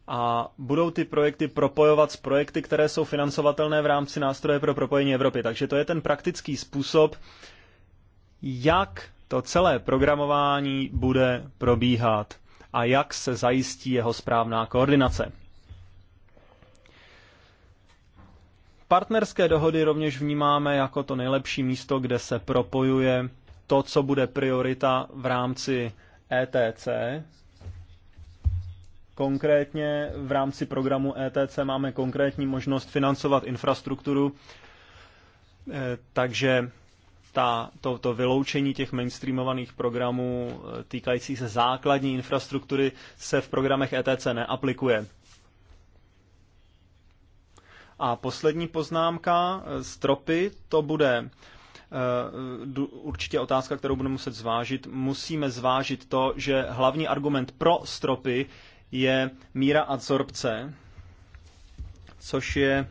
a budou ty projekty propojovat s projekty, které jsou financovatelné v rámci nástroje pro propojení Evropy. Takže to je ten praktický způsob, jak to celé programování bude probíhat a jak se zajistí jeho správná koordinace. Partnerské dohody rovněž vnímáme jako to nejlepší místo, kde se propojuje to, co bude priorita v rámci ETC, Konkrétně v rámci programu ETC máme konkrétní možnost financovat infrastrukturu, eh, takže ta, to, to vyloučení těch mainstreamovaných programů eh, týkající se základní infrastruktury se v programech ETC neaplikuje. A poslední poznámka, stropy, eh, to bude určitě otázka, kterou budeme muset zvážit. Musíme zvážit to, že hlavní argument pro stropy je míra adsorpce, což je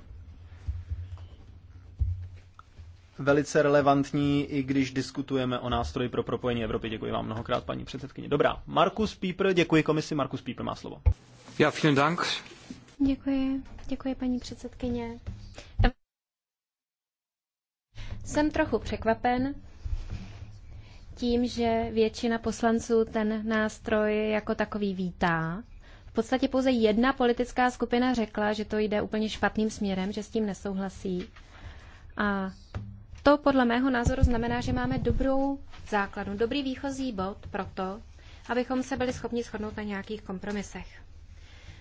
velice relevantní, i když diskutujeme o nástroji pro propojení Evropy. Děkuji vám mnohokrát, paní předsedkyně. Dobrá, Markus Pípr, děkuji komisi. Markus Pípr má slovo. Já, ja, vielen Dank. Děkuji, děkuji paní předsedkyně. Jsem trochu překvapen tím, že většina poslanců ten nástroj jako takový vítá. V podstatě pouze jedna politická skupina řekla, že to jde úplně špatným směrem, že s tím nesouhlasí. A to podle mého názoru znamená, že máme dobrou základnu, dobrý výchozí bod pro to, abychom se byli schopni shodnout na nějakých kompromisech.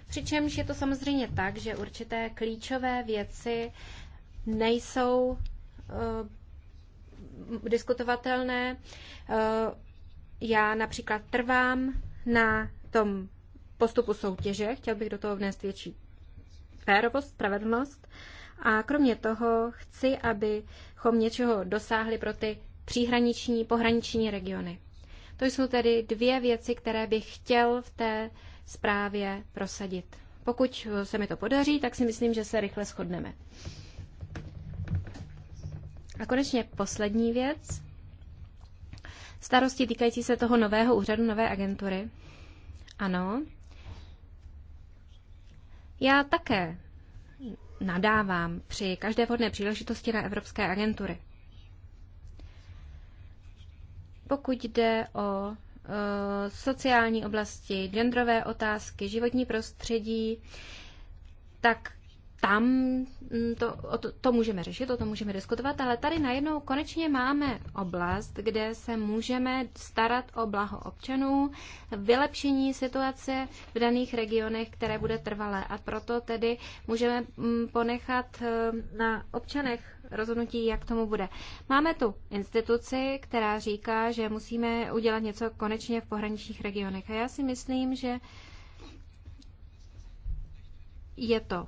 Přičemž je to samozřejmě tak, že určité klíčové věci nejsou uh, diskutovatelné. Uh, já například trvám na tom postupu soutěže. Chtěl bych do toho vnést větší férovost, spravedlnost. A kromě toho chci, abychom něčeho dosáhli pro ty příhraniční, pohraniční regiony. To jsou tedy dvě věci, které bych chtěl v té zprávě prosadit. Pokud se mi to podaří, tak si myslím, že se rychle shodneme. A konečně poslední věc. Starosti týkající se toho nového úřadu, nové agentury. Ano, já také nadávám při každé vhodné příležitosti na evropské agentury. Pokud jde o e, sociální oblasti, genderové otázky, životní prostředí, tak tam mm, to, o to, to můžeme řešit, o tom můžeme diskutovat, ale tady najednou konečně máme oblast, kde se můžeme starat o blaho občanů, vylepšení situace v daných regionech, které bude trvalé. A proto tedy můžeme mm, ponechat eh, na občanech rozhodnutí, jak tomu bude. Máme tu instituci, která říká, že musíme udělat něco konečně v pohraničních regionech. A já si myslím, že je to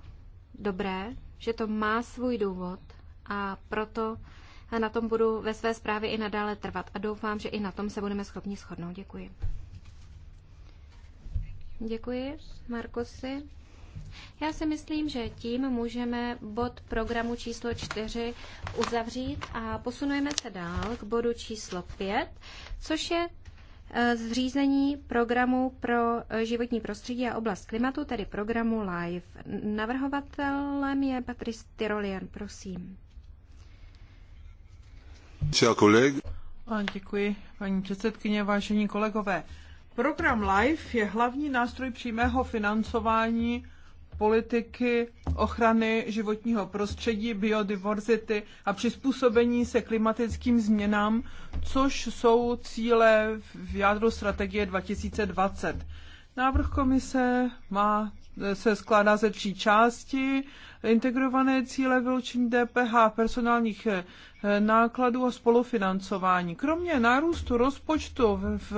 dobré, že to má svůj důvod a proto na tom budu ve své zprávě i nadále trvat a doufám, že i na tom se budeme schopni shodnout. Děkuji. Děkuji, Markusy. Já si myslím, že tím můžeme bod programu číslo 4 uzavřít a posunujeme se dál k bodu číslo 5, což je Eh, zřízení programu pro eh, životní prostředí a oblast klimatu, tedy programu LIFE. Navrhovatelem je Patrice Tyrolian, prosím. Děkuji, paní předsedkyně, vážení kolegové. Program LIFE je hlavní nástroj přímého financování politiky ochrany životního prostředí, biodiverzity a přizpůsobení se klimatickým změnám, což jsou cíle v jádru strategie 2020. Návrh komise má, se skládá ze tří části. Integrované cíle vyloučení DPH, personálních eh, nákladů a spolufinancování. Kromě nárůstu rozpočtu v,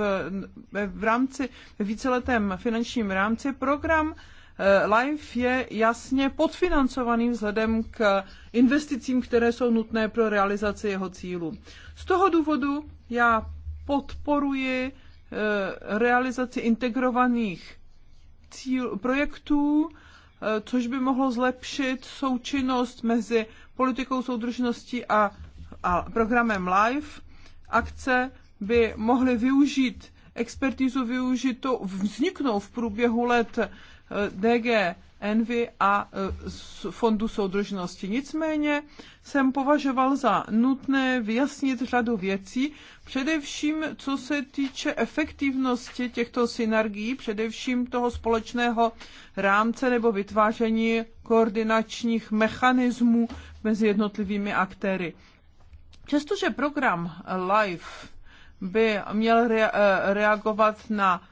v, v rámci víceletém finančním rámci program Eh, Life je jasně podfinancovaný vzhledem k investicím, které jsou nutné pro realizaci jeho cílu. Z toho důvodu já podporuji eh, realizaci integrovaných cíl, projektů, eh, což by mohlo zlepšit součinnost mezi politikou soudržnosti a, a programem LIFE. Akce by mohly využít expertizu využitou, vzniknou v průběhu let Eh, DG Envy a z eh, Fondu soudržnosti. Nicméně jsem považoval za nutné vyjasnit řadu věcí, především co se týče efektivnosti těchto synergií, především toho společného rámce nebo vytváření koordinačních mechanismů mezi jednotlivými aktéry. Přestože program LIFE by měl eh, reagovat na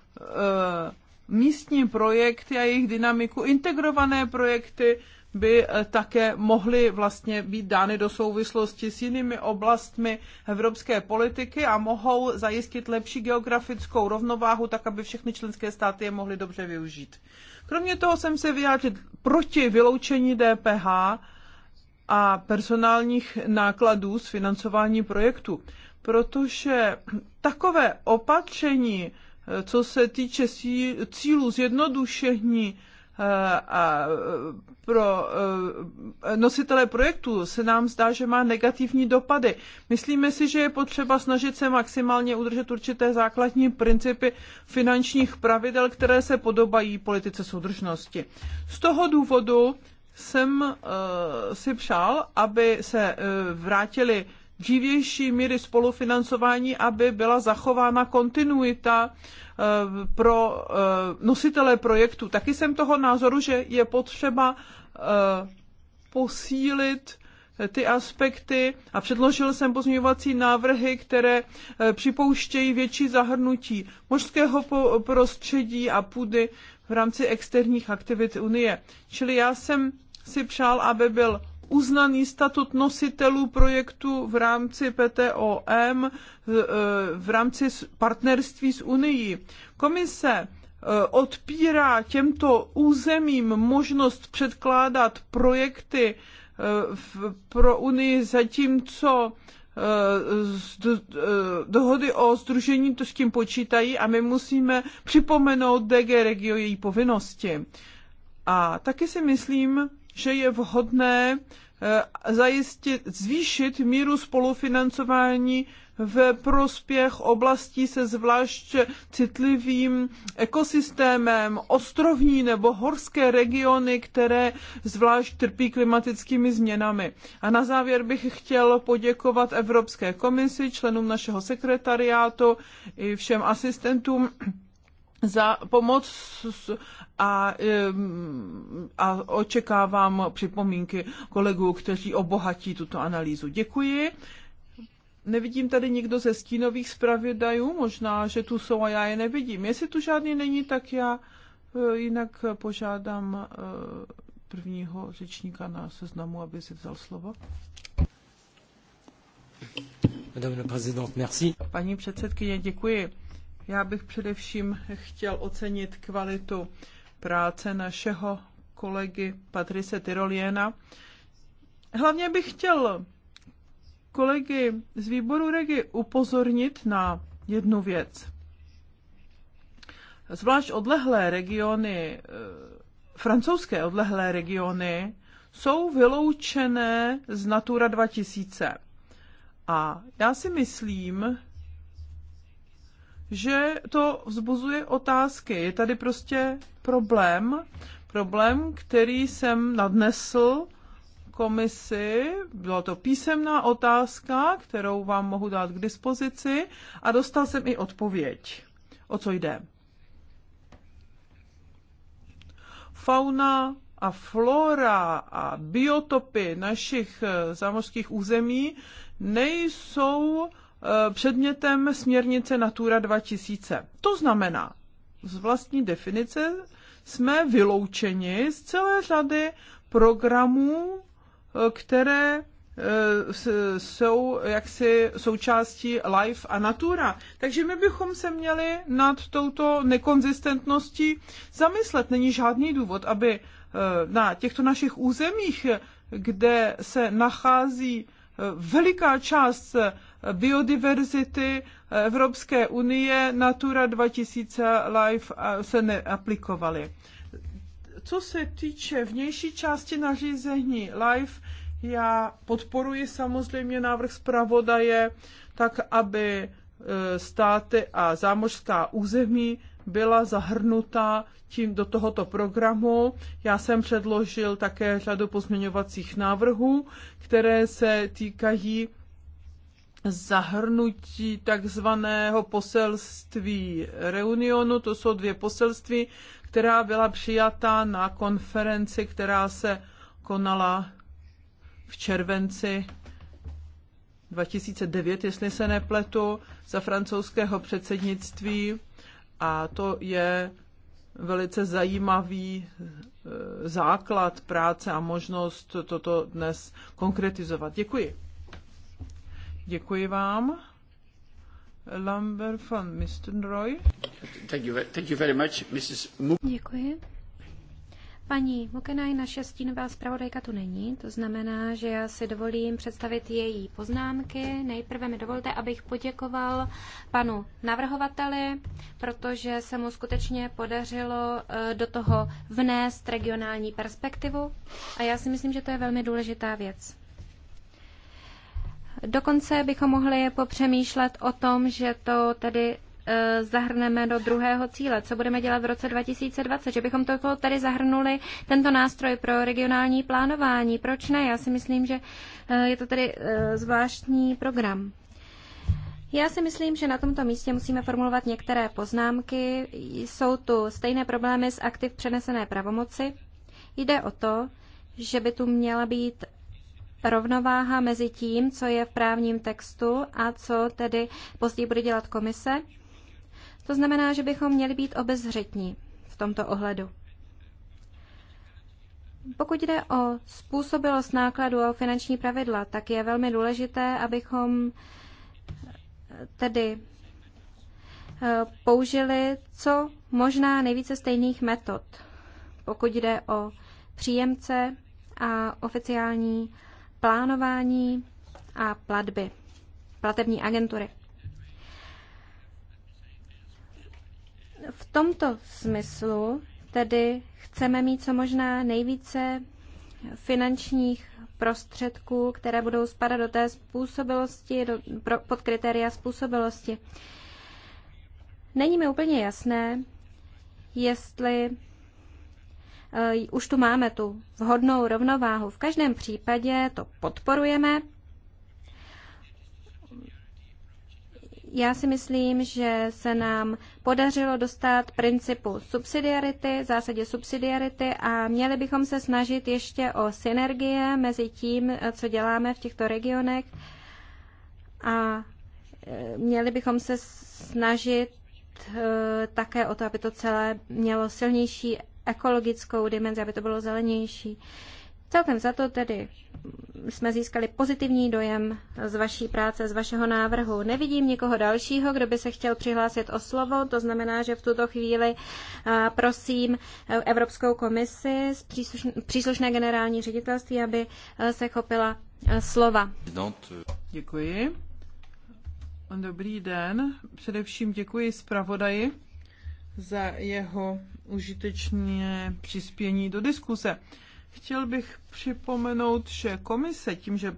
místní projekty a jejich dynamiku, integrované projekty by eh, také mohly vlastně být dány do souvislosti s jinými oblastmi evropské politiky a mohou zajistit lepší geografickou rovnováhu, tak aby všechny členské státy je mohly dobře využít. Kromě toho jsem se vyjádřil proti vyloučení DPH a personálních nákladů z financování projektu, protože takové opatření, co se týče cílů zjednodušení eh, a eh, pro eh, nositele projektů se nám zdá, že má negativní dopady. Myslíme si, že je potřeba snažit se maximálně udržet určité základní principy finančních pravidel, které se podobají politice soudržnosti. Z toho důvodu jsem si přál, aby se vrátili dřívější míry spolufinancování, aby byla zachována kontinuita eh, pro eh, nositele projektu. Taky jsem toho názoru, že je potřeba eh, posílit ty aspekty a předložil jsem pozměňovací návrhy, které připouštějí větší zahrnutí mořského prostředí a půdy v rámci externích aktivit Unie. Čili já jsem si přál, aby byl uznaný statut nositelů projektu v rámci PTOM, eh, v rámci partnerství s Unii. Komise eh, odpírá těmto územím možnost předkládat projekty eh, pro Unii, zatímco dohody o združení to s tím počítají a my musíme připomenout DG Regio její povinnosti. A taky si myslím, že je vhodné eh, zajistit, zvýšit míru spolufinancování v prospěch oblastí se zvlášť citlivým ekosystémem, ostrovní nebo horské regiony, které zvlášť trpí klimatickými změnami. A na závěr bych chtěl poděkovat Evropské komisi, členům našeho sekretariátu i všem asistentům za pomoc a, a očekávám připomínky kolegů, kteří obohatí tuto analýzu. Děkuji. Nevidím tady nikdo ze stínových zpravodajů, možná, že tu jsou a já je nevidím. Jestli tu žádný není, tak já eh, jinak požádám eh, prvního řečníka na seznamu, aby si vzal slovo. Paní předsedkyně, děkuji. Já bych především chtěl ocenit kvalitu práce našeho kolegy Patrice Tyroliena. Hlavně bych chtěl kolegy z výboru Regi upozornit na jednu věc. Zvlášť odlehlé regiony, eh, francouzské odlehlé regiony, jsou vyloučené z Natura 2000. A já si myslím, že to vzbuzuje otázky. Je tady prostě problém, problém, který jsem nadnesl komisi, byla to písemná otázka, kterou vám mohu dát k dispozici a dostal jsem i odpověď, o co jde. Fauna a flora a biotopy našich eh, zámořských území nejsou eh, předmětem směrnice Natura 2000. To znamená, z vlastní definice jsme vyloučeni z celé řady programů, eh, které eh, jsou jaksi součástí life a natura. Takže my bychom se měli nad touto nekonzistentností zamyslet. Není žádný důvod, aby eh, na těchto našich územích, kde se nachází veliká část biodiverzity Evropské unie Natura 2000 Life se neaplikovaly. Co se týče vnější části nařízení Life, já podporuji samozřejmě návrh zpravodaje, tak aby e, státy a zámořská území byla zahrnuta tím do tohoto programu. Já jsem předložil také řadu pozměňovacích návrhů, které se týkají zahrnutí takzvaného poselství reunionu. To jsou dvě poselství, která byla přijata na konferenci, která se konala v červenci 2009, jestli se nepletu, za francouzského předsednictví a to je velice zajímavý e, základ práce a možnost toto dnes konkretizovat. Děkuji. Děkuji vám. Lambert von Mistenroy. Thank you, thank you very much, Mrs. Děkuji. Paní Mokenaj, naše stínová zpravodajka tu není, to znamená, že já si dovolím představit její poznámky. Nejprve mi dovolte, abych poděkoval panu navrhovateli, protože se mu skutečně podařilo eh, do toho vnést regionální perspektivu a já si myslím, že to je velmi důležitá věc. Dokonce bychom mohli popřemýšlet o tom, že to tedy E, zahrneme do druhého cíle, co budeme dělat v roce 2020, že bychom to tady zahrnuli tento nástroj pro regionální plánování. Proč ne? Já si myslím, že e, je to tedy e, zvláštní program. Já si myslím, že na tomto místě musíme formulovat některé poznámky. Jsou tu stejné problémy s aktiv přenesené pravomoci. Jde o to, že by tu měla být rovnováha mezi tím, co je v právním textu a co tedy později bude dělat komise. To znamená, že bychom měli být obezřetní v tomto ohledu. Pokud jde o způsobilost nákladu a o finanční pravidla, tak je velmi důležité, abychom tedy eh, použili co možná nejvíce stejných metod, pokud jde o příjemce a oficiální plánování a platby, platební agentury. V tomto smyslu tedy chceme mít co možná nejvíce finančních prostředků, které budou spadat do té způsobilosti, do, pro, pod kritéria způsobilosti. Není mi úplně jasné, jestli uh, už tu máme tu vhodnou rovnováhu. V každém případě to podporujeme, Já si myslím, že se nám podařilo dostat principu subsidiarity, v zásadě subsidiarity a měli bychom se snažit ještě o synergie mezi tím, co děláme v těchto regionech a e, měli bychom se snažit e, také o to, aby to celé mělo silnější ekologickou dimenzi, aby to bylo zelenější. Celkem za to tedy jsme získali pozitivní dojem z vaší práce, z vašeho návrhu. Nevidím nikoho dalšího, kdo by se chtěl přihlásit o slovo, to znamená, že v tuto chvíli prosím e, Evropskou komisi z příslušné generální ředitelství, aby e, se chopila e, slova. Děkuji. Dobrý den. Především děkuji zpravodaji za jeho užitečné přispění do diskuse. Chtěl bych připomenout, že komise tím, že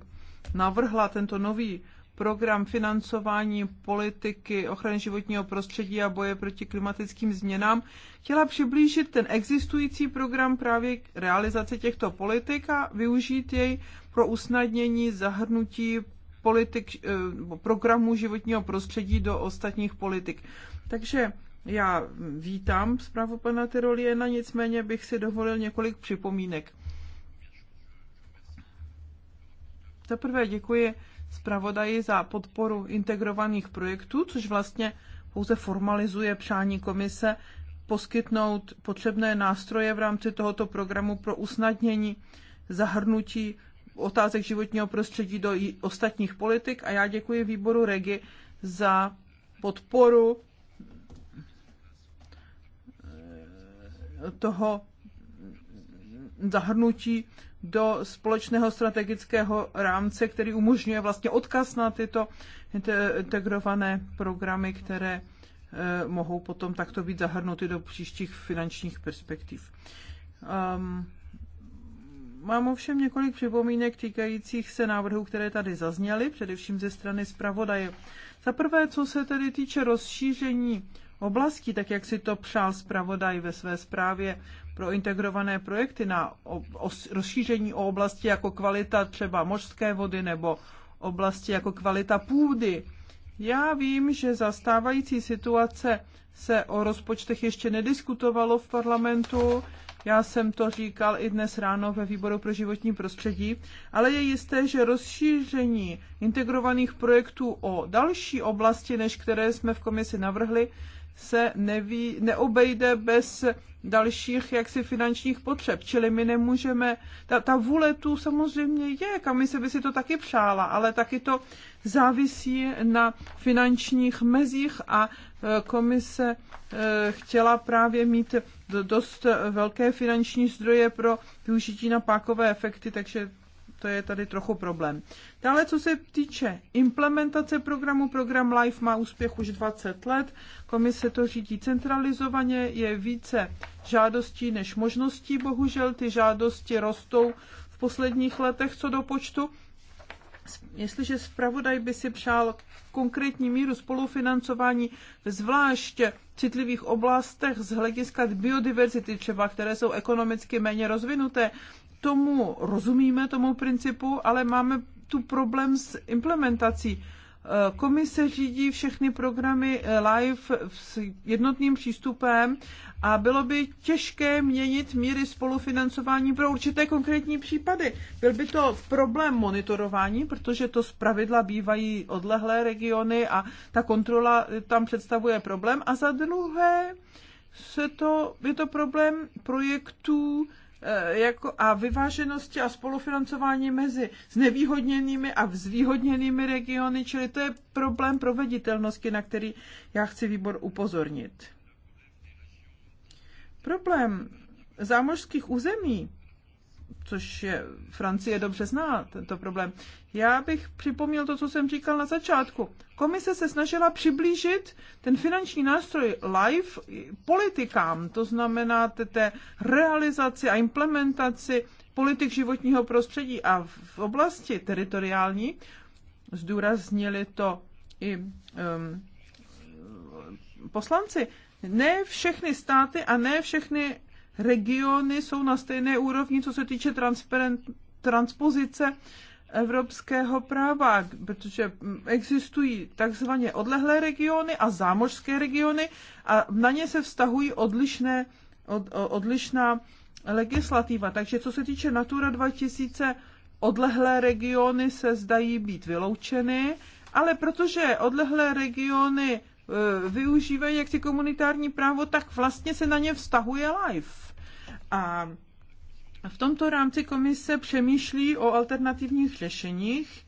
navrhla tento nový program financování politiky ochrany životního prostředí a boje proti klimatickým změnám, chtěla přiblížit ten existující program právě k realizaci těchto politik a využít jej pro usnadnění zahrnutí politik, eh, programů životního prostředí do ostatních politik. Takže já vítám zprávu pana Tyroliena, nicméně bych si dovolil několik připomínek. Za děkuji zpravodaji za podporu integrovaných projektů, což vlastně pouze formalizuje přání komise poskytnout potřebné nástroje v rámci tohoto programu pro usnadnění zahrnutí otázek životního prostředí do ostatních politik a já děkuji výboru REGI za podporu eh, toho zahrnutí do společného strategického rámce, který umožňuje vlastně odkaz na tyto integrované programy, které eh, mohou potom takto být zahrnuty do příštích finančních perspektiv. Um, mám ovšem několik připomínek týkajících se návrhů, které tady zazněly, především ze strany zpravodaje. Za prvé, co se tedy týče rozšíření oblastí, tak jak si to přál zpravodaj ve své zprávě pro integrované projekty na rozšíření o oblasti jako kvalita třeba mořské vody nebo oblasti jako kvalita půdy. Já vím, že za stávající situace se o rozpočtech ještě nediskutovalo v parlamentu. Já jsem to říkal i dnes ráno ve výboru pro životní prostředí, ale je jisté, že rozšíření integrovaných projektů o další oblasti, než které jsme v komisi navrhli, se neví, neobejde bez dalších jaksi finančních potřeb. Čili my nemůžeme, ta, ta vůle tu samozřejmě je, komise by si to taky přála, ale taky to závisí na finančních mezích a e, komise e, chtěla právě mít dost velké finanční zdroje pro využití na pákové efekty, takže to je tady trochu problém. Dále, co se týče implementace programu, program LIFE má úspěch už 20 let, komise to řídí centralizovaně, je více žádostí než možností, bohužel ty žádosti rostou v posledních letech co do počtu. Jestliže zpravodaj by si přál konkrétní míru spolufinancování ve zvlášť citlivých oblastech z hlediska biodiverzity třeba, které jsou ekonomicky méně rozvinuté, tomu rozumíme, tomu principu, ale máme tu problém s implementací. E, komise řídí všechny programy e, live s jednotným přístupem a bylo by těžké měnit míry spolufinancování pro určité konkrétní případy. Byl by to problém monitorování, protože to zpravidla bývají odlehlé regiony a ta kontrola tam představuje problém. A za druhé se to, je to problém projektů, E, jako a vyváženosti a spolufinancování mezi znevýhodněnými a zvýhodněnými regiony, čili to je problém proveditelnosti, na který já chci výbor upozornit. Problém zámořských území což je Francie dobře zná tento problém. Já bych připomněl to, co jsem říkal na začátku. Komise se snažila přiblížit ten finanční nástroj LIFE politikám, to znamená té realizaci a implementaci politik životního prostředí a v oblasti teritoriální zdůraznili to i um, poslanci. Ne všechny státy a ne všechny regiony jsou na stejné úrovni, co se týče transpozice evropského práva, protože existují takzvaně odlehlé regiony a zámořské regiony a na ně se vztahují odlišné, od, odlišná legislativa. Takže co se týče Natura 2000, odlehlé regiony se zdají být vyloučeny, ale protože odlehlé regiony Eh, využívají jak komunitární právo, tak vlastně se na ně vztahuje life. A v tomto rámci komise přemýšlí o alternativních řešeních,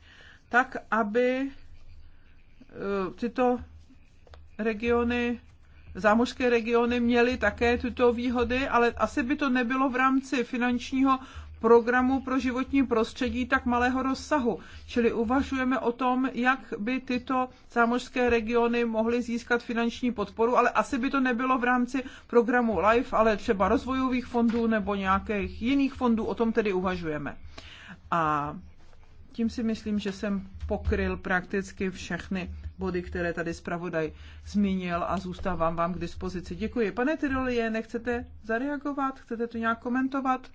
tak aby eh, tyto regiony, zámořské regiony měly také tyto výhody, ale asi by to nebylo v rámci finančního programu pro životní prostředí tak malého rozsahu. Čili uvažujeme o tom, jak by tyto zámořské regiony mohly získat finanční podporu, ale asi by to nebylo v rámci programu LIFE, ale třeba rozvojových fondů nebo nějakých jiných fondů, o tom tedy uvažujeme. A tím si myslím, že jsem pokryl prakticky všechny body, které tady zpravodaj zmínil a zůstávám vám k dispozici. Děkuji. Pane Tyrolie, nechcete zareagovat? Chcete to nějak komentovat?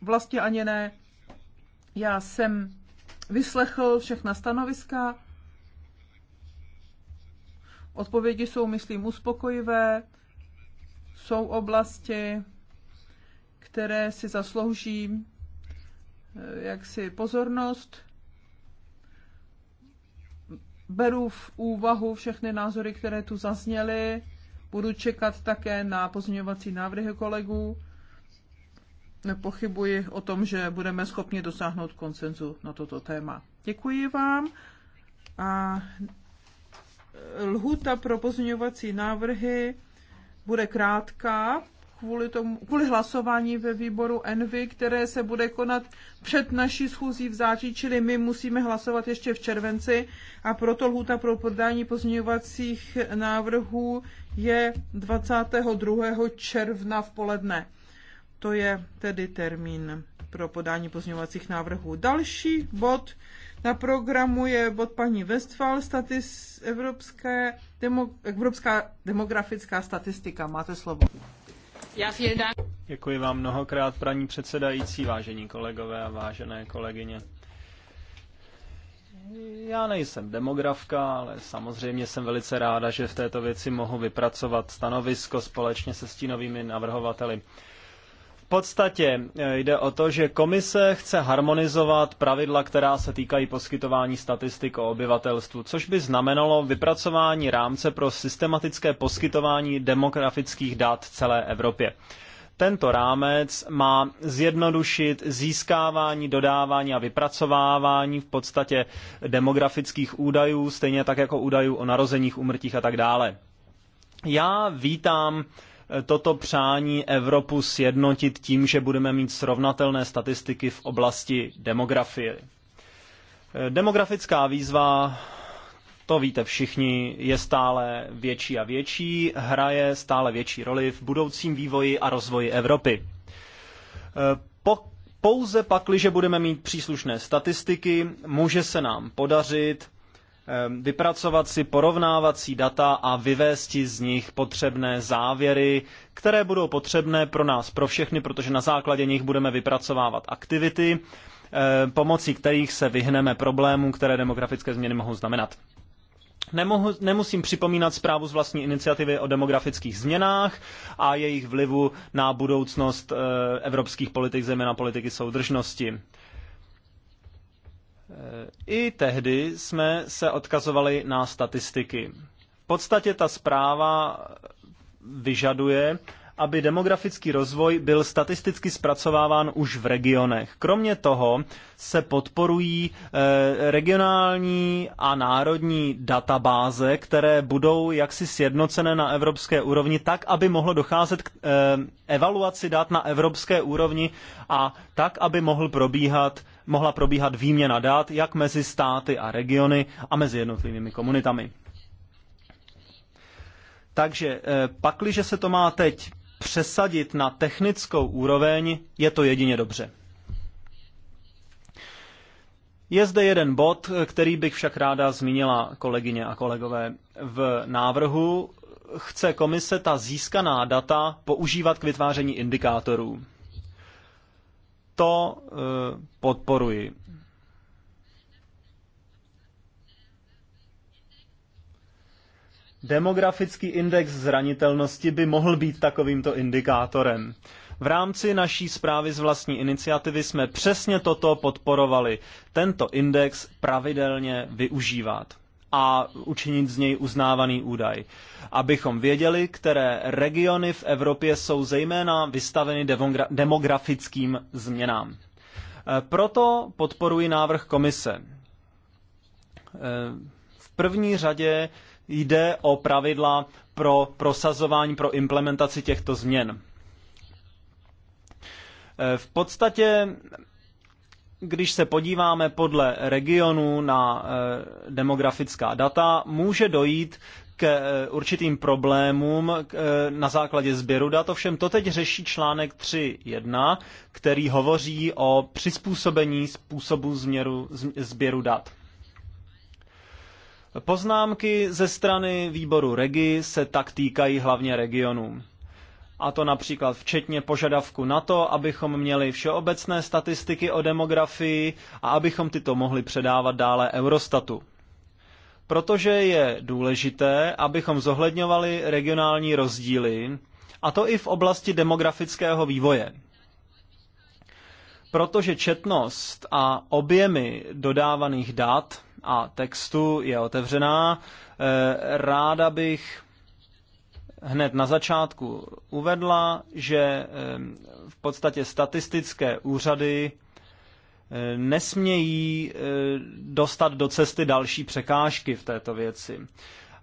vlastně ani ne. Já jsem vyslechl všechna stanoviska. Odpovědi jsou, myslím, uspokojivé. Jsou oblasti, které si zaslouží eh, jaksi pozornost. Beru v úvahu všechny názory, které tu zazněly. Budu čekat také na pozměňovací návrhy kolegů nepochybuji o tom, že budeme schopni dosáhnout koncenzu na toto téma. Děkuji vám. A lhuta pro pozměňovací návrhy bude krátká kvůli, tomu, kvůli hlasování ve výboru Envy, které se bude konat před naší schůzí v září, čili my musíme hlasovat ještě v červenci a proto lhuta pro podání pozměňovacích návrhů je 22. června v poledne. To je tedy termín pro podání pozměňovacích návrhů. Další bod na programu je bod paní Westfal, statis evropské, demo, evropská demografická statistika. Máte slovo. Já Děkuji vám mnohokrát, praní předsedající, vážení kolegové a vážené kolegyně. Já nejsem demografka, ale samozřejmě jsem velice ráda, že v této věci mohu vypracovat stanovisko společně se stínovými navrhovateli podstatě eh, jde o to, že komise chce harmonizovat pravidla, která se týkají poskytování statistik o obyvatelstvu, což by znamenalo vypracování rámce pro systematické poskytování demografických dat celé Evropě. Tento rámec má zjednodušit získávání, dodávání a vypracovávání v podstatě demografických údajů, stejně tak jako údajů o narozeních, umrtích a tak dále. Já vítám toto přání Evropu sjednotit tím, že budeme mít srovnatelné statistiky v oblasti demografie. Demografická výzva, to víte všichni, je stále větší a větší, hraje stále větší roli v budoucím vývoji a rozvoji Evropy. Pouze pakliže budeme mít příslušné statistiky, může se nám podařit Ehm, vypracovat si porovnávací data a vyvést z nich potřebné závěry, které budou potřebné pro nás, pro všechny, protože na základě nich budeme vypracovávat aktivity, ehm, pomocí kterých se vyhneme problémům, které demografické změny mohou znamenat. Nemohu, nemusím připomínat zprávu z vlastní iniciativy o demografických změnách a jejich vlivu na budoucnost ehm, evropských politik, zejména politiky soudržnosti. I tehdy jsme se odkazovali na statistiky. V podstatě ta zpráva vyžaduje, aby demografický rozvoj byl statisticky zpracováván už v regionech. Kromě toho se podporují eh, regionální a národní databáze, které budou jaksi sjednocené na evropské úrovni tak, aby mohlo docházet k eh, evaluaci dat na evropské úrovni a tak, aby mohl probíhat mohla probíhat výměna dát jak mezi státy a regiony a mezi jednotlivými komunitami. Takže eh, pakliže se to má teď přesadit na technickou úroveň, je to jedině dobře. Je zde jeden bod, který bych však ráda zmínila kolegyně a kolegové. V návrhu chce komise ta získaná data používat k vytváření indikátorů to eh, podporuji. Demografický index zranitelnosti by mohl být takovýmto indikátorem. V rámci naší zprávy z vlastní iniciativy jsme přesně toto podporovali. Tento index pravidelně využívat a učinit z něj uznávaný údaj. Abychom věděli, které regiony v Evropě jsou zejména vystaveny demografickým změnám. E, proto podporuji návrh komise. E, v první řadě jde o pravidla pro prosazování, pro implementaci těchto změn. E, v podstatě když se podíváme podle regionu na eh, demografická data, může dojít k eh, určitým problémům eh, na základě sběru dat. Ovšem to teď řeší článek 3.1, který hovoří o přizpůsobení způsobu změru, sběru dat. Poznámky ze strany výboru Regi se tak týkají hlavně regionů a to například včetně požadavku na to, abychom měli všeobecné statistiky o demografii a abychom tyto mohli předávat dále Eurostatu. Protože je důležité, abychom zohledňovali regionální rozdíly, a to i v oblasti demografického vývoje. Protože četnost a objemy dodávaných dat a textu je otevřená, eh, ráda bych hned na začátku uvedla, že v podstatě statistické úřady nesmějí dostat do cesty další překážky v této věci.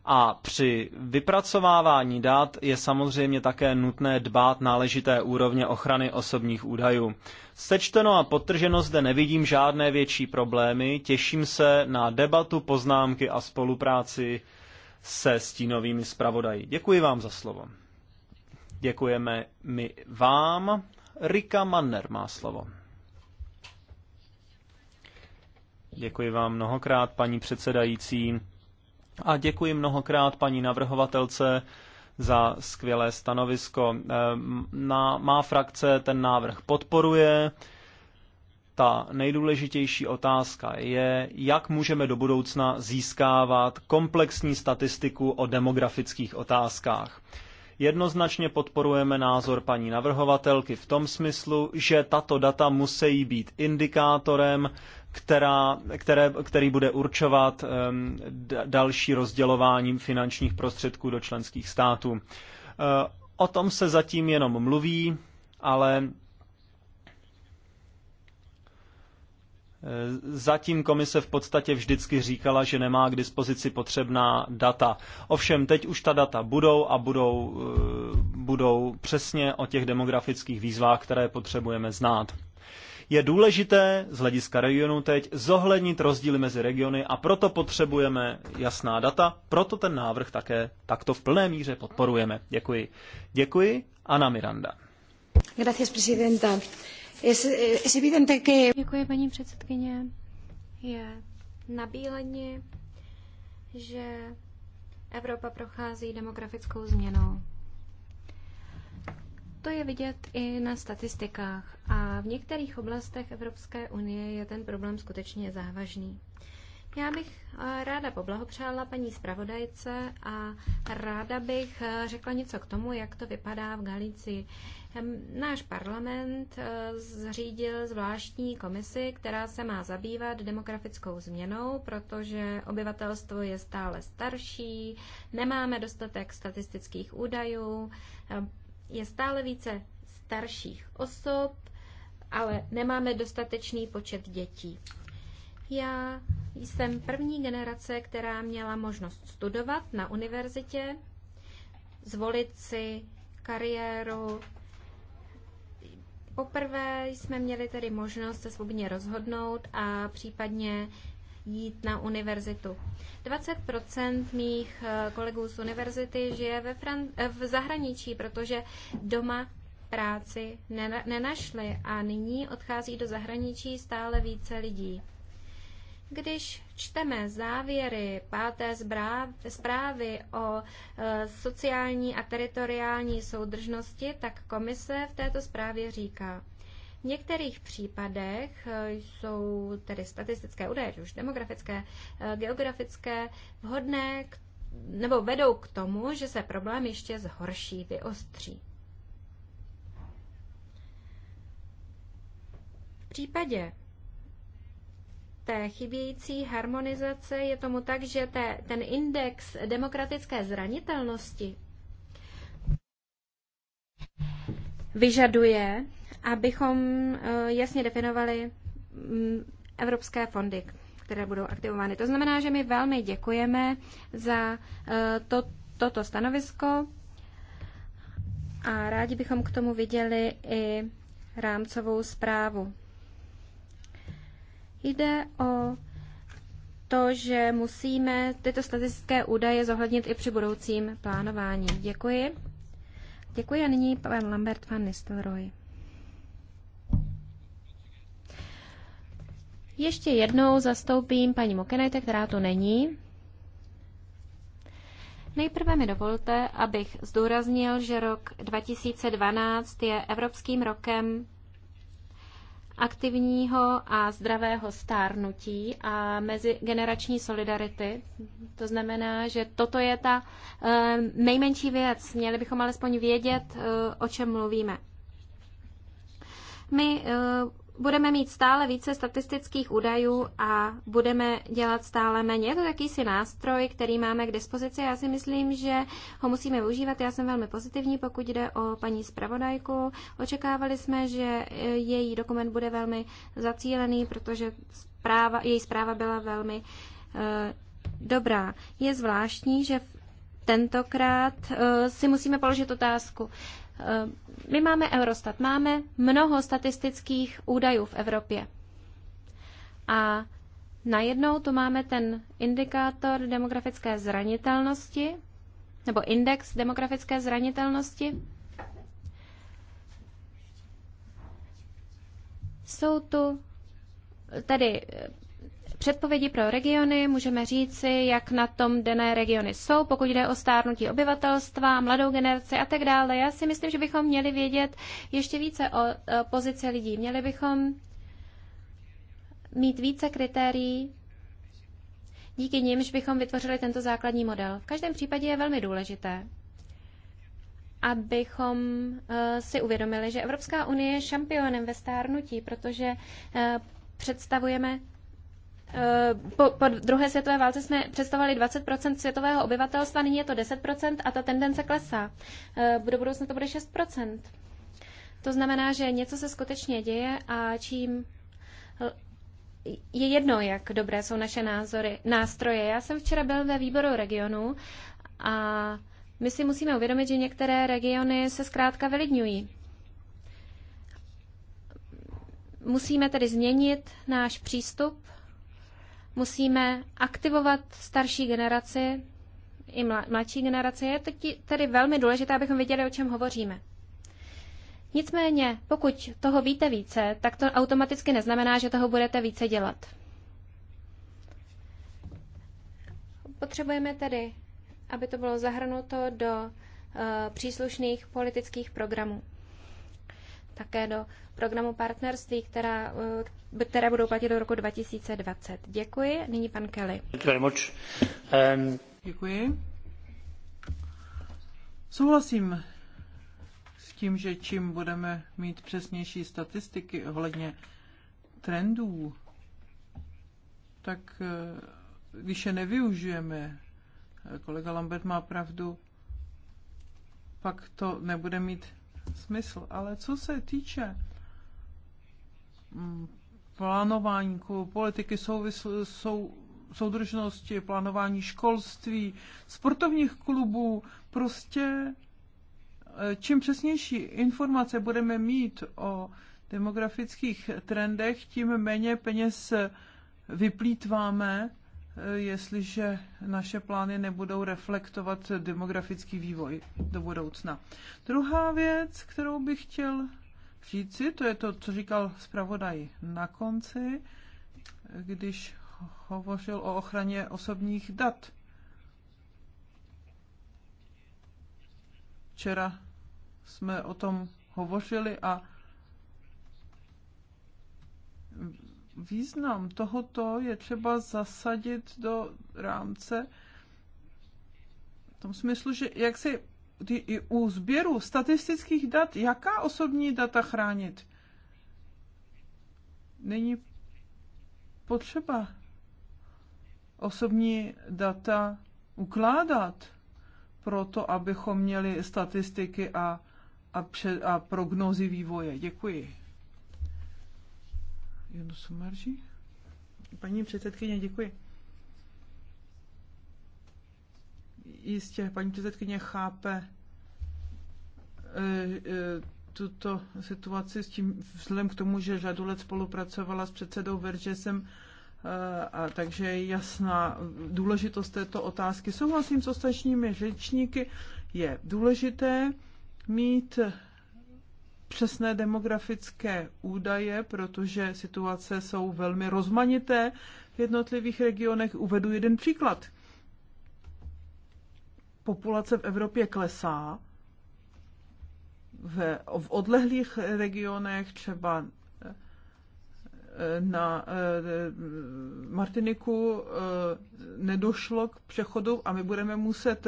A při vypracovávání dat je samozřejmě také nutné dbát náležité úrovně ochrany osobních údajů. Sečteno a podtrženo zde nevidím žádné větší problémy, těším se na debatu, poznámky a spolupráci se stínovými zpravodaji. Děkuji vám za slovo. Děkujeme mi vám. Rika Manner má slovo. Děkuji vám mnohokrát, paní předsedající. A děkuji mnohokrát paní navrhovatelce za skvělé stanovisko. Ehm, na, má frakce ten návrh podporuje ta nejdůležitější otázka je, jak můžeme do budoucna získávat komplexní statistiku o demografických otázkách. Jednoznačně podporujeme názor paní navrhovatelky v tom smyslu, že tato data musí být indikátorem, která, které, který bude určovat um, další rozdělování finančních prostředků do členských států. Uh, o tom se zatím jenom mluví, ale Eh, zatím komise v podstatě vždycky říkala, že nemá k dispozici potřebná data. Ovšem, teď už ta data budou a budou, eh, budou přesně o těch demografických výzvách, které potřebujeme znát. Je důležité z hlediska regionu teď zohlednit rozdíly mezi regiony a proto potřebujeme jasná data, proto ten návrh také takto v plné míře podporujeme. Děkuji. Děkuji. Ana Miranda. Gracias, Es, es evidente que... Děkuji, paní předsedkyně. Je nabíleně, že Evropa prochází demografickou změnou. To je vidět i na statistikách a v některých oblastech Evropské unie je ten problém skutečně závažný. Já bych eh, ráda poblahopřála paní zpravodajce a ráda bych eh, řekla něco k tomu, jak to vypadá v Galicii. Náš parlament eh, zřídil zvláštní komisi, která se má zabývat demografickou změnou, protože obyvatelstvo je stále starší, nemáme dostatek statistických údajů, je stále více starších osob, ale nemáme dostatečný počet dětí. Já jsem první generace, která měla možnost studovat na univerzitě, zvolit si kariéru. Poprvé jsme měli tedy možnost se svobodně rozhodnout a případně jít na univerzitu. 20 mých eh, kolegů z univerzity žije ve Fran- eh, v zahraničí, protože doma práci nenašli a nyní odchází do zahraničí stále více lidí. Když čteme závěry páté zprávy o e, sociální a teritoriální soudržnosti, tak komise v této zprávě říká, v některých případech e, jsou tedy statistické údaje, už demografické, e, geografické, vhodné k, nebo vedou k tomu, že se problém ještě zhorší, vyostří. V případě té chybějící harmonizace je tomu tak, že te, ten index demokratické zranitelnosti vyžaduje, abychom eh, jasně definovali mm, evropské fondy, které budou aktivovány. To znamená, že my velmi děkujeme za eh, to, toto stanovisko a rádi bychom k tomu viděli i rámcovou zprávu. Jde o to, že musíme tyto statistické údaje zohlednit i při budoucím plánování. Děkuji. Děkuji a nyní pan Lambert van Nistelrooy. Ještě jednou zastoupím paní Mokenajte, která tu není. Nejprve mi dovolte, abych zdůraznil, že rok 2012 je Evropským rokem aktivního a zdravého stárnutí a mezigenerační solidarity. To znamená, že toto je ta eh, nejmenší věc. Měli bychom alespoň vědět, eh, o čem mluvíme. My eh, budeme mít stále více statistických údajů a budeme dělat stále méně. Je to jakýsi nástroj, který máme k dispozici. Já si myslím, že ho musíme využívat. Já jsem velmi pozitivní, pokud jde o paní zpravodajku. Očekávali jsme, že eh, její dokument bude velmi zacílený, protože zpráva, její zpráva byla velmi uh, dobrá. Je zvláštní, že tentokrát uh, si musíme položit otázku. Uh, Eh, my máme Eurostat, máme mnoho statistických údajů v Evropě. A najednou tu máme ten indikátor demografické zranitelnosti, nebo index demografické zranitelnosti. Jsou tu tedy předpovědi pro regiony, můžeme říci, jak na tom dané regiony jsou, pokud jde o stárnutí obyvatelstva, mladou generaci a tak dále. Já si myslím, že bychom měli vědět ještě více o pozici lidí. Měli bychom mít více kritérií, díky nimž bychom vytvořili tento základní model. V každém případě je velmi důležité, abychom eh, si uvědomili, že Evropská unie je šampionem ve stárnutí, protože eh, představujeme Eh, po, po druhé světové válce jsme představovali 20 světového obyvatelstva, nyní je to 10 a ta tendence klesá. Eh, do budoucna to bude 6 To znamená, že něco se skutečně děje a čím je jedno, jak dobré jsou naše názory, nástroje. Já jsem včera byl ve výboru regionu a my si musíme uvědomit, že některé regiony se zkrátka vylidňují. Musíme tedy změnit náš přístup Musíme aktivovat starší generaci i mladší generaci. Je tedy velmi důležité, abychom věděli, o čem hovoříme. Nicméně, pokud toho víte více, tak to automaticky neznamená, že toho budete více dělat. Potřebujeme tedy, aby to bylo zahrnuto do uh, příslušných politických programů také do programu partnerství, která, eh, které budou platit do roku 2020. Děkuji. Nyní pan Kelly. Um, Děkuji. Souhlasím s tím, že čím budeme mít přesnější statistiky ohledně trendů, tak eh, když je nevyužijeme, eh, kolega Lambert má pravdu, pak to nebude mít smysl. Ale co se týče mm, plánování politiky souvisl, sou, soudržnosti, plánování školství, sportovních klubů, prostě eh, čím přesnější informace budeme mít o demografických trendech, tím méně peněz vyplýtváme jestliže naše plány nebudou reflektovat demografický vývoj do budoucna. Druhá věc, kterou bych chtěl říci, to je to, co říkal zpravodaj na konci, když hovořil o ochraně osobních dat. Včera jsme o tom hovořili a význam tohoto je třeba zasadit do rámce v tom smyslu, že jak si ty, i u sběru statistických dat, jaká osobní data chránit? Není potřeba osobní data ukládat proto, abychom měli statistiky a, a, před, a prognozy vývoje. Děkuji. Janu Sumarži. Paní předsedkyně, děkuji. Jistě, paní předsedkyně chápe e, e, tuto situaci s tím, vzhledem k tomu, že řadu let spolupracovala s předsedou Veržesem, e, a takže je jasná důležitost této otázky. Souhlasím s ostatními řečníky, je důležité mít přesné demografické údaje, protože situace jsou velmi rozmanité v jednotlivých regionech. Uvedu jeden příklad. Populace v Evropě klesá, v, v odlehlých regionech, třeba eh, na eh, Martiniku eh, nedošlo k přechodu a my budeme muset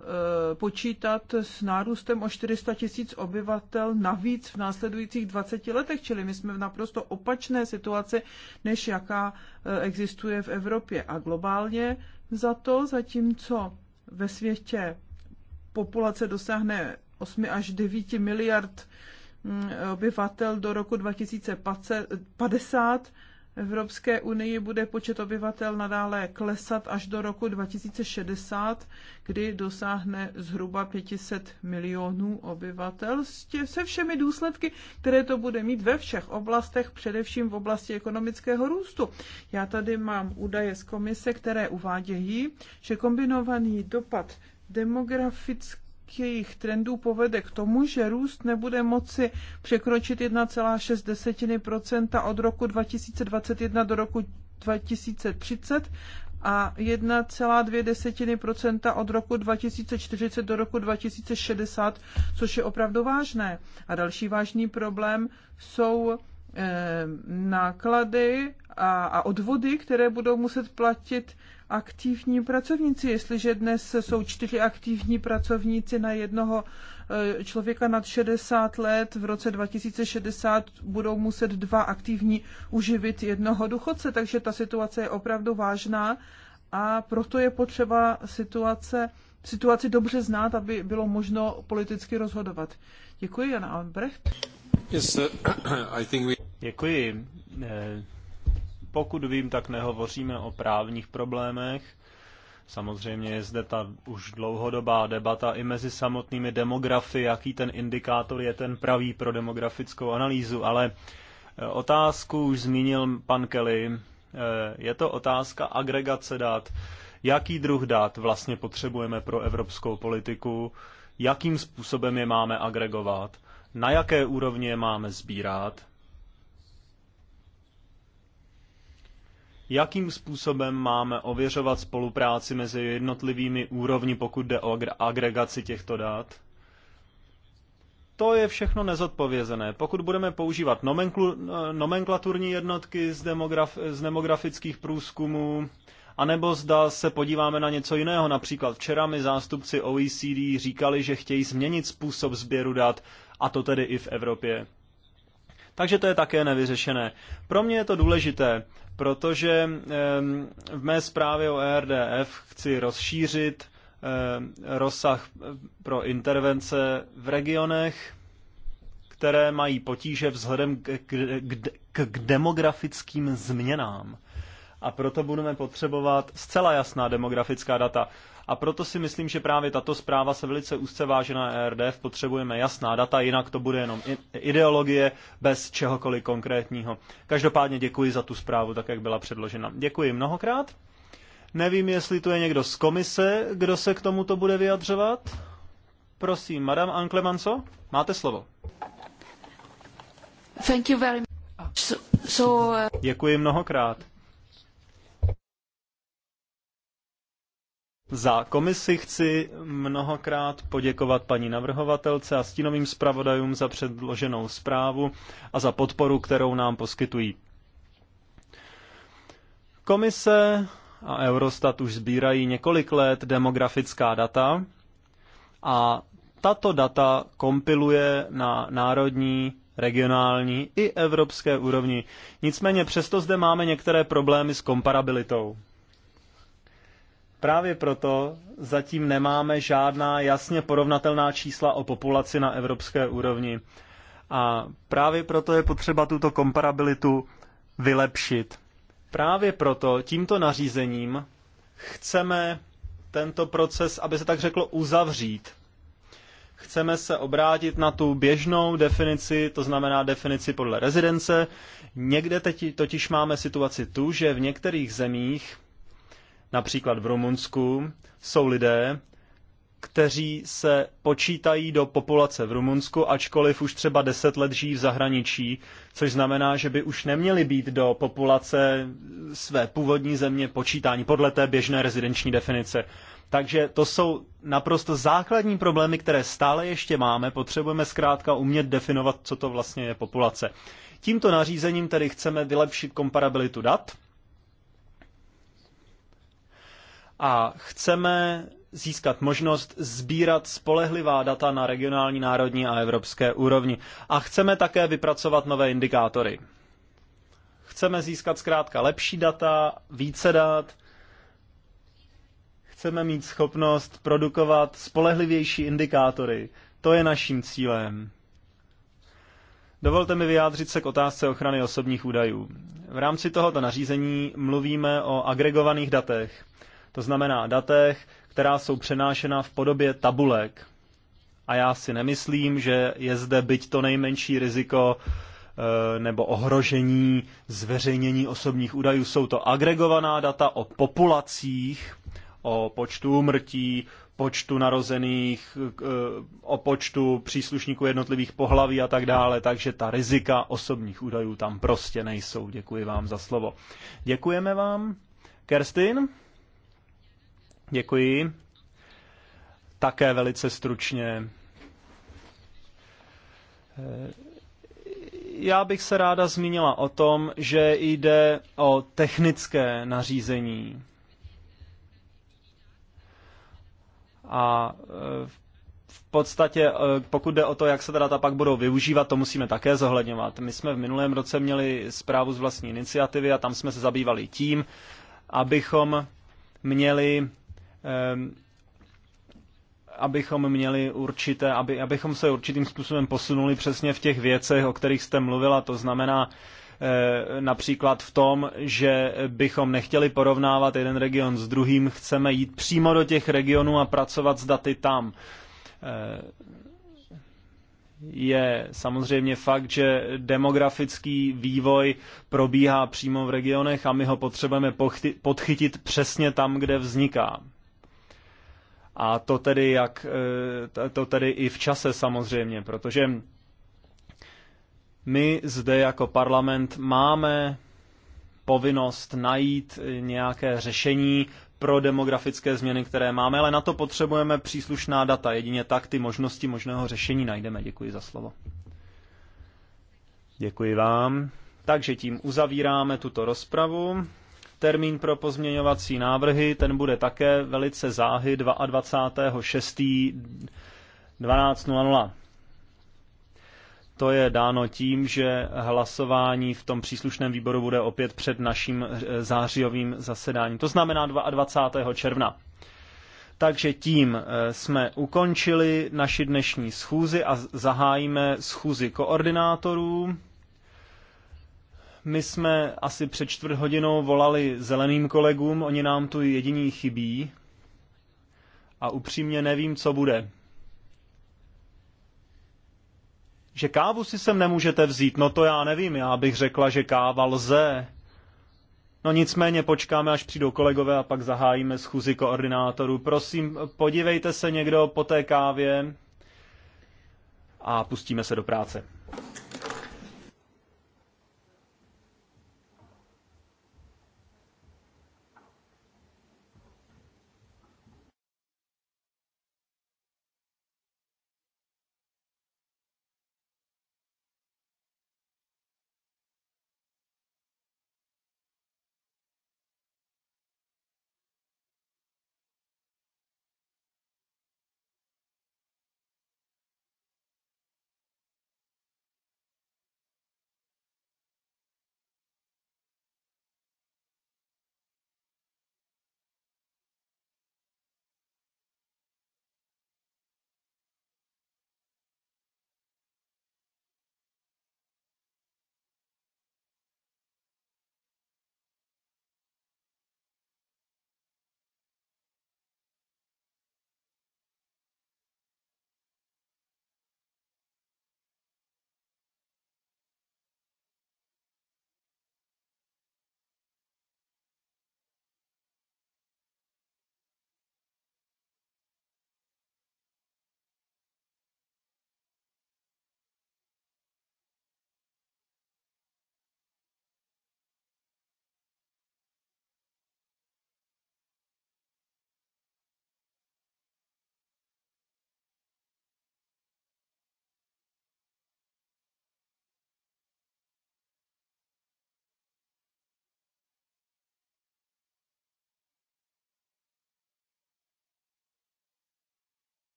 Eh, počítat s nárůstem o 400 tisíc obyvatel navíc v následujících 20 letech, čili my jsme v naprosto opačné situaci, než jaká eh, existuje v Evropě a globálně za to, zatímco ve světě populace dosáhne 8 až 9 miliard mm, obyvatel do roku 2050, Evropské unii bude počet obyvatel nadále klesat až do roku 2060, kdy dosáhne zhruba 500 milionů obyvatel se všemi důsledky, které to bude mít ve všech oblastech, především v oblasti ekonomického růstu. Já tady mám údaje z komise, které uvádějí, že kombinovaný dopad demografický jejich trendů povede k tomu, že růst nebude moci překročit 1,6 od roku 2021 do roku 2030 a 1,2 od roku 2040 do roku 2060, což je opravdu vážné. A další vážný problém jsou eh, náklady a, a odvody, které budou muset platit aktivní pracovníci. Jestliže dnes jsou čtyři aktivní pracovníci na jednoho eh, člověka nad 60 let, v roce 2060 budou muset dva aktivní uživit jednoho důchodce, takže ta situace je opravdu vážná a proto je potřeba situace, situaci dobře znát, aby bylo možno politicky rozhodovat. Děkuji, Jan Albrecht. Yes, *coughs* I think we... Děkuji. Eh, pokud vím, tak nehovoříme o právních problémech. Samozřejmě je zde ta už dlouhodobá debata i mezi samotnými demografy, jaký ten indikátor je ten pravý pro demografickou analýzu, ale e, otázku už zmínil pan Kelly. E, je to otázka agregace dat. Jaký druh dat vlastně potřebujeme pro evropskou politiku? Jakým způsobem je máme agregovat? Na jaké úrovně je máme sbírat? jakým způsobem máme ověřovat spolupráci mezi jednotlivými úrovni, pokud jde o agregaci těchto dat? To je všechno nezodpovězené. Pokud budeme používat nomenklu, nomenklaturní jednotky z, demograf, z demografických průzkumů, anebo zda se podíváme na něco jiného. Například včera mi zástupci OECD říkali, že chtějí změnit způsob sběru dat, a to tedy i v Evropě. Takže to je také nevyřešené. Pro mě je to důležité, protože v mé zprávě o ERDF chci rozšířit rozsah pro intervence v regionech, které mají potíže vzhledem k, k, k, k demografickým změnám. A proto budeme potřebovat zcela jasná demografická data a proto si myslím, že právě tato zpráva se velice úzce váže na ERDF, potřebujeme jasná data, jinak to bude jenom ideologie bez čehokoliv konkrétního. Každopádně děkuji za tu zprávu, tak jak byla předložena. Děkuji mnohokrát. Nevím, jestli tu je někdo z komise, kdo se k tomuto bude vyjadřovat. Prosím, madam Anklemanco, máte slovo. Thank you very much. So, so, uh... Děkuji mnohokrát. Za komisi chci mnohokrát poděkovat paní navrhovatelce a stínovým zpravodajům za předloženou zprávu a za podporu, kterou nám poskytují. Komise a Eurostat už sbírají několik let demografická data a tato data kompiluje na národní, regionální i evropské úrovni. Nicméně přesto zde máme některé problémy s komparabilitou. Právě proto zatím nemáme žádná jasně porovnatelná čísla o populaci na evropské úrovni. A právě proto je potřeba tuto komparabilitu vylepšit. Právě proto tímto nařízením chceme tento proces, aby se tak řeklo, uzavřít. Chceme se obrátit na tu běžnou definici, to znamená definici podle rezidence. Někde teď totiž máme situaci tu, že v některých zemích Například v Rumunsku jsou lidé, kteří se počítají do populace v Rumunsku, ačkoliv už třeba deset let žijí v zahraničí, což znamená, že by už neměli být do populace své původní země počítání podle té běžné rezidenční definice. Takže to jsou naprosto základní problémy, které stále ještě máme. Potřebujeme zkrátka umět definovat, co to vlastně je populace. Tímto nařízením tedy chceme vylepšit komparabilitu dat, a chceme získat možnost sbírat spolehlivá data na regionální, národní a evropské úrovni. A chceme také vypracovat nové indikátory. Chceme získat zkrátka lepší data, více dat, chceme mít schopnost produkovat spolehlivější indikátory. To je naším cílem. Dovolte mi vyjádřit se k otázce ochrany osobních údajů. V rámci tohoto nařízení mluvíme o agregovaných datech to znamená datech, která jsou přenášena v podobě tabulek. A já si nemyslím, že je zde byť to nejmenší riziko eh, nebo ohrožení zveřejnění osobních údajů. Jsou to agregovaná data o populacích, o počtu umrtí, počtu narozených, eh, o počtu příslušníků jednotlivých pohlaví a tak dále, takže ta rizika osobních údajů tam prostě nejsou. Děkuji vám za slovo. Děkujeme vám. Kerstin? Děkuji. Také velice stručně. Já bych se ráda zmínila o tom, že jde o technické nařízení. A eh, v podstatě, eh, pokud jde o to, jak se teda ta pak budou využívat, to musíme také zohledňovat. My jsme v minulém roce měli zprávu z vlastní iniciativy a tam jsme se zabývali tím, abychom měli Ehm, abychom měli určité, aby, abychom se určitým způsobem posunuli přesně v těch věcech, o kterých jste mluvila, to znamená eh, například v tom, že bychom nechtěli porovnávat jeden region s druhým, chceme jít přímo do těch regionů a pracovat s daty tam eh, je samozřejmě fakt, že demografický vývoj probíhá přímo v regionech a my ho potřebujeme podchytit přesně tam, kde vzniká. A to tedy, jak, eh, to tedy i v čase samozřejmě, protože my zde jako parlament máme povinnost najít nějaké řešení pro demografické změny, které máme, ale na to potřebujeme příslušná data. Jedině tak ty možnosti možného řešení najdeme. Děkuji za slovo. Děkuji vám. Takže tím uzavíráme tuto rozpravu. Termín pro pozměňovací návrhy, ten bude také velice záhy 22.6.12.00. To je dáno tím, že hlasování v tom příslušném výboru bude opět před naším eh, zářijovým zasedáním. To znamená 22. června. Takže tím eh, jsme ukončili naši dnešní schůzi a zahájíme schůzi koordinátorů. My jsme asi před čtvrt hodinou volali zeleným kolegům, oni nám tu jediní chybí a upřímně nevím, co bude. Že kávu si sem nemůžete vzít, no to já nevím, já bych řekla, že káva lze. No nicméně počkáme, až přijdou kolegové a pak zahájíme schůzi koordinátorů. Prosím, podívejte se někdo po té kávě a pustíme se do práce.